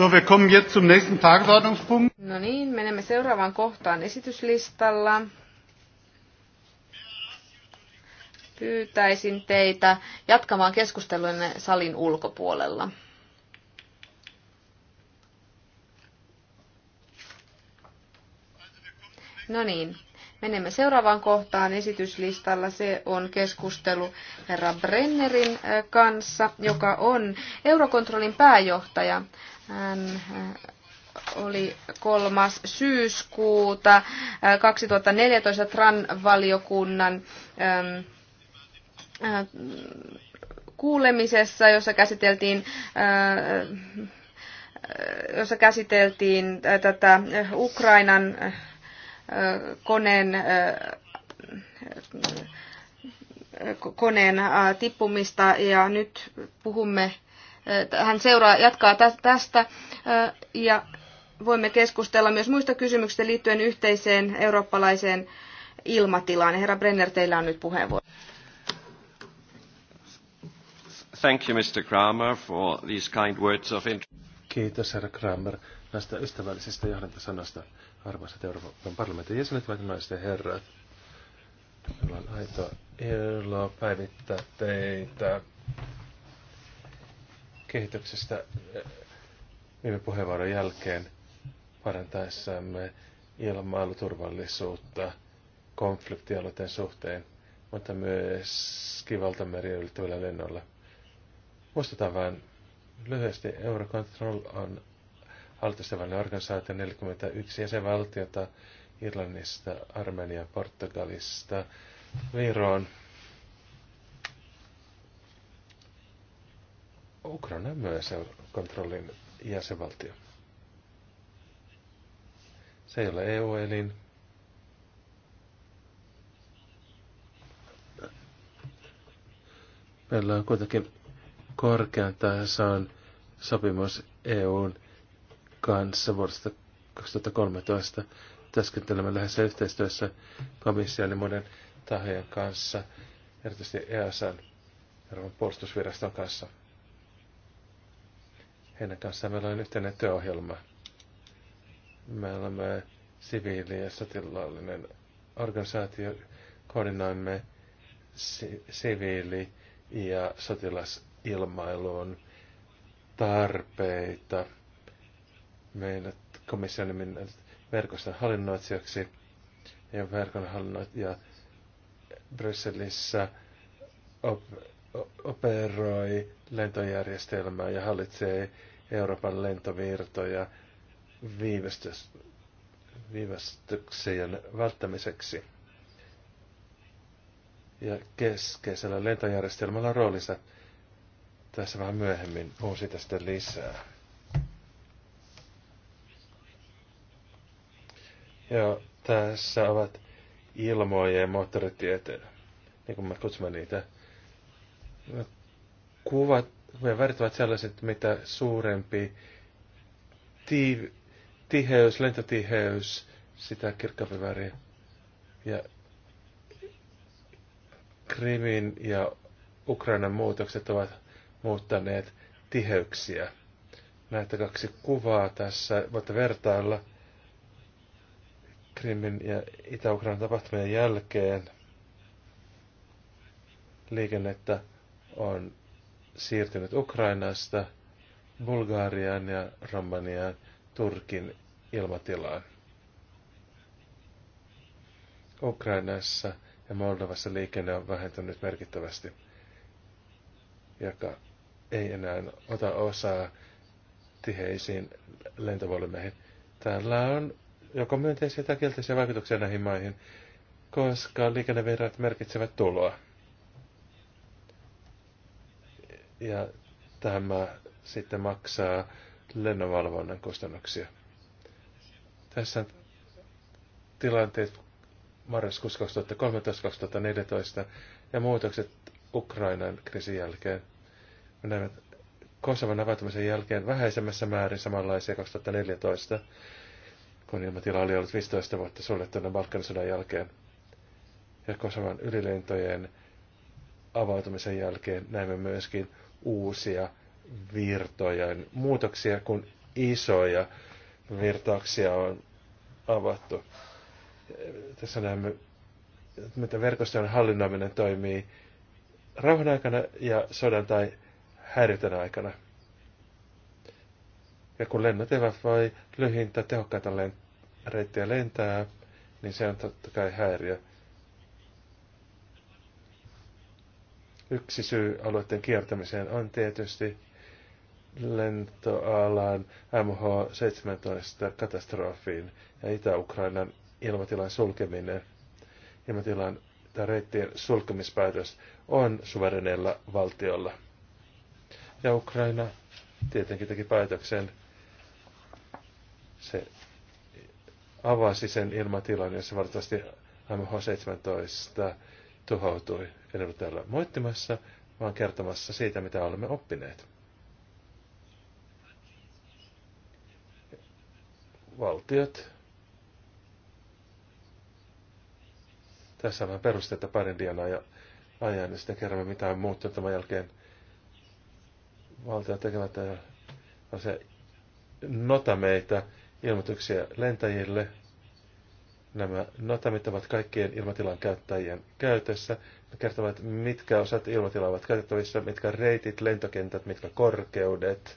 So, wir kommen jetzt zum nächsten Tagesordnungspunkt. No niin, menemme seuraavaan kohtaan esityslistalla. Pyytäisin teitä jatkamaan keskustelunne salin ulkopuolella. No niin, Menemme seuraavaan kohtaan esityslistalla. Se on keskustelu herra Brennerin äh, kanssa, joka on Eurokontrollin pääjohtaja. Hän äh, oli kolmas syyskuuta 2014 äh, TRAN-valiokunnan ähm, kuulemisessa, jossa käsiteltiin jossa käsiteltiin tätä Ukrainan koneen koneen tippumista ja nyt puhumme, hän seuraa, jatkaa tästä ja voimme keskustella myös muista kysymyksistä liittyen yhteiseen eurooppalaiseen ilmatilaan. Herra Brenner, teillä on nyt puheenvuoro. Thank you, Mr. Kramer, for these kind words of Kiitos, herra Kramer, näistä ystävällisistä johdantasanoista. Arvoisat Euroopan parlamentin jäsenet, vaikka naiset ja herrat. Meillä on aito ilo päivittää teitä kehityksestä viime puheenvuoron jälkeen parantaessamme ilmailuturvallisuutta konfliktialueiden suhteen, mutta myös kivaltamerien ylittävillä lennoilla. Muistetaan vain lyhyesti, Eurocontrol on hallitusten välinen organisaatio 41 jäsenvaltiota Irlannista, Armenia, Portugalista, Viroon. Ukraina myös kontrollin jäsenvaltio. Se ei ole EU-elin. Meillä on kuitenkin korkean tason sopimus EUn kanssa vuodesta 2013. Työskentelemme lähes yhteistyössä komission ja monen tahojen kanssa, erityisesti EASan Euroopan puolustusviraston kanssa. Heidän kanssaan meillä on yhteinen työohjelma. Me olemme siviili- ja sotilaallinen organisaatio, koordinoimme si- siviili- ja sotilasilmailuun tarpeita – meidät komission verkoston hallinnoitsijaksi ja verkon hallinnoitsija Brysselissä op- operoi lentojärjestelmää ja hallitsee Euroopan lentovirtoja viivästys, viivästyksien välttämiseksi. Ja keskeisellä lentojärjestelmällä roolissa Tässä vähän myöhemmin puhun siitä sitten lisää. ja tässä ovat ilmojen ja moottoritiet, niin kuin me kutsumme niitä. No, kuvat ja värit ovat sellaiset, mitä suurempi tiiv- tiheys, lentotiheys, sitä kirkkaampi väri. Ja Krimin ja Ukrainan muutokset ovat muuttaneet tiheyksiä. Näitä kaksi kuvaa tässä voitte vertailla – Krimin ja Itä-Ukrainan tapahtumien jälkeen liikennettä on siirtynyt Ukrainasta Bulgariaan ja Romaniaan Turkin ilmatilaan. Ukrainassa ja Moldovassa liikenne on vähentynyt merkittävästi, joka ei enää ota osaa tiheisiin lentovolumeihin. Täällä on joko myönteisiä tai kielteisiä vaikutuksia näihin maihin, koska liikennevirrat merkitsevät tuloa. Ja tämä sitten maksaa lennonvalvonnan kustannuksia. Tässä on tilanteet marraskuussa 2013-2014 ja muutokset Ukrainan kriisin jälkeen. Me näemme Kosovan avautumisen jälkeen vähäisemmässä määrin samanlaisia 2014 kun ilmatila oli ollut 15 vuotta suljettuna Balkanin sodan jälkeen. Ja Kosovan ylilentojen avautumisen jälkeen näemme myöskin uusia virtoja, muutoksia, kun isoja virtauksia on avattu. Tässä näemme, miten verkostojen hallinnoiminen toimii rauhan aikana ja sodan tai häiritön aikana. Ja kun lennot eivät voi lyhintä tehokkaita len- reittiä lentää, niin se on totta kai häiriö. Yksi syy alueiden kiertämiseen on tietysti lentoalan MH17 katastrofiin ja Itä-Ukrainan ilmatilan sulkeminen. Ilmatilan tai reittien sulkemispäätös on suvereneilla valtiolla. Ja Ukraina tietenkin teki päätöksen se avasi sen ilmatilan, jossa valitettavasti MH17 tuhoutui. En ollut täällä moittimassa, vaan kertomassa siitä, mitä olemme oppineet. Valtiot. Tässä on perusteita parin dian ajan, ja sitten kerromme, mitä on muuttunut tämän jälkeen. Valtio tekemättä on se nota meitä ilmoituksia lentäjille. Nämä notamit ovat kaikkien ilmatilan käyttäjien käytössä. Ne kertovat, mitkä osat ilmatilaa ovat käytettävissä, mitkä reitit, lentokentät, mitkä korkeudet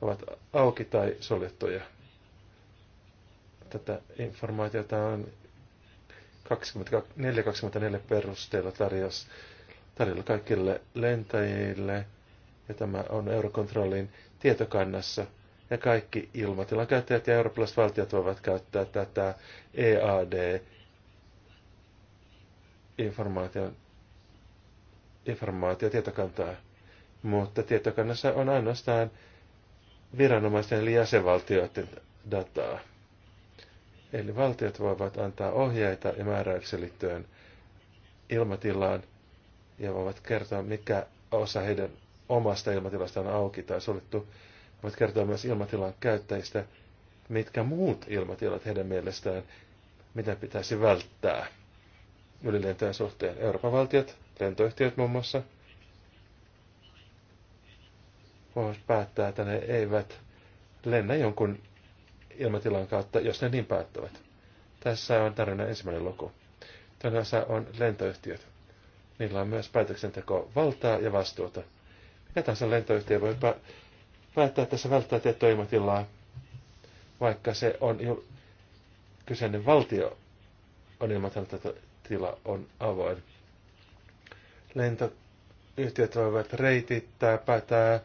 ovat auki tai suljettuja. Tätä informaatiota on 24-24 perusteella tarjos, tarjolla kaikille lentäjille, ja tämä on Eurocontrolin tietokannassa – ja kaikki ilmatilan käyttäjät ja eurooppalaiset valtiot voivat käyttää tätä EAD informaation informaatiotietokantaa, mutta tietokannassa on ainoastaan viranomaisten eli jäsenvaltioiden dataa. Eli valtiot voivat antaa ohjeita ja määräyksiä liittyen ilmatilaan ja voivat kertoa, mikä osa heidän omasta ilmatilasta on auki tai suljettu voit kertoa myös ilmatilan käyttäjistä, mitkä muut ilmatilat heidän mielestään, mitä pitäisi välttää ylilentojen suhteen. Euroopan valtiot, lentoyhtiöt muun muassa, voivat päättää, että ne eivät lennä jonkun ilmatilan kautta, jos ne niin päättävät. Tässä on tarina ensimmäinen luku. Toinen osa on lentoyhtiöt. Niillä on myös päätöksenteko valtaa ja vastuuta. Mikä tahansa lentoyhtiö voi päättää tässä välttää tiettyä ilmatilaa, vaikka se on jo kyseinen valtio on ilmoittanut, että tila on avoin. Lentoyhtiöt voivat reitittää, päättää äh,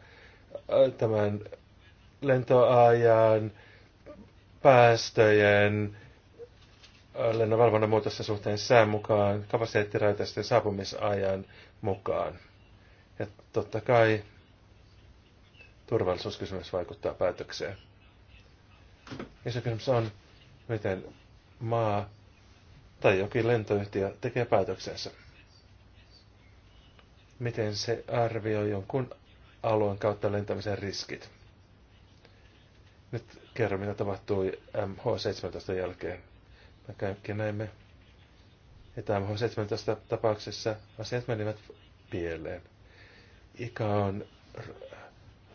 tämän lentoajan, päästöjen, äh, lennonvalvonnan muutossa suhteen sään mukaan, kapasiteettirajoitusten saapumisajan mukaan. Ja totta kai turvallisuuskysymys vaikuttaa päätökseen. Iso kysymys on, miten maa tai jokin lentoyhtiö tekee päätöksensä. Miten se arvioi jonkun alueen kautta lentämisen riskit. Nyt kerro, mitä tapahtui MH17 jälkeen. Me kaikki näimme, että MH17 tapauksessa asiat menivät pieleen. Ikä on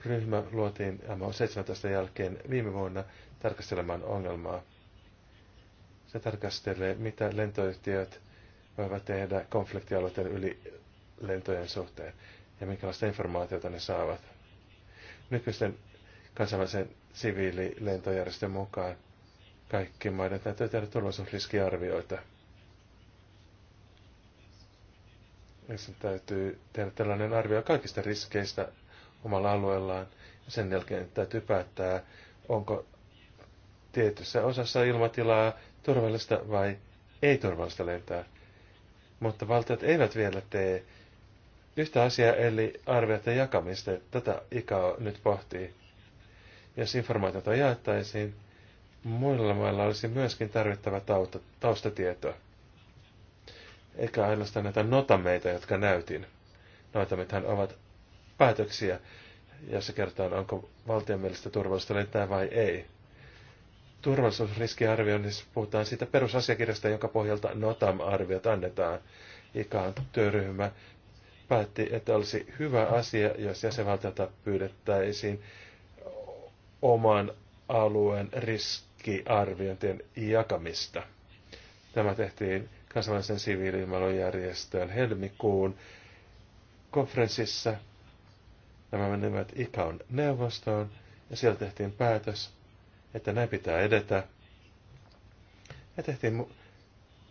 ryhmä luotiin MO17 jälkeen viime vuonna tarkastelemaan ongelmaa. Se tarkastelee, mitä lentoyhtiöt voivat tehdä konfliktialueiden yli lentojen suhteen ja minkälaista informaatiota ne saavat. Nykyisten kansainvälisen siviililentojärjestön mukaan kaikki maiden täytyy tehdä turvallisuusriskiarvioita. Ja sen täytyy tehdä tällainen arvio kaikista riskeistä omalla alueellaan. Ja sen jälkeen täytyy päättää, onko tietyssä osassa ilmatilaa turvallista vai ei turvallista lentää. Mutta valtiot eivät vielä tee yhtä asiaa, eli arvioiden jakamista. Tätä ICAO nyt pohtii. Jos informaatiota jaettaisiin, muilla mailla olisi myöskin tarvittava taustatietoa. Eikä ainoastaan näitä notameita, jotka näytin. Noitamithan ovat päätöksiä, jossa kerrotaan, onko valtion mielestä turvallista lentää vai ei. Turvallisuusriskiarvioinnissa puhutaan siitä perusasiakirjasta, jonka pohjalta NOTAM-arviot annetaan. Ikaan työryhmä päätti, että olisi hyvä asia, jos jäsenvaltiota pyydettäisiin oman alueen riskiarviointien jakamista. Tämä tehtiin kansainvälisen siviiliilmailujärjestön helmikuun konferenssissa Nämä menivät Ikaon neuvostoon ja siellä tehtiin päätös, että näin pitää edetä. Ja tehtiin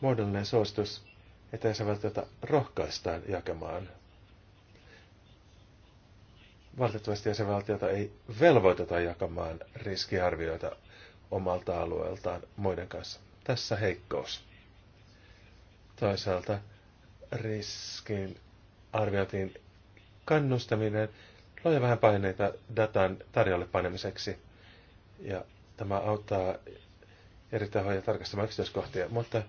muodollinen suositus, että tätä rohkaistaan jakamaan. Valitettavasti jäsenvaltiota ei velvoiteta jakamaan riskiarvioita omalta alueeltaan muiden kanssa. Tässä heikkous. Toisaalta riskin arvioitiin kannustaminen laaja vähän paineita datan tarjolle panemiseksi. Ja tämä auttaa eri tahoja tarkastamaan yksityiskohtia, mutta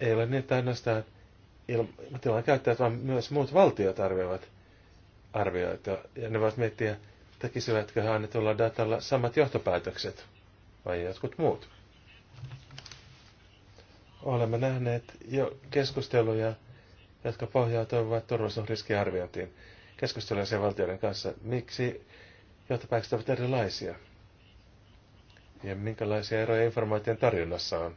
ei ole niin, että ainoastaan ilmatilan käyttäjät, vaan myös muut valtiot arvioivat arvioita. Ja ne voivat miettiä, tekisivätkö annetulla datalla samat johtopäätökset vai jotkut muut. Olemme nähneet jo keskusteluja, jotka pohjautuvat turvallisuusriskiarviointiin keskusteluja sen valtioiden kanssa, miksi johtopäätökset ovat erilaisia ja minkälaisia eroja informaation tarjonnassa on.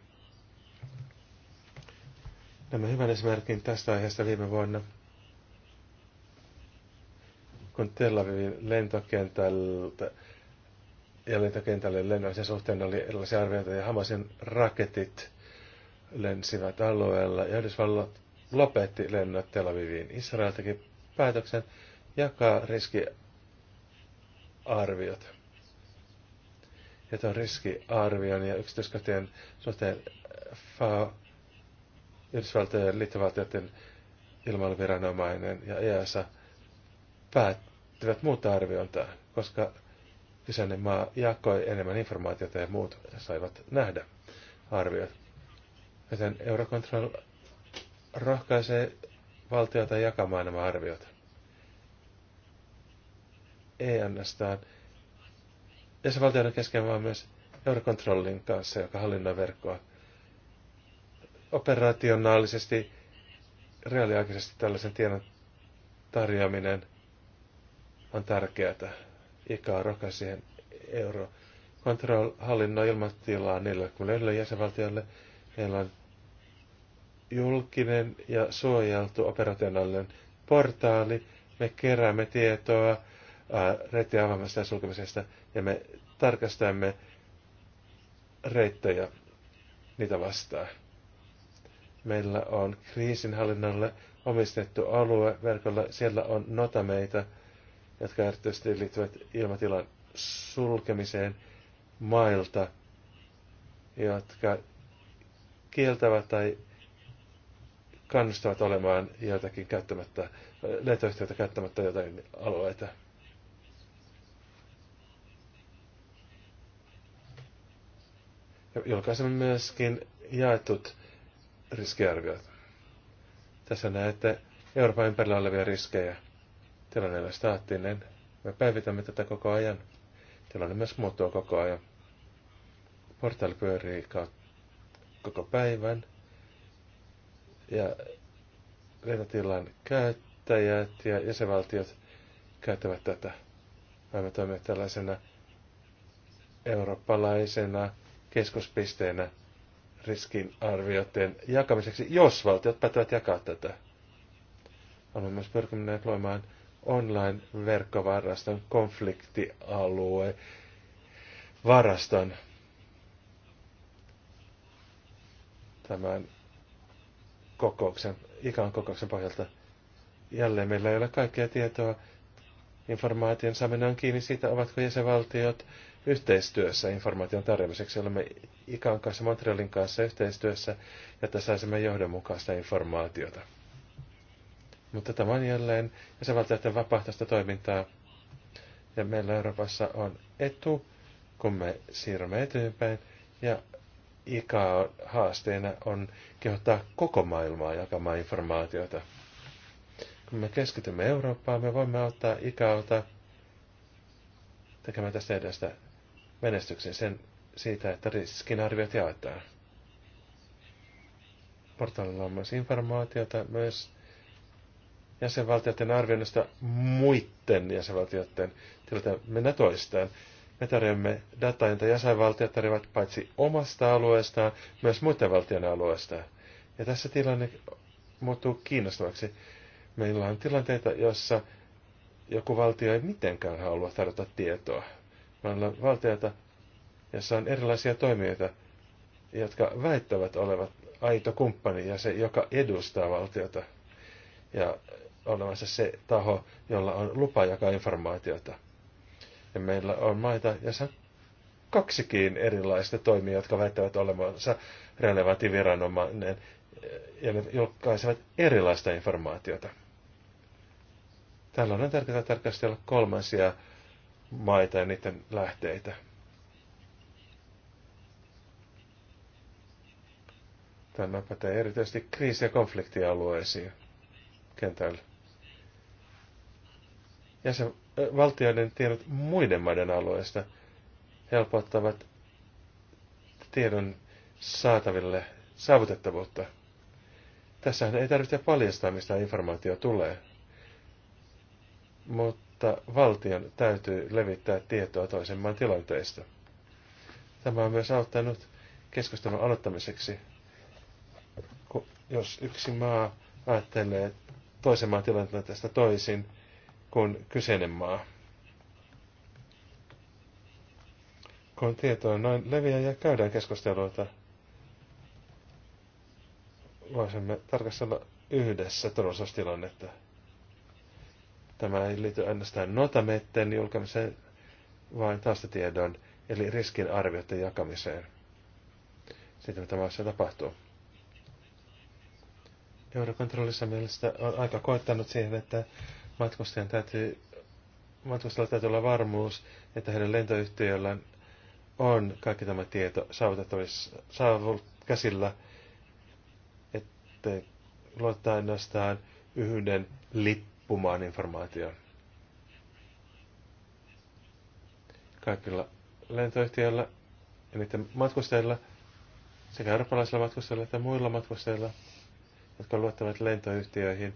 Nämä hyvän esimerkin tästä aiheesta viime vuonna, kun Tel Avivin lentokentältä ja lentokentälle lennon suhteen oli erilaisia arvioita ja Hamasin raketit lensivät alueella ja Yhdysvallat lopetti lennot Tel Aviviin. Israel teki päätöksen jakaa riskiarviot. Ja tuon riskiarvion ja yksityiskohtien suhteen äh, FAO, Yhdysvaltojen liittovaltioiden ilmailuviranomainen ja EASA päättivät muuta arviointaa, koska kyseinen maa jakoi enemmän informaatiota ja muut saivat nähdä arviot. Joten Eurocontrol rohkaisee valtiota jakamaan nämä arviot ei ainoastaan jäsenvaltioiden kesken, vaan myös Eurocontrollin kanssa, joka hallinnoi verkkoa. Operationaalisesti, reaaliaikaisesti tällaisen tiedon tarjoaminen on tärkeää. Ikaa roka siihen euro. Control hallinnoi ilmatilaa 41 jäsenvaltiolle. Meillä on julkinen ja suojeltu operationaalinen portaali. Me keräämme tietoa Äh, reittien avaamisesta ja sulkemisesta, ja me tarkastamme reittejä niitä vastaan. Meillä on kriisinhallinnalle omistettu alue verkolla. Siellä on notameita, jotka erityisesti liittyvät ilmatilan sulkemiseen mailta, jotka kieltävät tai kannustavat olemaan joitakin käyttämättä, lentoyhtiöitä käyttämättä jotain alueita. Julkaisemme myöskin jaetut riskiarviot. Tässä näette Euroopan ympärillä olevia riskejä. Tilanne on staattinen. Me päivitämme tätä koko ajan. Tilanne myös muuttuu koko ajan. Portaali pyörii koko päivän. Ja lentotilan käyttäjät ja jäsenvaltiot käyttävät tätä. Me toimimme tällaisena eurooppalaisena keskuspisteenä riskinarvioiden jakamiseksi, jos valtiot päättävät jakaa tätä. Olemme myös pyrkineet luomaan online-verkkovaraston konfliktialue varaston. Tämän kokouksen, ikään kokouksen pohjalta jälleen meillä ei ole kaikkea tietoa. Informaation saaminen on kiinni siitä, ovatko jäsenvaltiot yhteistyössä informaation tarjoamiseksi. Olemme Ikan kanssa, Montrealin kanssa yhteistyössä, että saisimme johdonmukaista informaatiota. Mutta tämä on jälleen jäsenvaltioiden vapaaehtoista toimintaa. Ja meillä Euroopassa on etu, kun me siirrymme eteenpäin. Ja Ika haasteena on kehottaa koko maailmaa jakamaan informaatiota. Kun me keskitymme Eurooppaan, me voimme auttaa Ikaota tekemään tästä edestä menestyksen sen siitä, että arviot jaetaan. Portaalilla on myös informaatiota myös jäsenvaltioiden arvioinnista muiden jäsenvaltioiden tilanteen mennä toistaan. Me tarjoamme dataa, jota jäsenvaltiot tarjoavat paitsi omasta alueestaan, myös muiden valtion alueesta. Ja tässä tilanne muuttuu kiinnostavaksi. Meillä on tilanteita, joissa joku valtio ei mitenkään halua tarjota tietoa olla valtajata, jossa on erilaisia toimijoita, jotka väittävät olevat aito kumppani ja se, joka edustaa valtiota. Ja olemassa se taho, jolla on lupa jakaa informaatiota. Ja meillä on maita, jossa on kaksikin erilaista toimia, jotka väittävät olevansa relevantti viranomainen ja ne julkaisevat erilaista informaatiota. Tällöin on tärkeää tarkastella kolmansia maita ja niiden lähteitä. Tämä pätee erityisesti kriisi- ja konfliktialueisiin kentällä. se valtioiden tiedot muiden maiden alueista helpottavat tiedon saataville saavutettavuutta. Tässähän ei tarvitse paljastaa, mistä informaatio tulee. Mutta mutta valtion täytyy levittää tietoa toisen maan tilanteista. Tämä on myös auttanut keskustelun aloittamiseksi. Jos yksi maa ajattelee toisen maan tilanteesta toisin kuin kyseinen maa. Kun tietoa noin leviää ja käydään keskusteluita, voisimme tarkastella yhdessä turvallisuustilannetta. Tämä ei liity ainoastaan notametten julkamiseen, vaan taustatiedon eli riskin arvioiden jakamiseen. sitten mitä maassa tapahtuu. Eurokontrollissa mielestä on aika koettanut siihen, että matkustajan täytyy, matkustajalla täytyy olla varmuus, että heidän lentoyhtiöllään on kaikki tämä tieto saavutettavissa saavut käsillä, että luottaa ainoastaan yhden lippun tippumaan informaatioon. Kaikilla lentoyhtiöillä ja niiden matkustajilla, sekä eurooppalaisilla matkustajilla että muilla matkustajilla, jotka luottavat lentoyhtiöihin,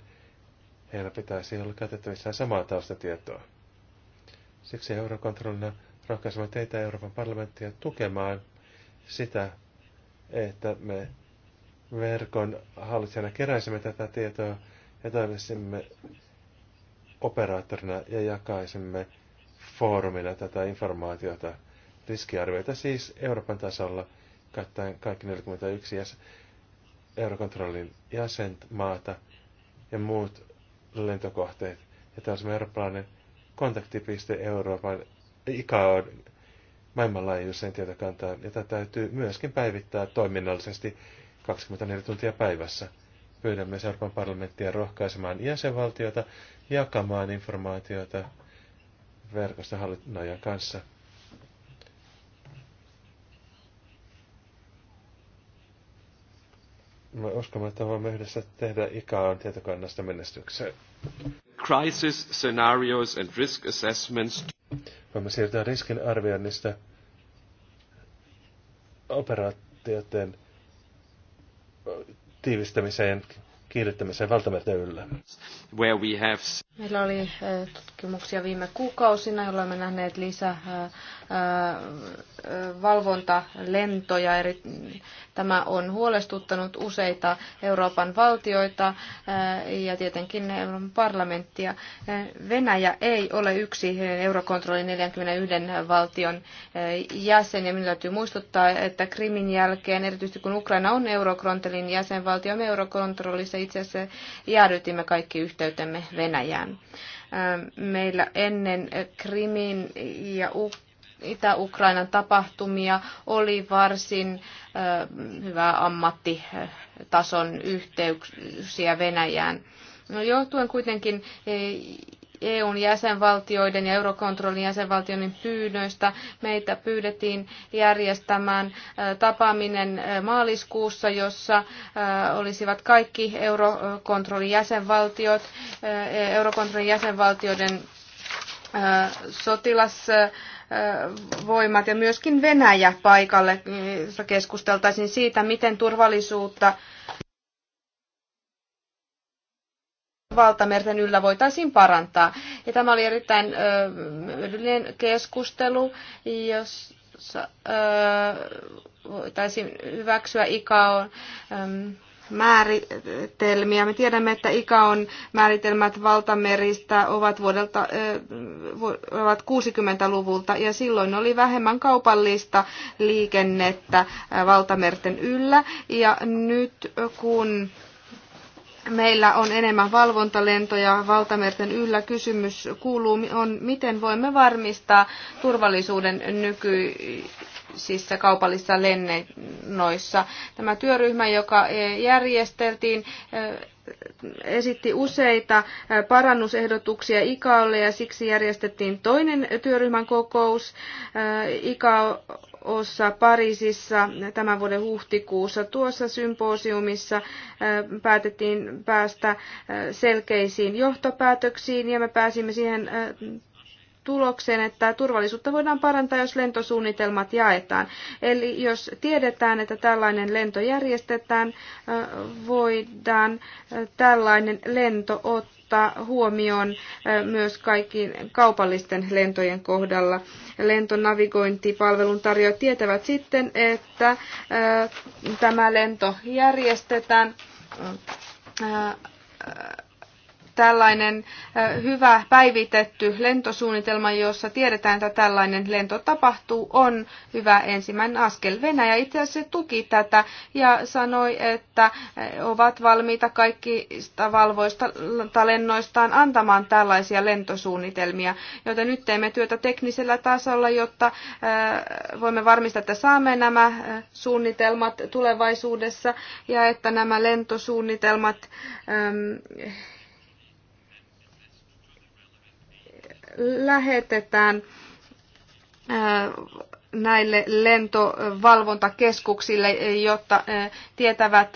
heillä pitäisi olla käytettävissään samaa taustatietoa. Siksi Eurokontrollina rohkaisemme teitä Euroopan parlamenttia tukemaan sitä, että me verkon hallitsijana keräisimme tätä tietoa ja toimisimme operaattorina ja jakaisimme foorumina tätä informaatiota, riskiarvioita siis Euroopan tasolla, kattaen kaikki 41 jäsen, eurokontrollin jäsenmaata ja muut lentokohteet. Ja tämä on eurooppalainen kontaktipiste Euroopan ICAOn maailmanlaajuiseen tietokantaan, tämä täytyy myöskin päivittää toiminnallisesti 24 tuntia päivässä. Pyydämme Euroopan parlamenttia rohkaisemaan jäsenvaltiota jakamaan informaatiota verkostohallinnoijan kanssa. Mä uskon, että voimme yhdessä tehdä ikaan tietokannasta menestykseen. Crisis scenarios and risk assessments. Voimme siirtyä riskin arvioinnista operaatioiden tiivistämiseen kiihdyttämiseen välttämättä yllä. Where we have... Meillä oli eh, tutkimuksia viime kuukausina, jolloin me nähneet lisää eh, valvontalentoja. Tämä on huolestuttanut useita Euroopan valtioita eh, ja tietenkin Euroopan parlamenttia. Eh, Venäjä ei ole yksi Eurokontrollin 41 valtion eh, jäsen ja minun täytyy muistuttaa, että Krimin jälkeen, erityisesti kun Ukraina on Eurokontrollin jäsenvaltio, me Eurokontrollissa itse asiassa jäädytimme kaikki yhteytemme Venäjään meillä ennen Krimin ja Ukrainan Itä-Ukrainan tapahtumia oli varsin hyvä ammattitason yhteyksiä Venäjään. No, johtuen kuitenkin EUn e jäsenvaltioiden ja Eurokontrollin jäsenvaltioiden pyynnöistä meitä pyydettiin järjestämään tapaaminen maaliskuussa, jossa olisivat kaikki Eurokontrollin jäsenvaltiot, Eurokontrollin jäsenvaltioiden sotilasvoimat ja myöskin Venäjä paikalle, jossa keskusteltaisiin siitä, miten turvallisuutta valtamerten yllä voitaisiin parantaa. Ja tämä oli erittäin hyödyllinen keskustelu, jossa voitaisiin hyväksyä ICAO määritelmiä. Me tiedämme, että ikä on määritelmät valtameristä ovat, vuodelta, ovat 60-luvulta ja silloin oli vähemmän kaupallista liikennettä valtamerten yllä. Ja nyt kun meillä on enemmän valvontalentoja valtamerten yllä. Kysymys kuuluu, on, miten voimme varmistaa turvallisuuden nykyisissä kaupallisissa lennoissa. Tämä työryhmä, joka e, järjesteltiin, e, esitti useita e, parannusehdotuksia ICAOlle ja siksi järjestettiin toinen työryhmän kokous. ICAO ossa Pariisissa tämän vuoden huhtikuussa. Tuossa symposiumissa äh, päätettiin päästä äh, selkeisiin johtopäätöksiin ja me pääsimme siihen äh, tulokseen, että turvallisuutta voidaan parantaa, jos lentosuunnitelmat jaetaan. Eli jos tiedetään, että tällainen lento järjestetään, voidaan tällainen lento ottaa ottaa huomioon myös kaikkien kaupallisten lentojen kohdalla. Lentonavigointipalvelun tarjoajat tietävät sitten, että tämä lento järjestetään tällainen hyvä päivitetty lentosuunnitelma, jossa tiedetään, että tällainen lento tapahtuu, on hyvä ensimmäinen askel. Venäjä itse asiassa tuki tätä ja sanoi, että ovat valmiita kaikista valvoista lennoistaan antamaan tällaisia lentosuunnitelmia, joten nyt teemme työtä teknisellä tasolla, jotta voimme varmistaa, että saamme nämä suunnitelmat tulevaisuudessa ja että nämä lentosuunnitelmat lähetetään näille lentovalvontakeskuksille, jotta tietävät,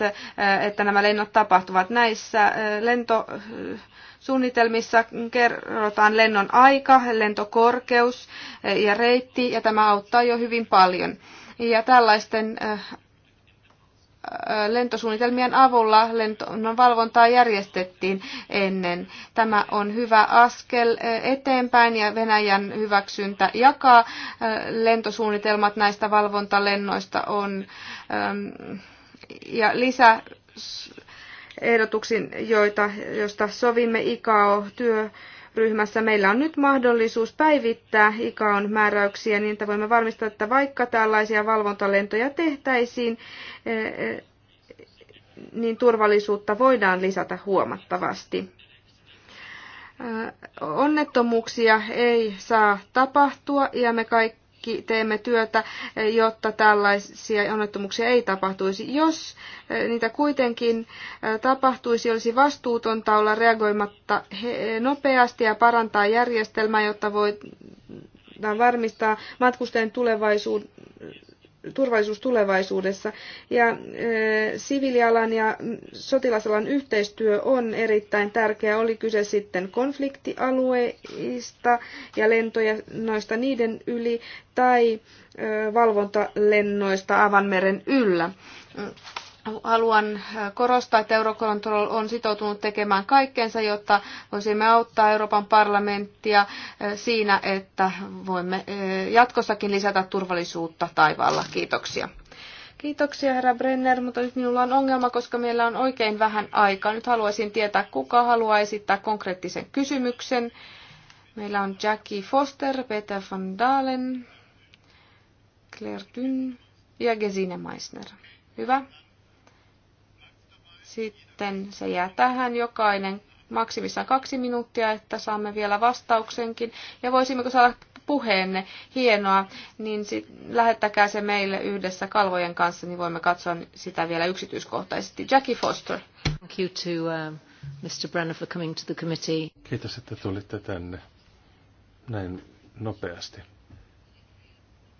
että nämä lennot tapahtuvat. Näissä lentosuunnitelmissa kerrotaan lennon aika, lentokorkeus ja reitti, ja tämä auttaa jo hyvin paljon. Ja tällaisten lentosuunnitelmien avulla lennon valvontaa järjestettiin ennen. Tämä on hyvä askel eteenpäin ja Venäjän hyväksyntä jakaa lentosuunnitelmat näistä valvontalennoista on ja lisä ehdotuksin, joita, joista sovimme ICAO-työ ryhmässä meillä on nyt mahdollisuus päivittää ICAOn määräyksiä niin, että voimme varmistaa, että vaikka tällaisia valvontalentoja tehtäisiin, eh, niin turvallisuutta voidaan lisätä huomattavasti. Eh, onnettomuuksia ei saa tapahtua ja me kaikki kaikki teemme työtä, jotta tällaisia onnettomuuksia ei tapahtuisi. Jos eh, niitä kuitenkin eh, tapahtuisi, olisi vastuutonta olla reagoimatta eh, nopeasti ja parantaa järjestelmää, jotta voi varmistaa matkustajien tulevaisuuden turvallisuus tulevaisuudessa. Ja e, siviilialan ja sotilasalan yhteistyö on erittäin tärkeää, oli kyse sitten konfliktialueista ja lentoja noista niiden yli tai e, valvontalennoista Avanmeren yllä. Haluan äh, korostaa, että Eurocontrol on sitoutunut tekemään kaikkensa, jotta voisimme auttaa Euroopan parlamenttia äh, siinä, että voimme äh, jatkossakin lisätä turvallisuutta taivaalla. Kiitoksia. Kiitoksia herra Brenner, mutta nyt minulla on ongelma, koska meillä on oikein vähän aikaa. Nyt haluaisin tietää, kuka haluaa esittää konkreettisen kysymyksen. Meillä on Jackie Foster, Peter van Dalen, Claire Dyn ja Gesine Meissner. Hyvä. Sitten se jää tähän jokainen maksimissaan kaksi minuuttia, että saamme vielä vastauksenkin. Ja voisimmeko saada puheenne, hienoa, niin sit, lähettäkää se meille yhdessä kalvojen kanssa, niin voimme katsoa sitä vielä yksityiskohtaisesti. Jackie Foster. Thank you to, uh, Mr. Brenner for coming to the committee. Kiitos, että tulitte tänne näin nopeasti.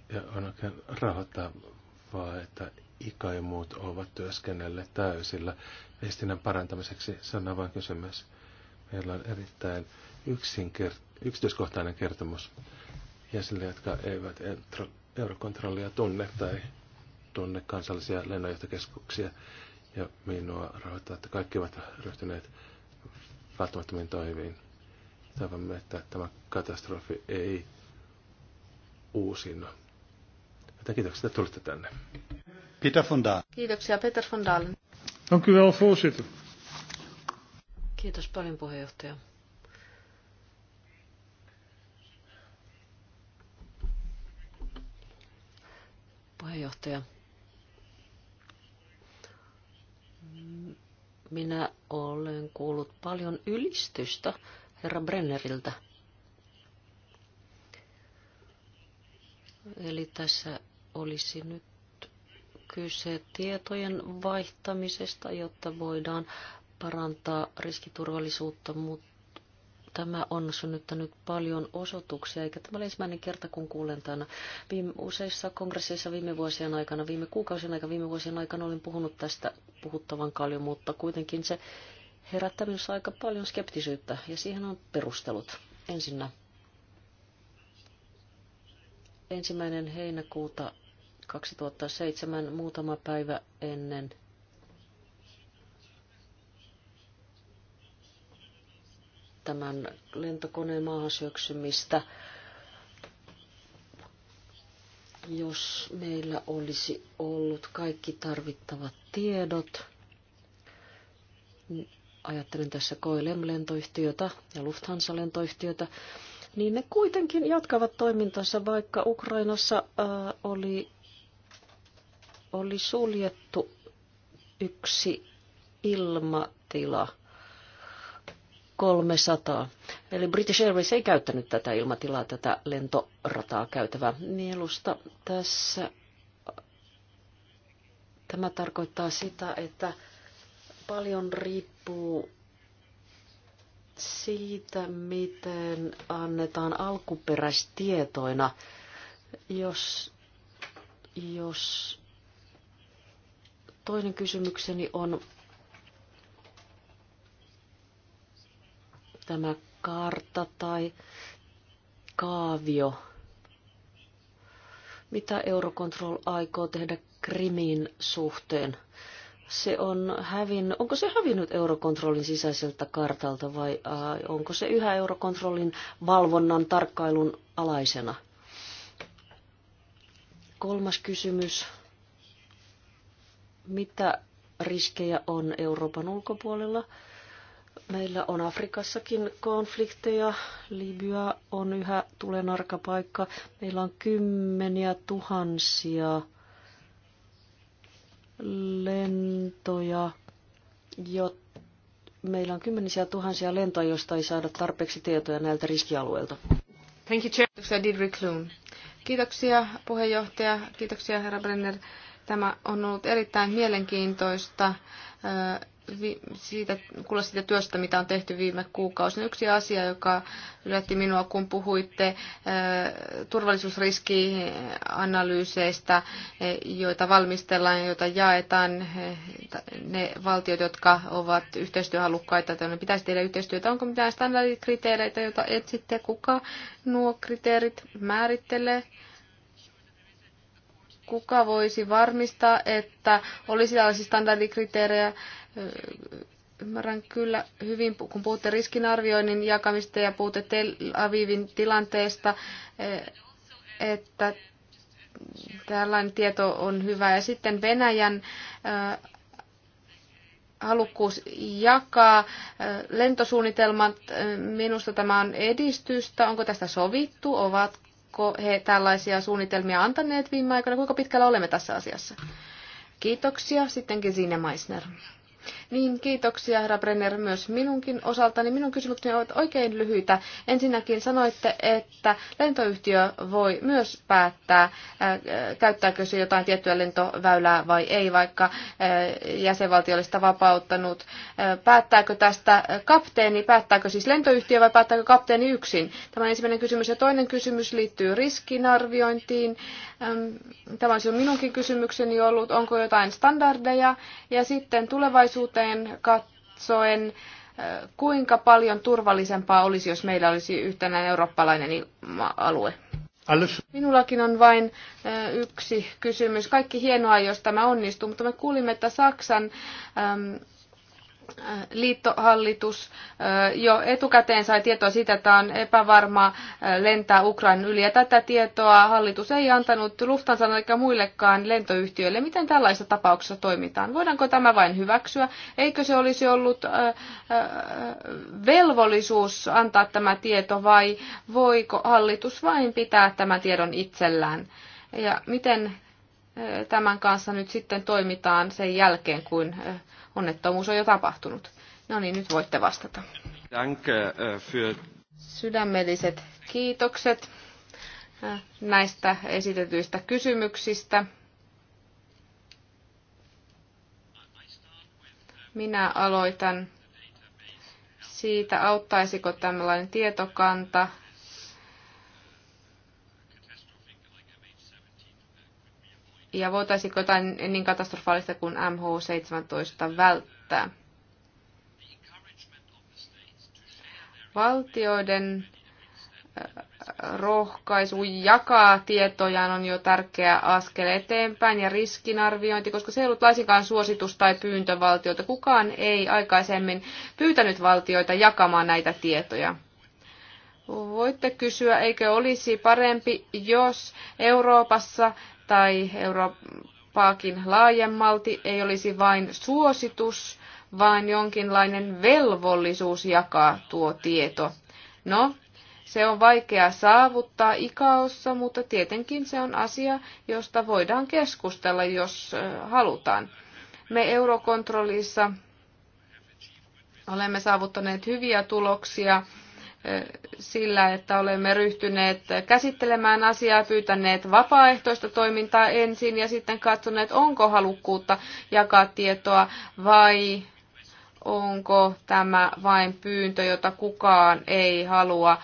Ja on oikein rahoittavaa, että Ika ja muut ovat työskennelleet täysillä viestinnän parantamiseksi. Se on avain kysymys. Meillä on erittäin yksinkert- yksityiskohtainen kertomus jäsenille, jotka eivät eurokontrollia tunne tai tunne kansallisia lennonjohtokeskuksia. Ja minua rahoittaa, että kaikki ovat ryhtyneet välttämättömiin toimiin. Toivomme, että tämä katastrofi ei uusinnu. kiitoksia, että tulitte tänne. Peter von Dalen. Kiitoksia, Peter von Dalen. Dank u wel, voorzitter. Kiitos paljon, puheenjohtaja. Puheenjohtaja. Minä olen kuullut paljon ylistystä herra Brenneriltä. Eli tässä olisi nyt kyse tietojen vaihtamisesta, jotta voidaan parantaa riskiturvallisuutta, mutta tämä on synnyttänyt paljon osoituksia, eikä tämä ole ensimmäinen kerta, kun kuulen tämän. Viime, useissa kongresseissa viime vuosien aikana, viime kuukausien aikana, viime vuosien aikana olin puhunut tästä puhuttavan paljon, mutta kuitenkin se herättää minussa aika paljon skeptisyyttä, ja siihen on perustelut. Ensinnä ensimmäinen heinäkuuta 2007 muutama päivä ennen tämän lentokoneen maahan syöksymistä. Jos meillä olisi ollut kaikki tarvittavat tiedot, ajattelen tässä KLM-lentoyhtiötä ja Lufthansa-lentoyhtiötä, niin ne kuitenkin jatkavat toimintansa, vaikka Ukrainassa ää, äh, oli oli suljettu yksi ilmatila 300. Eli British Airways ei käyttänyt tätä ilmatilaa, tätä lentorataa käytävää nielusta. Tässä tämä tarkoittaa sitä, että paljon riippuu siitä, miten annetaan alkuperäistietoina, jos, jos Toinen kysymykseni on tämä kartta tai kaavio. Mitä Eurocontrol aikoo tehdä Krimin suhteen? Se on hävin, onko se hävinnyt Eurocontrolin sisäiseltä kartalta vai äh, onko se yhä Eurocontrolin valvonnan tarkkailun alaisena? Kolmas kysymys mitä riskejä on Euroopan ulkopuolella. Meillä on Afrikassakin konflikteja. Libya on yhä tulen arkapaikka. Meillä on kymmeniä tuhansia lentoja, jo, meillä on kymmenisiä tuhansia lentoja, joista ei saada tarpeeksi tietoja näiltä riskialueilta. Thank you, Chair. Kiitoksia, puheenjohtaja. Kiitoksia, herra Brenner Tämä on ollut erittäin mielenkiintoista siitä, kuulla siitä työstä, mitä on tehty viime kuukausina. Yksi asia, joka yllätti minua, kun puhuitte turvallisuusriskianalyyseistä, e, joita valmistellaan ja joita jaetaan. Ne valtiot, jotka ovat yhteistyöhalukkaita, joiden pitäisi tehdä yhteistyötä. Onko mitään standardikriteereitä, joita etsitte? Kuka nuo kriteerit määrittelee? kuka voisi varmistaa, että olisi tällaisia standardikriteerejä. Ymmärrän kyllä hyvin, kun puhutte riskinarvioinnin jakamista ja puhutte Tel Avivin tilanteesta, e, että tällainen tieto on hyvä. Ja sitten Venäjän halukkuus jakaa lentosuunnitelmat. Minusta tämä on edistystä. Onko tästä sovittu? Ovat Ovatko he tällaisia suunnitelmia antaneet viime aikoina? Kuinka pitkällä olemme tässä asiassa? Kiitoksia. Sittenkin Sine Meissner. Niin, kiitoksia herra Brenner myös minunkin osaltani. Minun kysymykseni ovat oikein lyhyitä. Ensinnäkin sanoitte, että lentoyhtiö voi myös päättää, äh, käyttääkö se jotain tiettyä lentoväylää vai ei, vaikka äh, jäsenvaltio olisi sitä vapauttanut. Äh, päättääkö tästä kapteeni, päättääkö siis lentoyhtiö vai päättääkö kapteeni yksin? Tämä on ensimmäinen kysymys. Ja toinen kysymys liittyy riskinarviointiin. Ähm, tämä on minunkin kysymykseni ollut, onko jotain standardeja. Ja sitten tulevaisuuteen tarkalleen katsoen, äh, kuinka paljon turvallisempaa olisi, jos meillä olisi yhtenäinen eurooppalainen alue? Minullakin on vain äh, yksi kysymys. Kaikki hienoa, jos tämä onnistuu, mutta me kuulimme, että Saksan liittohallitus jo etukäteen sai tietoa siitä, että on epävarma lentää Ukrainan yli. Ja tätä tietoa hallitus ei antanut Lufthansa eikä muillekaan lentoyhtiöille. Miten tällaisessa tapauksessa toimitaan? Voidaanko tämä vain hyväksyä? Eikö se olisi ollut velvollisuus antaa tämä tieto vai voiko hallitus vain pitää tämän tiedon itsellään? Ja miten tämän kanssa nyt sitten toimitaan sen jälkeen, kun onnettomuus on jo tapahtunut. No niin, nyt voitte vastata. Danke äh, für... Sydämelliset kiitokset äh, näistä esitetyistä kysymyksistä. Minä aloitan siitä, auttaisiko tällainen tietokanta ja voitaisiinko jotain niin katastrofaalista kuin MH17 välttää. Valtioiden äh, rohkaisu jakaa tietojaan on jo tärkeä askel eteenpäin ja riskinarviointi, koska se ei ollut laisinkaan suositus tai pyyntö Kukaan ei aikaisemmin pyytänyt valtioita jakamaan näitä tietoja. Voitte kysyä, eikö olisi parempi, jos Euroopassa tai Eurooppaakin laajemmalti ei olisi vain suositus, vaan jonkinlainen velvollisuus jakaa tuo tieto. No, se on vaikea saavuttaa ikaossa, mutta tietenkin se on asia, josta voidaan keskustella, jos halutaan. Me Eurokontrollissa olemme saavuttaneet hyviä tuloksia sillä, että olemme ryhtyneet käsittelemään asiaa, pyytäneet vapaaehtoista toimintaa ensin ja sitten katsoneet, onko halukkuutta jakaa tietoa vai onko tämä vain pyyntö, jota kukaan ei halua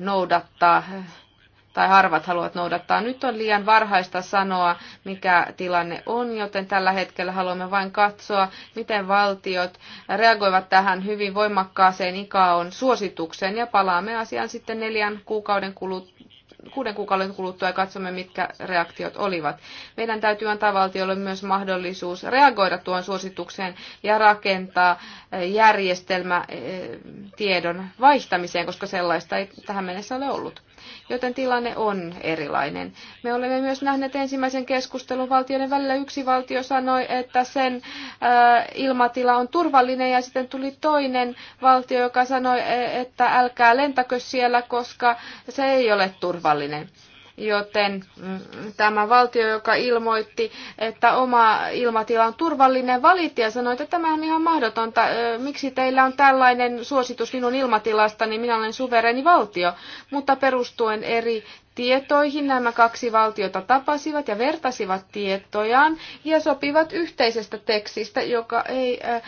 noudattaa tai harvat haluavat noudattaa. Nyt on liian varhaista sanoa, mikä tilanne on, joten tällä hetkellä haluamme vain katsoa, miten valtiot reagoivat tähän hyvin voimakkaaseen ikaon suositukseen ja palaamme asiaan sitten neljän kuukauden kuluttua kuuden kuukauden kuluttua ja katsomme, mitkä reaktiot olivat. Meidän täytyy antaa valtiolle myös mahdollisuus reagoida tuon suositukseen ja rakentaa eh, järjestelmä eh, tiedon vaihtamiseen, koska sellaista ei tähän mennessä ole ollut joten tilanne on erilainen. Me olemme myös nähneet ensimmäisen keskustelun valtioiden välillä. Yksi valtio sanoi, että sen äh, ilmatila on turvallinen ja sitten tuli toinen valtio, joka sanoi, e, että älkää lentäkö siellä, koska se ei ole turvallinen joten mm, tämä valtio, joka ilmoitti, että oma ilmatila on turvallinen, valitti ja sanoi, että tämä on ihan mahdotonta. Miksi teillä on tällainen suositus minun ilmatilasta, niin minä olen suvereni valtio, mutta perustuen eri tietoihin. Nämä kaksi valtiota tapasivat ja vertasivat tietojaan ja sopivat yhteisestä tekstistä, joka ei äh, äh,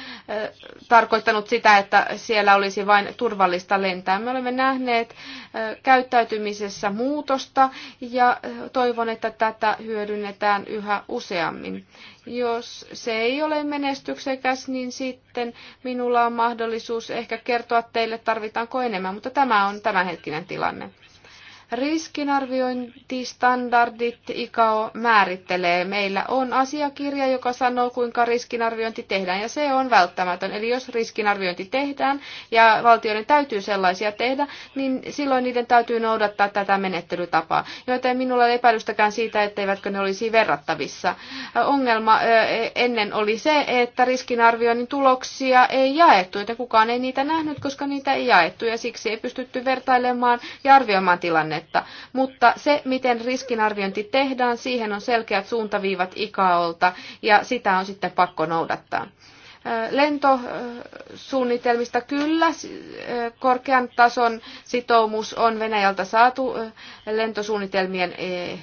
tarkoittanut sitä, että siellä olisi vain turvallista lentää. Me olemme nähneet äh, käyttäytymisessä muutosta ja äh, toivon, että tätä hyödynnetään yhä useammin. Jos se ei ole menestyksekäs, niin sitten minulla on mahdollisuus ehkä kertoa teille, tarvitaanko enemmän, mutta tämä on tämänhetkinen tilanne. Riskinarviointistandardit ICAO määrittelee. Meillä on asiakirja, joka sanoo, kuinka riskinarviointi tehdään, ja se on välttämätön. Eli jos riskinarviointi tehdään, ja valtioiden täytyy sellaisia tehdä, niin silloin niiden täytyy noudattaa tätä menettelytapaa. Joten minulla ei epäilystäkään siitä, etteivätkö ne olisi verrattavissa. Ongelma ennen oli se, että riskinarvioinnin tuloksia ei jaettu, joten kukaan ei niitä nähnyt, koska niitä ei jaettu, ja siksi ei pystytty vertailemaan ja arvioimaan tilannetta tilannetta. Mutta se, miten riskinarviointi tehdään, siihen on selkeät suuntaviivat ICAOlta ja sitä on sitten pakko noudattaa. Lentosuunnitelmista kyllä, korkean tason sitoumus on Venäjältä saatu lentosuunnitelmien e,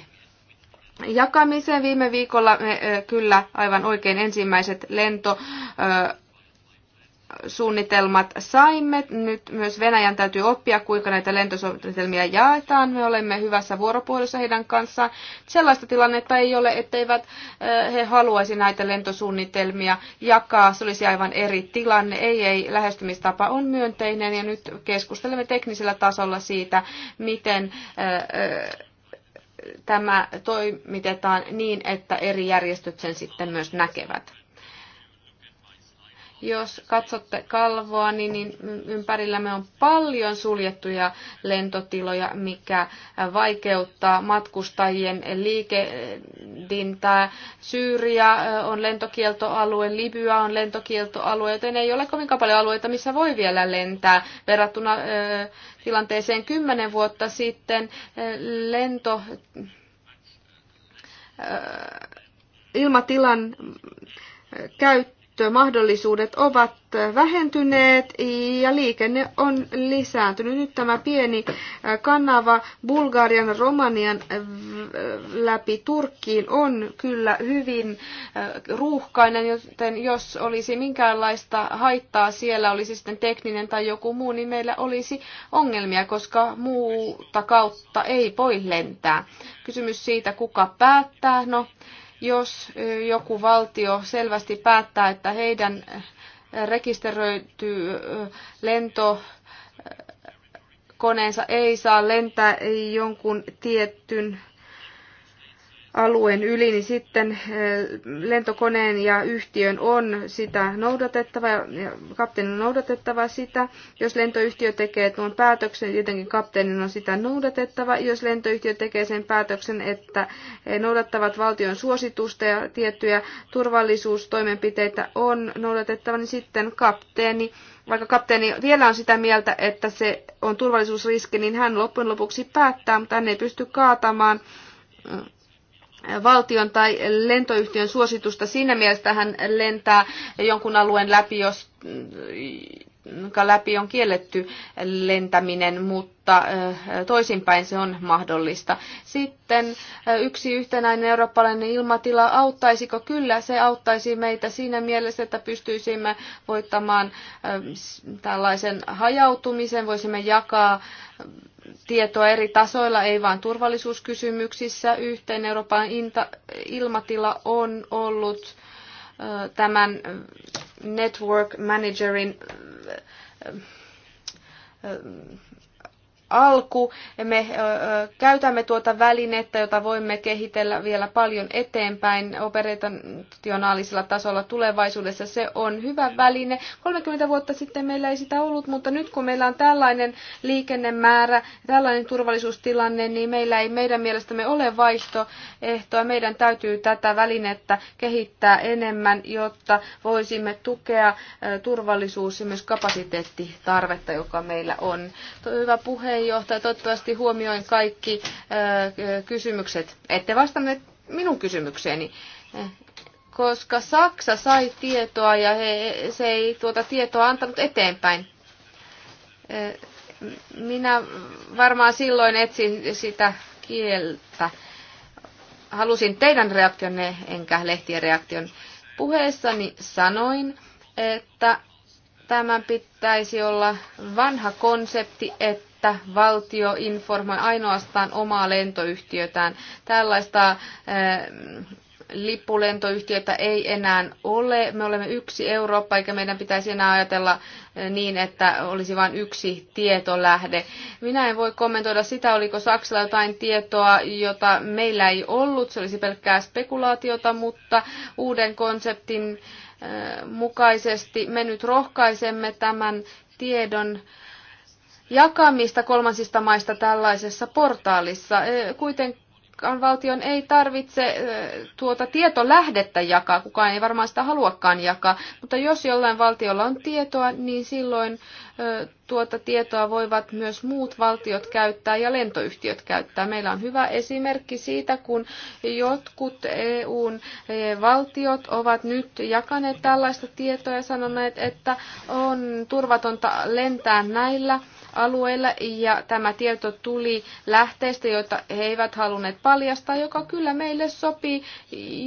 jakamiseen. Viime viikolla me kyllä aivan oikein ensimmäiset lento lentosuunnitelmat saimme. Nyt myös Venäjän täytyy oppia, kuinka näitä lentosuunnitelmia jaetaan. Me olemme hyvässä vuoropuolessa heidän kanssaan. Sellaista tilannetta ei ole, etteivät eh, he haluaisi näitä lentosuunnitelmia jakaa. Se olisi aivan eri tilanne. Ei, ei, lähestymistapa on myönteinen ja nyt keskustelemme teknisellä tasolla siitä, miten eh, eh, tämä toimitetaan niin, että eri järjestöt sen sitten myös näkevät. Jos katsotte kalvoa, niin, niin ympärillämme on paljon suljettuja lentotiloja, mikä vaikeuttaa matkustajien liikehdintää. Syyria on lentokieltoalue, Libya on lentokieltoalue, joten ei ole kovin paljon alueita, missä voi vielä lentää verrattuna tilanteeseen kymmenen vuotta sitten. Lento ilmatilan käyttö mahdollisuudet ovat vähentyneet ja liikenne on lisääntynyt. Nyt tämä pieni äh, kanava Bulgarian Romanian äh, läpi Turkkiin on kyllä hyvin äh, ruuhkainen, joten jos olisi minkäänlaista haittaa siellä, olisi sitten tekninen tai joku muu, niin meillä olisi ongelmia, koska muuta kautta ei voi lentää. Kysymys siitä, kuka päättää. No, jos joku valtio selvästi päättää, että heidän rekisteröity lento koneensa ei saa lentää jonkun tietyn alueen yli, niin sitten eh, lentokoneen ja yhtiön on sitä noudatettava ja kapteenin on noudatettava sitä. Jos lentoyhtiö tekee tuon päätöksen, jotenkin kapteenin on sitä noudatettava. Jos lentoyhtiö tekee sen päätöksen, että noudattavat valtion suositusta ja tiettyjä turvallisuustoimenpiteitä on noudatettava, niin sitten kapteeni vaikka kapteeni vielä on sitä mieltä, että se on turvallisuusriski, niin hän loppujen lopuksi päättää, mutta hän ei pysty kaatamaan mm, valtion tai lentoyhtiön suositusta. Siinä mielessä hän lentää jonkun alueen läpi, jos jonka läpi on kielletty lentäminen, mutta eh, toisinpäin se on mahdollista. Sitten eh, yksi yhtenäinen eurooppalainen ilmatila, auttaisiko? Kyllä, se auttaisi meitä siinä mielessä, että pystyisimme voittamaan eh, tällaisen hajautumisen, voisimme jakaa tietoa eri tasoilla, ei vain turvallisuuskysymyksissä. Yhteen Euroopan ilmatila on ollut tämän Network Managerin alku. Me käytämme tuota välinettä, jota voimme kehitellä vielä paljon eteenpäin operationaalisella tasolla tulevaisuudessa. Se on hyvä väline. 30 vuotta sitten meillä ei sitä ollut, mutta nyt kun meillä on tällainen liikennemäärä, tällainen turvallisuustilanne, niin meillä ei meidän mielestämme ole vaihtoehtoa. Meidän täytyy tätä välinettä kehittää enemmän, jotta voisimme tukea turvallisuus- ja myös kapasiteettitarvetta, joka meillä on. Hyvä puhe puheenjohtaja. Toivottavasti huomioin kaikki äh, kysymykset. Ette vastanneet minun kysymykseeni äh, koska Saksa sai tietoa ja he, se ei tuota tietoa antanut eteenpäin. Äh, minä varmaan silloin etsin sitä kieltä. Halusin teidän reaktionne, enkä lehtien reaktion. Puheessani sanoin, että tämän pitäisi olla vanha konsepti, että että valtio informoi ainoastaan omaa lentoyhtiötään. Tällaista eh, lippulentoyhtiötä ei enää ole. Me olemme yksi Eurooppa, eikä meidän pitäisi enää ajatella eh, niin, että olisi vain yksi tietolähde. Minä en voi kommentoida sitä, oliko Saksalla jotain tietoa, jota meillä ei ollut. Se olisi pelkkää spekulaatiota, mutta uuden konseptin eh, mukaisesti me nyt rohkaisemme tämän tiedon jakamista kolmansista maista tällaisessa portaalissa. E, kuitenkaan valtion ei tarvitse e, tuota tietolähdettä jakaa, kukaan ei varmaan sitä haluakaan jakaa, mutta jos jollain valtiolla on tietoa, niin silloin e, tuota tietoa voivat myös muut valtiot käyttää ja lentoyhtiöt käyttää. Meillä on hyvä esimerkki siitä, kun jotkut EUn valtiot ovat nyt jakaneet tällaista tietoa ja sanoneet, että on turvatonta lentää näillä alueilla ja tämä tieto tuli lähteistä, joita he eivät halunneet paljastaa, joka kyllä meille sopii,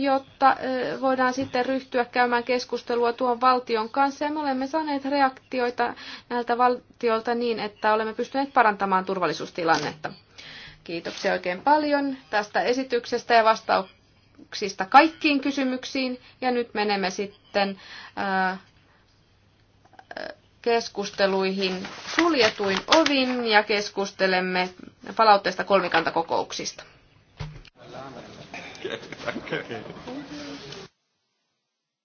jotta voidaan sitten ryhtyä käymään keskustelua tuon valtion kanssa ja me olemme saaneet reaktioita näiltä valtioilta niin, että olemme pystyneet parantamaan turvallisuustilannetta. Kiitoksia oikein paljon tästä esityksestä ja vastauksista kaikkiin kysymyksiin. Ja nyt menemme sitten ää, keskusteluihin suljetuin ovin ja keskustelemme palautteesta kolmikantakokouksista. Okay,